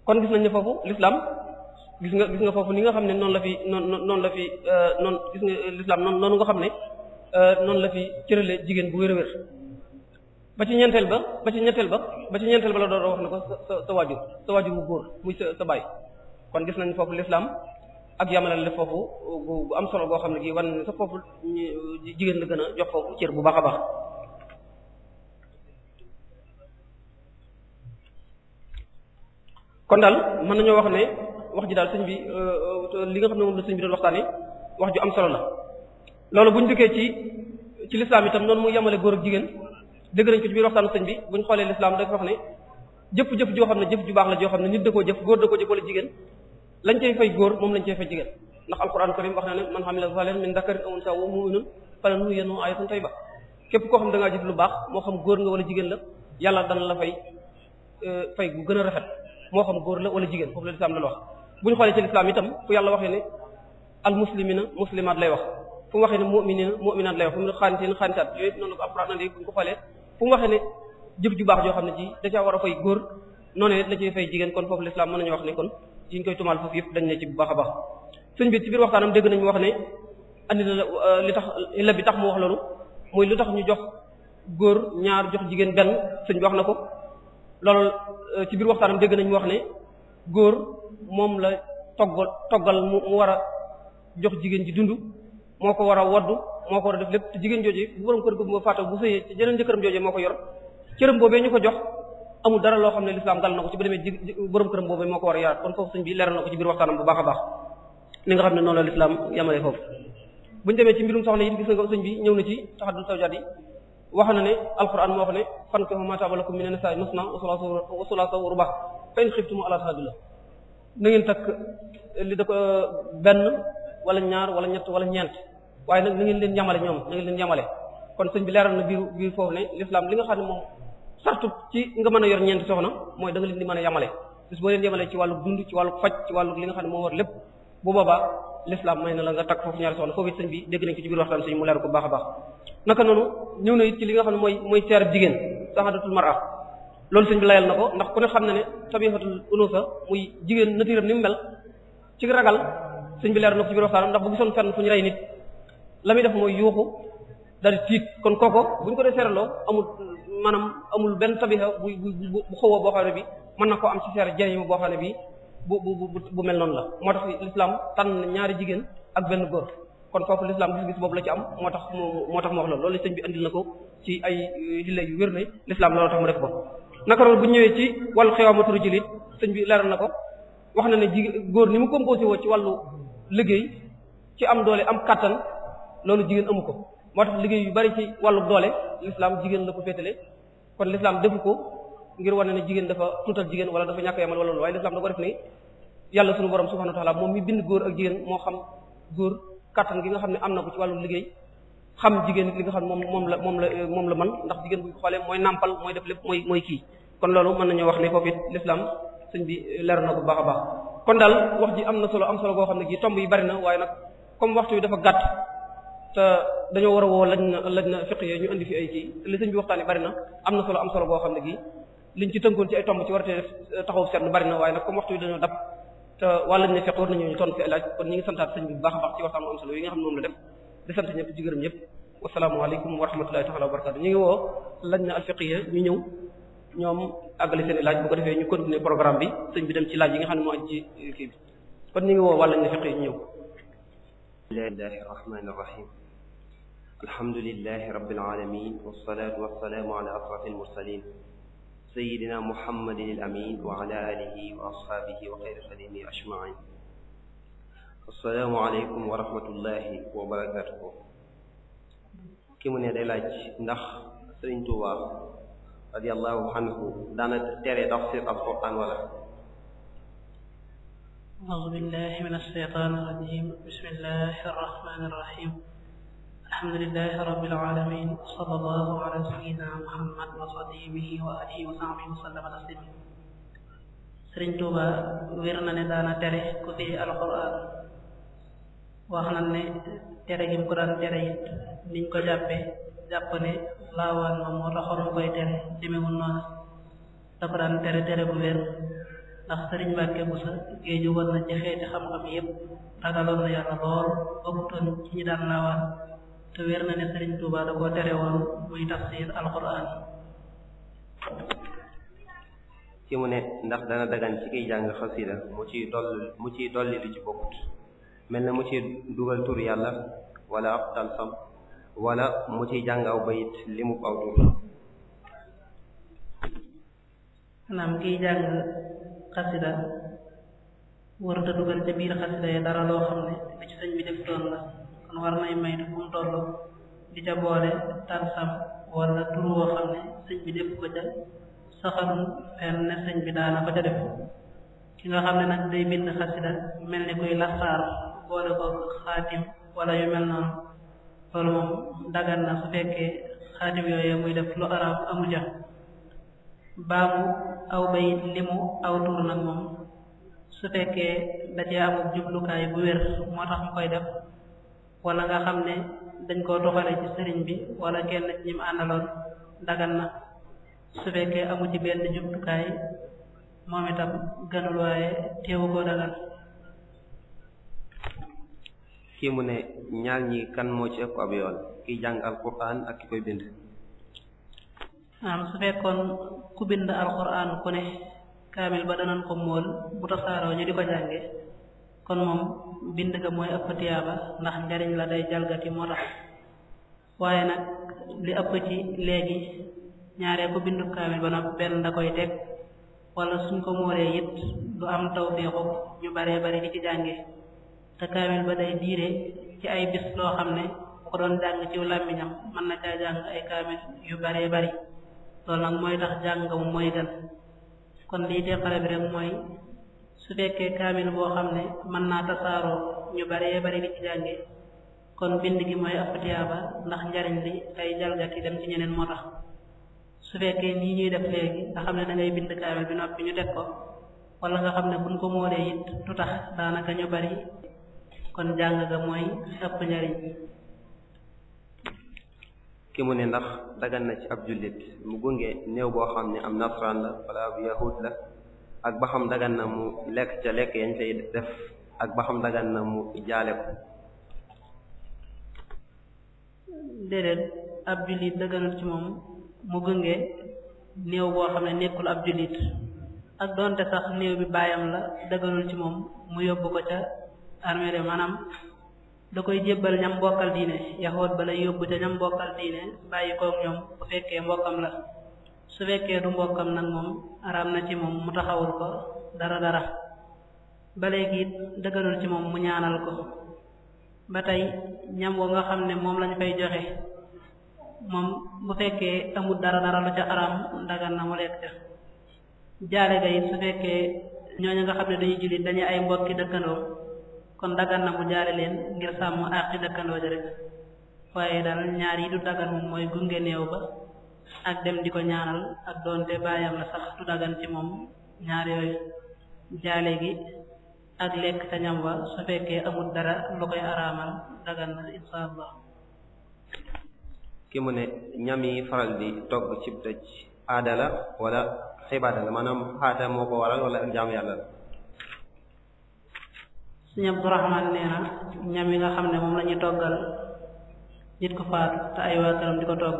kon gis nañ ne foofu l'islam gis nga gis nga foofu ni nga xam ne noonu la fi noonu noonu la fi euh, euh, noonu nga noonu noonu xam ne euh, noonu la fi cërale jigéen bu wér-wér ba ci ñeenteel ba ba ci ñeenteel ba ba ci ñeenteel ba la doon wax ne ko sa sa waajur sa waajur bu góor muy sa sa baay kon gis nañ foofu l'islam ak yàlla la foofu bu am solo boo xam ne gi wan ne sa foofu jigéen la gën a jox foofu cër bu baax a baax. kon daal mën nañoo wax ne. wax ji daal sëñ bi euh, euh, li nga xam ne moom la sëñ bi doon waxtaanee wax ju am solo la loolu bu ñu dikkee ci ci lislaam tam noonu mu yemale góor ak jigéen dëgg nañ ko ci biir waxtaanu sëñ bi bu ñu xoolee lislaam dafa wax ne jëpp-jëpp joo xam ne jëf ju baax la joo xam ne nit da koo jëf góor da koo jëf wala jigéen lañ cey fay góor moom lañ cey fay jigéen ndax alquran karim wax na ne man xamila salihan min dakarin aw unsa wa mu'minun falanuhyiyannahu hayatan tayyiba képp koo xam da ngaa jëf lu baax moo xam góor nga wala jigéen la yàlla dana la fay euh, fay gu gën a rafet moo xam góor la wala jigéen foofu la lislaam la wax bu ñu xoolee ci lislaam itam fu yàlla waxee ne al muslimina muslimaat lay wax fu mu waxee ne mu'minina mu'minaat lay wax fu mu xaanitiin xaanitaat yooyu noonu la ko alxuraan andi bu ñu ko xoolee fu mu waxee ne jëf ju baax joo xam ne ci da caa war a fay góor noonu la ciy jigéen kon foofu lislaam mën nañu wax ne ñu koy tumaal foofu yëpp dañ ne ci baax a baax suñ bi ci biir waxtaanam dégg nañu wax ne andi na euh, li tax illa bi tax mu wax loolu muy lu tax ñu jox góor ñaar jox jigéen benn suñ bi wax na ko loolu euh, ci biir waxtaanam dëgg nañu wax ne góor moom la toggal toggal mu war a jox jigéen ji dund moo ko war a waddu moo ko war a def lépp te jigéen jooje bu borom kër gi bu faatoo bu sëyee ci jeneen jëkkëram moo ko yor cëram boobee ñu ko jox loo xam ne lislaam dal na ci ba demee ji borom këram boobee moo ko war a yarat kon foofu sëñ bi leeral na ko ci biir waxtaanam bu baax a baax li nga xam ne noonu lislaam yamale foofu buñu demee ci mbirum soxna yi gis nga sëñ bi ñëw na ci taxadul sawjaat yi wax na ne alquran moo wax ne fankihu ma taaba lakum minan nisaa masna wa sulaasa wa ruba fa na ngeen takk li da ko benn wala ñaar wala ñett wala ñeent waaye nag na ngeen leen yamale ñoom na leen yamale kon sëñ bi leeral na biir biir foofu ne l'islam li nga xam ne moom sartu ci nga mën a yor ñeenti soxna mooy da nga leen di mën a yamale bis boo leen yamale ci wàllu dund ci wàllu faj ci wàllu li nga xam ne moo war lépp bu boobaa l'islam may na la nga takk foofu ñaari soxna foofu sëñ bi dégg nañ ko ci biir waxtaan sëñ mu leer ko baax a baax naka ci li nga xam ne mooy mooy seerab jigéen saxadatul mar'a loolu sëñ bi layal na ko ndax ku ne xam na ne tabihatul unusa muy jigéen natiiram ni mu mel ci ragal sëñ bi leer na ko ci biir waxtaanam ndax bu gisoon fenn fu ñu rey nit la muy def mooy yuuxu daal tiit kon kooko bu ñu ko dee seeraloo amul maanaam amul benn tabiha bu bu bu xaw boo xam bi mën na ko am ci seer jëriñu boo xam ne bi bu bu bu mel noonu la moo tax l'islam tànn ñaari jigéen ak benn góor kon kooku l'islam gis-gis boobu la ci am moo tax moo tax mu wax loolu bi andil na ko ci ay hilla wér ne l'islam loolu mu def naka noonu bu ñëwee ci wàllu xiwaamatu rijil it sëñ bi leeral na ko wax na ne jigéen góor ni mu composé woo ci wàllu liggéey ci am doole am kattan loolu jigéen amu ko moo tax yu bari ci wàllu doole l'islam jigéen la ko féetale kon l'islam defu ko ngir wane ne jigéen dafa tuutal jigéen wala dafa ñàkk yamal wala loolu waaye l'islam da ko def ni yàlla suñu borom subhanahu wa ta'ala moom mi bind góor ak jigéen moo xam góor kattan gi nga xam ne am na ko ci wàllu liggéey xam jigéen li nga xam moom moom la moom la moom la man ndax jigéen bu ñu xoolee mooy nàmpal mooy def lépp mooy mooy kii kon loolu mën nañoo wax ne foofu it l'islam sëñ bi leer na ko baax a baax kon daal wax ji am na solo am solo goo xam ne gi tomb yi bari na waaye nag comme waxtu bi dafa gàtt te war woo lañ na lañ na fi kii li sëñ bi waxtaan yi bari am na solo am solo boo xam ne gi liñ ci tënkoon ci ay tomb ci war a def euh, taxawu na waaye nag comme waxtu fiq war nañu ton fi laaj kon ñi ngi santaat sëñ bi baax a baax ci waxtaan am solo yi nga xam ne moom la def di sant ñëpp di gërëm ñëpp wasalaamaaleykum wa rahmatullahi taala wa barakatu ñu ngi woo lañ na alfiqiyya ñu ñëw ñoom àggali seen i laaj bu ko defee ñu continuer programme bi sëñ bi dem ci laaj yi nga xam ne moo aj ci kii bi kon ñu ngi woo wàllañ na fiqiyya ñu ñëw bismillahi rahmani rahim alhamdulillahi rabbil alamin wassalatu wassalamu ala ashrafil mursalin sayyidina muhammadin al amin wa ala alihi wa ashabihi wa xayri xadimi ajmain asalaamaaleykum wa rahmatullahi wa barakaatuhu ki mu ne day laaj ndax sëriñ Tuuba radiyallahu anhu daana tere tafsir alquran wala a'uuzu billahi min ashaytaani rajim bismillahi arrahmaani arrahim alhamdulillahi rabbil alamin wa sallallahu ala sayyidina muhammad wa sahbihi wa alihi wa sahbihi wa sallama taslima sëriñ Tuuba wér na ne daana tere ku fi alquran wax na ne tere gi mu ko daan tere it niñ ko jàppe jàpp ne laawaan moom moo taxoon koy tere demewul da ko tere bu wér ndax sëriñ Mbàkke bu sa géeju war na ci xeeti xam-xam yépp mu ne ndax dana dagan ci kiy jàng xasida mu ciy dolli mu ciy dolli lu ci bokkut mel na mu ci dugal tur yàlla wala ab talsam wala mu ci jàng ba bayit li mu aw tur maanaam biir loo xam ne kon war nay may fu mu di ca boole talsam wala tur woo xam ne sëñ bi def ko ca saxalum fenn ne bi daana ko ca def ki nga xam ne nag day bind xasida mel ni kuy laxaar boole koog xaatim wala yu mel noonu loolu moom dagan su fekkee xaatim yooyu muy def lu arab amu ja baamu aw bay limu aw tur nag moom su fekkee da cee amul jublukaay bu wér moo tax mu koy def wala nga xam ne dañ koo doxale ci sëriñ bi wala kenn ci ñim àndaloon dagan su fekkee amu ci benn jublukaay moom itam gënul waaye teewu koo dagan kii mu ne ñaar ñi kan moo ci ëpp ab yoon kiy jàng alquran ak ki koy bind naam su fekkoon ku bind alquran ku ne kaamil ba danañ ko mool bu tasaaroo ñu di ko jànge kon moom bind ga mooy ëpp tiyaaba ndax njariñ la day jalgati moo tax waaye nag li ëpp ci léegi ñaaree ku bindu kaamil ba nag benn da koy teg wala suñ ko moolee it du am tawfeexu ñu baree bari di ci jànge te kaamil ba day diire ci ay bis loo xam ne bu ko doon jàng ci làmmiñam mën na caa jàng ay kaamil yu bare bari loolu nag mooy tax jàngam mooy gën kon lii teqale bi rek mooy su fekkee kaamil boo xam ne mën naa tasaaroo ñu baree bari di ci jànge kon bind gi mooy ab tiyaaba ndax njariñ li ay jalgati dem ci ñeneen moo tax su fekkee nii ñuy def léegi nga xam ne da bind kaamil bi noppi ñu teg ko wala nga xam ne buñ ko moolee it du tax daanaka ñu kon jàng nga mooy ëpp njariñ ki mu ne ndax dagan na ci ab jullit mu gunge néew boo xam ne am nasran la wala ab yahud la ak ba xam dagan na mu lekk ca lekk yañ tey def ak ba xam dagan na mu jaale ko déedéet ab jullit daganul ci moom mu gunge néew boo xam ne nekkul ab jullit ak doonte sax néew bi baayam la daganul ci moom mu yóbbu ko ca armée maanaam da koy jébbal ñam bokkal diine yaxoot ba lay yóbbu te ñam bokkal diine bàyyi kook ñoom bu fekkee mbokkam la su fekkee du mbokkam nag moom araam na ci moom mu taxawul ko dara dara ba léegi it ci moom mu ñaanal ko ba tey ñam wo nga xam ne moom lañ koy joxe moom bu fekkee amul dara dara lu ca araam dagan na mu lekk jaale ga it su fekkee ñooñu nga xam ne dañuy jullit dañuy ay mbokki dëkkandoo kon dagan na mu jaare leen ngir sàmm àqi dëkkandoo ja rek waaye dal ñaar yi du dagan moom mooy gunge néew ba ak dem di ko ñaanal ak doonte bàyyam la sax du dagan ci moom ñaar yooyu jaale gi ak lekk ca ñam wa su fekkee amul dara lu koy araamal dagan na insha allah ki mu ne ñam yi faral di togg cib dëj aada la wala xibaada la maanaam aada moo ko waral wala ak yàlla la suñu Abdourahman nee na ñam yi nga xam ne moom lañuy ñuy toggal nit ko faatu te ay waa këram di ko togg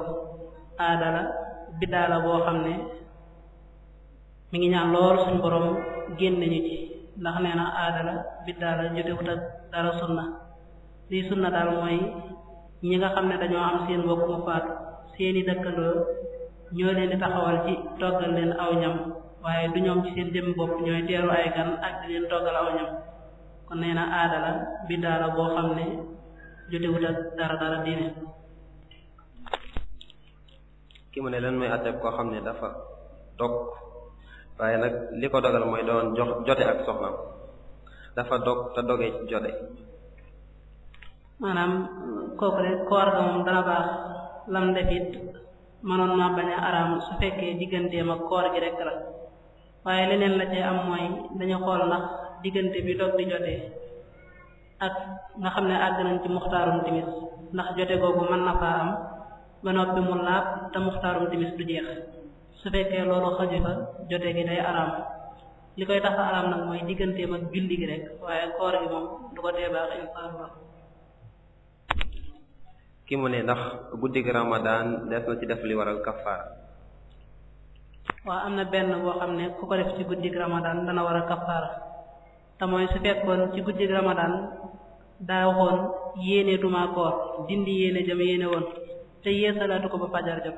aada la biddaa la boo xam ne mi ngi ñaan lool suñ borom génne ñu ci ndax nee na aada la biddaa la jotewut ak dara sunna lii na daal mooy ñi nga xam ne dañoo am seen mbokk mu faatu seeni dëkkandoo ñoo leen di taxawal ci toggal leen aw ñam waaye du ñoom ci seen jëm bopp ñooy teeru ay gan ak di leen toggal aw ñam kon nee na aada la biddaa la boo xam ne jotewut ak dara dara diine ki mu ne lan mooy atteb koo xam ne dafa dog waaye nag li ko dogal mooy doon jox jote ak soxnaam dafa dog te dogee ci jote maanaam kooku de koor ga moom dana baax lam def it mënoon naa bañ a araam su fekkee digganteem ak koor gi rek la waaye leneen la cee am mooy dañu xool ndax diggante bi dog di jotee ak nga xam ne àgg nañ ci muxtaarum timis ndax jote googu mën na faa am ba noppi mu laab te muxtaarum timis du jeex su fekkee loolu xaju fa jote gi day araam li koy tax a araam nag mooy digganteem ak julli gi rek waaye koor gi moom du ko tee baax insha allah ki mu ne ndax guddig ramadan des na ci def li waral kafaara waaw am na benn boo xam ne ku ko def ci guddig ramadan dana war a kafaara te mooy su fekkoon ci guddi ramadaan daa waxoon yéene duma koor dindi yéene jëm yéene woon te yeesalaatu ko ba fajar jëm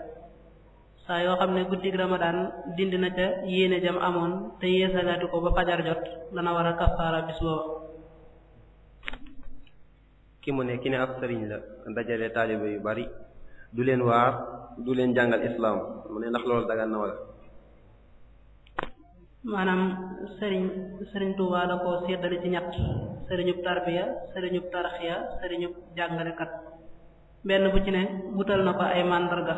saa yoo xam ne guddi ramadaan dindi na ca yéene jëm amoon te yeesalaatu ko ba fajar jot dana war a kafaara bis ki mu ne ki ne ab sëriñ la dajale taaliba yu bari du leen waar du leen jàngal islaam mu ne ndax loolu dagan na maanaam sëriñ sëriñ Tuuba da koo séddale ci ñett sëriñub tarbiya sëriñub tarxiya sëriñub jàngalekat benn bu ci ne wutal na ko ay màndarga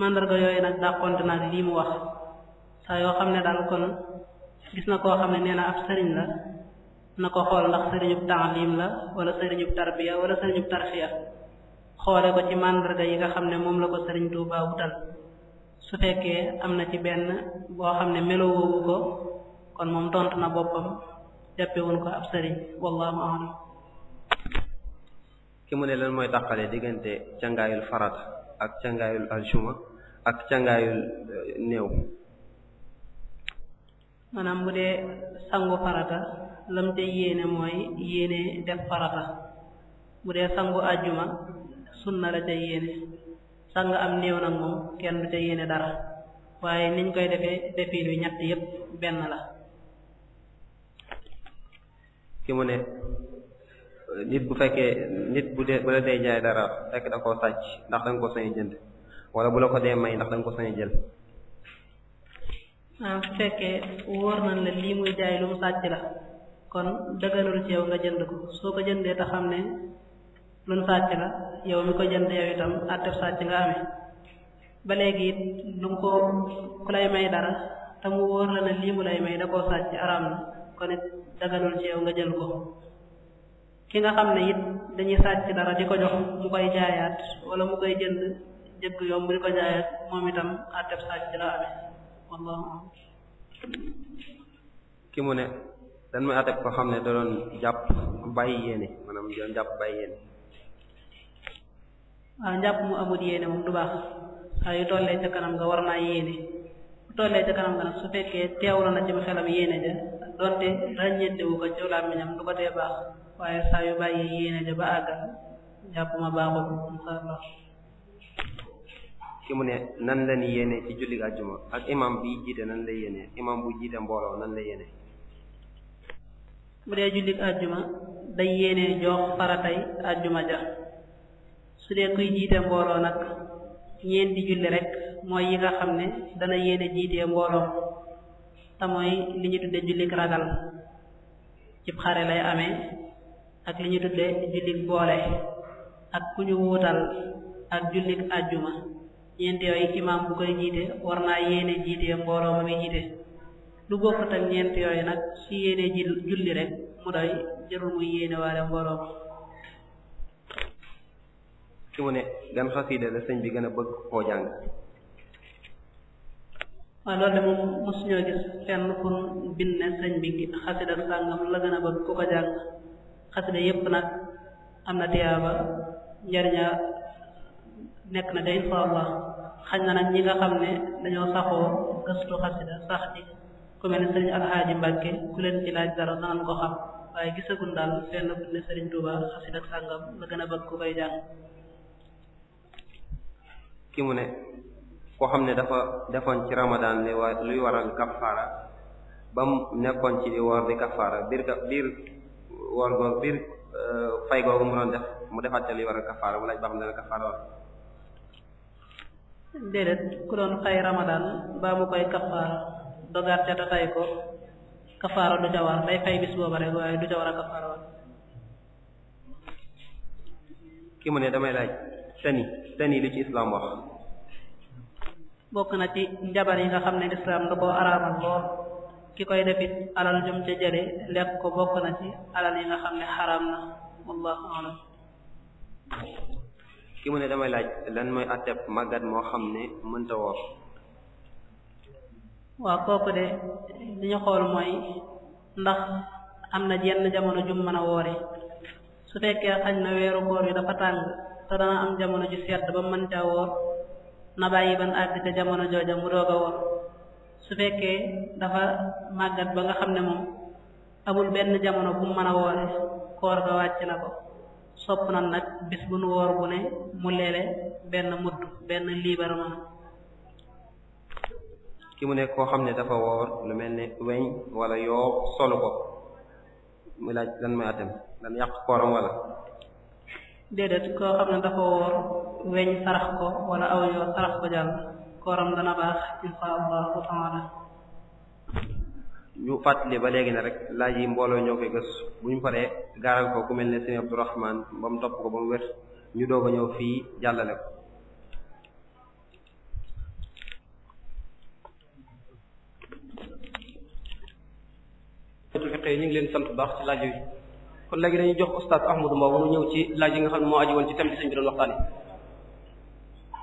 màndarga yooyu nag dàqonte na ak lii mu wax saa yoo xam ne daal kon gis na koo xam ne nee na ab sëriñ la na ko xool ndax sëriñub taalim la wala sëriñub tarbiya wala sëriñub tarxiya xoole ko ci màndarga yi nga xam ne moom la ko sëriñ Tuuba wutal su fekkee am na ci benn boo xam ne melo ko kon moom tontu na boppam jàppewuñ ko ab sëriñ wallahu ki mu ne lan mooy tàqale diggante cangaayul farata ak cangaayul aljuma ak cangaayul eh, néew maanaam bu dee sangu farata lam ca yéene mooy yéene def farata bu dee sangu ajjuma sunna la ca yéene sang am néew nag moom kenn du ca yéene dara waaye niñ koy defee defiin wi ñett yépp benn la ki mu ne nit bu fekkee nit bu dee bu la dee jaay dara fekk da koo sàcc ndax danga ko sañ a jënd wala bu la ko dee may ndax danga ko sañ a jël waaw ah, fekkee wóor nañ la lii muy jaay lu mu sàcc la kon dëgganul ci yow nga jënd ko soo ko jëndee te xam ne luñ sàcc la yow mi ko jënd yow itam àtteb sàcc nga amee ba léegi it lu mu ko ku lay may dara te mu wóor la ne lii mu lay may da koo sàcc araam na kon it daganul ci yow nga jël ko ki nga xam ne it dañuy sàcc dara di ko jox mu koy jaayaat wala mu koy jënd jëgg yomb di ko jaayaat moom itam àtteb sàcc la amee wallahu mu ne dan mooy àtteb ko xam ne da doon jàpp bàyyi yéene maanaam doon jàpp bàyyi yéene waaye njàpp mu amul yéene moom du baax waaye yu tollee ca kanam nga war naa yéene tollee ca kanam nga nag su fekkee a na ci xelam yéene ja donte ràññeetewu ko ci làmmiñam du ko tee mu ne nan la ni yéene ci julli àjjuma ak imam bi jiite nan la yéene imam bu jiite mbooloo nan la yéene bu dee julli àjjuma day yéene jox faratay àjjuma ja su dee kuy jiite mbooloo nag ñeenti julli rek mooy yi nga xam ne dana yéene jiite mbooloo te mooy li ñu tudde jullik ragal cib xare lay amee ak li ñu tudde jullik boole ak ku ñu wuutal ak jullik àjjuma ñeent yooyu imaam bu koy jiite war naa yéene jiite mbooloo ma muy jiite lu bokkut ak ñeent yooyu nag su yéene ji julli rek mu doy jarul muy yéene waale mbooloo ci mu ne gan xasida la sëñ bi gën a bëgg koo jàng waaw loolu de moom mosuñoo gis kenn ku bind ne sëñ bi xasida sàngam la gën a bëgg ku na tiyaaba na na nag nga xam ne dañoo saxoo gëstu xasida ku la gën a bëgg koy jàng ki mu ne koo xam ne dafa defoon ci ramadan li luy waral kafaara ba nekkoon ci di woor di kafaara biir ka biir woor googu biir euh, fay googu mu doon def mu defaat ca luy waral kafaara mu laaj ba xam ne dana kafaara war day ki mu ne damay laaj sani sani li ci islam wax bokk na ci jabar yi nga xam ne islam da koo araamal lool ki koy defit alal jum ca jële lekk ko bokk na ci alal yi nga xam ne xaraam na wallahu alam ki mu ne damay laaj lan mooy atteb màggat moo xam ne mënta woor waaw kooku de li xool mooy ndax am na jenn jamono jum mën a woore su fekkee xañ na weeru koor yi dafa tàng te dana am jamono ji sedd ba mën caa woor na bàyyi ban àgg ca jamono jooja mu doog a woor su fekkee dafa màggat ba nga xam ne moom amul benn jamono bu mu mën a woore koor ga wàcc na ko sopp na nag bis bu nu woor bu ne mu leele benn mudd benn liibar ma ki mu ne koo xam ne dafa woor lu mel ni weñ wala yoo solu ko mu laaj lan mooy atam lan yàq kooram wala déedéet koo xam ne dafa woor weñ sarax ko wala aw sarax ko jàll kooram dana baax ñu fàttali ba léegi na rek laaj yi mbooloo ñoo koy gëstu bu ñu paree gaaral ko ku mel ne Serigne Abdourahmane ba mu topp ko ba mu wér ñu doog a ñëw fii jàllale ko fiqh yi ñu ngi leen sant bu baax ci laaj yi kon léegi dañuy jox oustaz Ahmadou Mbow mu laaj yi nga xam ne moo aju ci thème bi sëñ bi doon waxtaane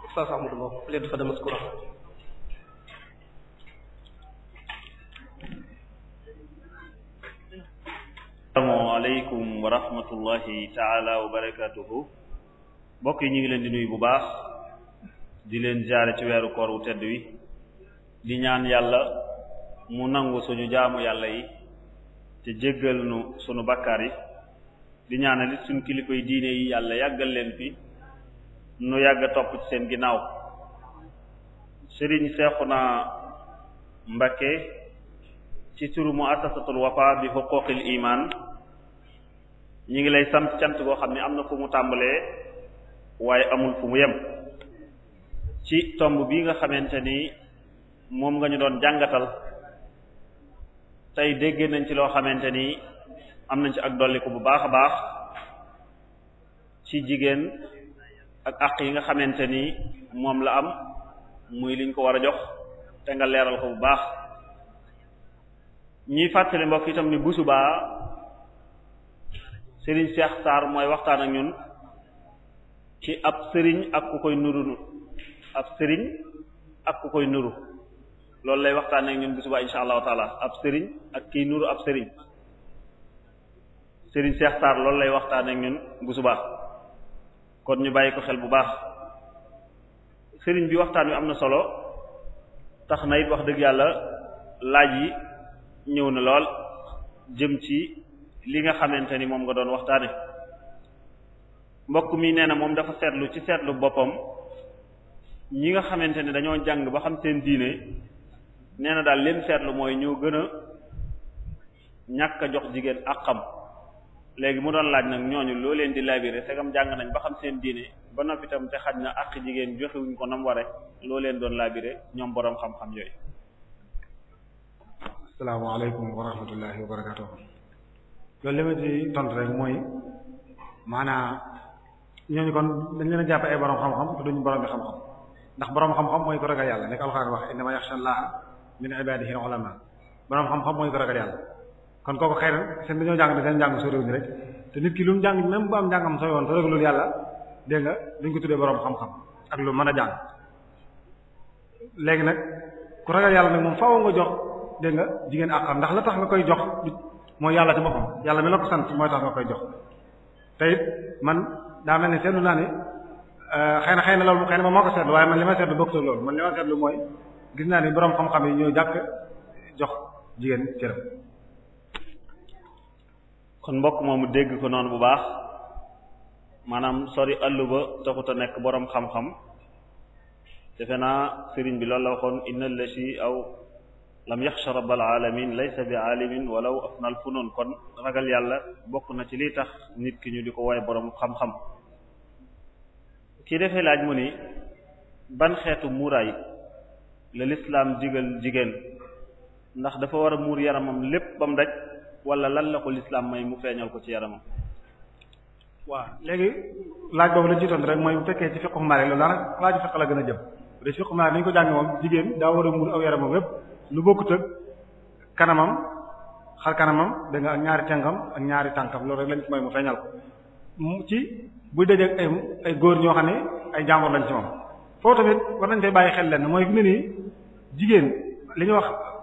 oustaz Ahmadou Mbow léegi fa damas kura salaamu aleykum wa rahmatullahi taala wa barakatuhu mbokk yi ñu ngi leen di nuyu bu baax di leen jaare ci weeru koor wu tedd wi di ñaan yàlla mu nangu suñu jaamu yàlla yi te jéggal nu sunu bakkaar yi di ñaanal it suñ kilifa yi diine yi yàlla yàggal leen bi nu yàgg topp ci seen ginnaaw sëriñ Seexuna Mbakke ci turu muassasatul Wafa bi huquqil iman ñi ngi lay sant cant boo xam ne am na fu mu tàmbalee waaye amul fu mu yem ci tomb bi nga xamante ni moom nga ñu doon jàngatal tey dégg nañ ci loo xamante ni am nañ ci ak dolliku bu baax a baax ci jigéen ak àq yi nga xamante ni moom la am muy liñ ko war a jox te nga leeral ko bu baax ñuy fàttali mbokk tam ni bu subaa sëriñ Cheikh Sarr mooy waxtaan ak ñun ci ab sëriñ ak ku koy nuru ab sëriñ ak ku koy nuru loolu lay waxtaan ak ñun bu subaa insha allahu taala ab sëriñ ak kiy nuru ab sëriñ Serigne Cheikh Sarr lool lay waxtaan ak ñun bu subaa kon ñu bàyyi ko xel bu baax sëriñ bi waxtaan wi am na solo tax na it wax dëgg yàlla laaj yi ñëw na lool jëm ci li nga xamante ni moom nga doon waxtaane mbokk mi nee na moom dafa seetlu ci seetlu boppam ñi nga xamante ni dañoo jàng ba xam seen diine nee na daal leen seetlu mooy ñoo gën a ñàkk a jox jigéen àqam léegi mu doon laaj nag ñooñu loo leen di labiré segam jàng nañ ba xam seen diine ba noppi itam te xaj na àq jigéen joxewuñ ko nam ware loo leen doon labiré ñoom boroom xam-xam yooyu asalaamaaleykum wa rahmatullahi wa mooy maanaa ñooñu kon dañ leen a jàpp ay boroom xam-xam te duñu boroom bi xam-xam ndax boroom xam-xam mooy ko ragal yàlla nekk alxuraan wax innama yaxsha allaha min ibadihi ulama boroom xam-xam mooy ko ragal yàlla kon kooku xëy na seen dañoo jàng ne seen njàng soo réew ñi rek te nit ki lu mu jàng même bu am njàngam soo yoon soo rek loolu yàlla dégg nga dañ ko tuddee boroom xam-xam ak lu mën a jàng léegi nag ku ragal yàlla nag moom faaw nga jox dégg nga jigéen àqam ndax la tax nga koy jox mooy yàlla ci boppam yàlla mi la ko sant mooy tax nga koy jox te it man daa mel ne seetlu naa ne euh, xëy na xëy na loolu xëy na moom moo ko seetlu waaye man li ma seetlu bokkul loolu man li ma seetlu mooy gis naa ni boroom xam-xam yi ñooy kon mbokk moomu dégg ko noonu bu baax maanaam sori àll ba taxut a nekk boroom xam-xam defe naa sëriñ bi loolu la waxoon inna laci aw lam yaxsha rabbal alamin laysa bi yàlla bokk na ci li tax nit ki ñu di ko wooye boroom xam-xam ki defee laaj mu ni ban xeetu muuraay la lislaam digal jigéen ndax dafa war a muur yaramam lépp ba daj wala lan la ko lislaam may mu feeñal ko ci yaramam waaw léegi laaj boobu la jiitoon rek mooy bu fekkee ci fiqhu Maalik loolu daanaka laaju fiqh la gën a jëm bu dee fiqhu Maalik dañu ko jàng moom jigéen daa war a muur aw yaramam lu bokkut ak kanamam xar kanamam da nga ñaari tengam ak ñaari tànkam loolu lañ ci may mu feeñal ko ci buy dajeeg ay ay góor ñoo xam ne ay jàngor lañ ci moom foofu tamit war nañ fay bàyyi xel lenn mooy fi ne nii jigéen li ñu wax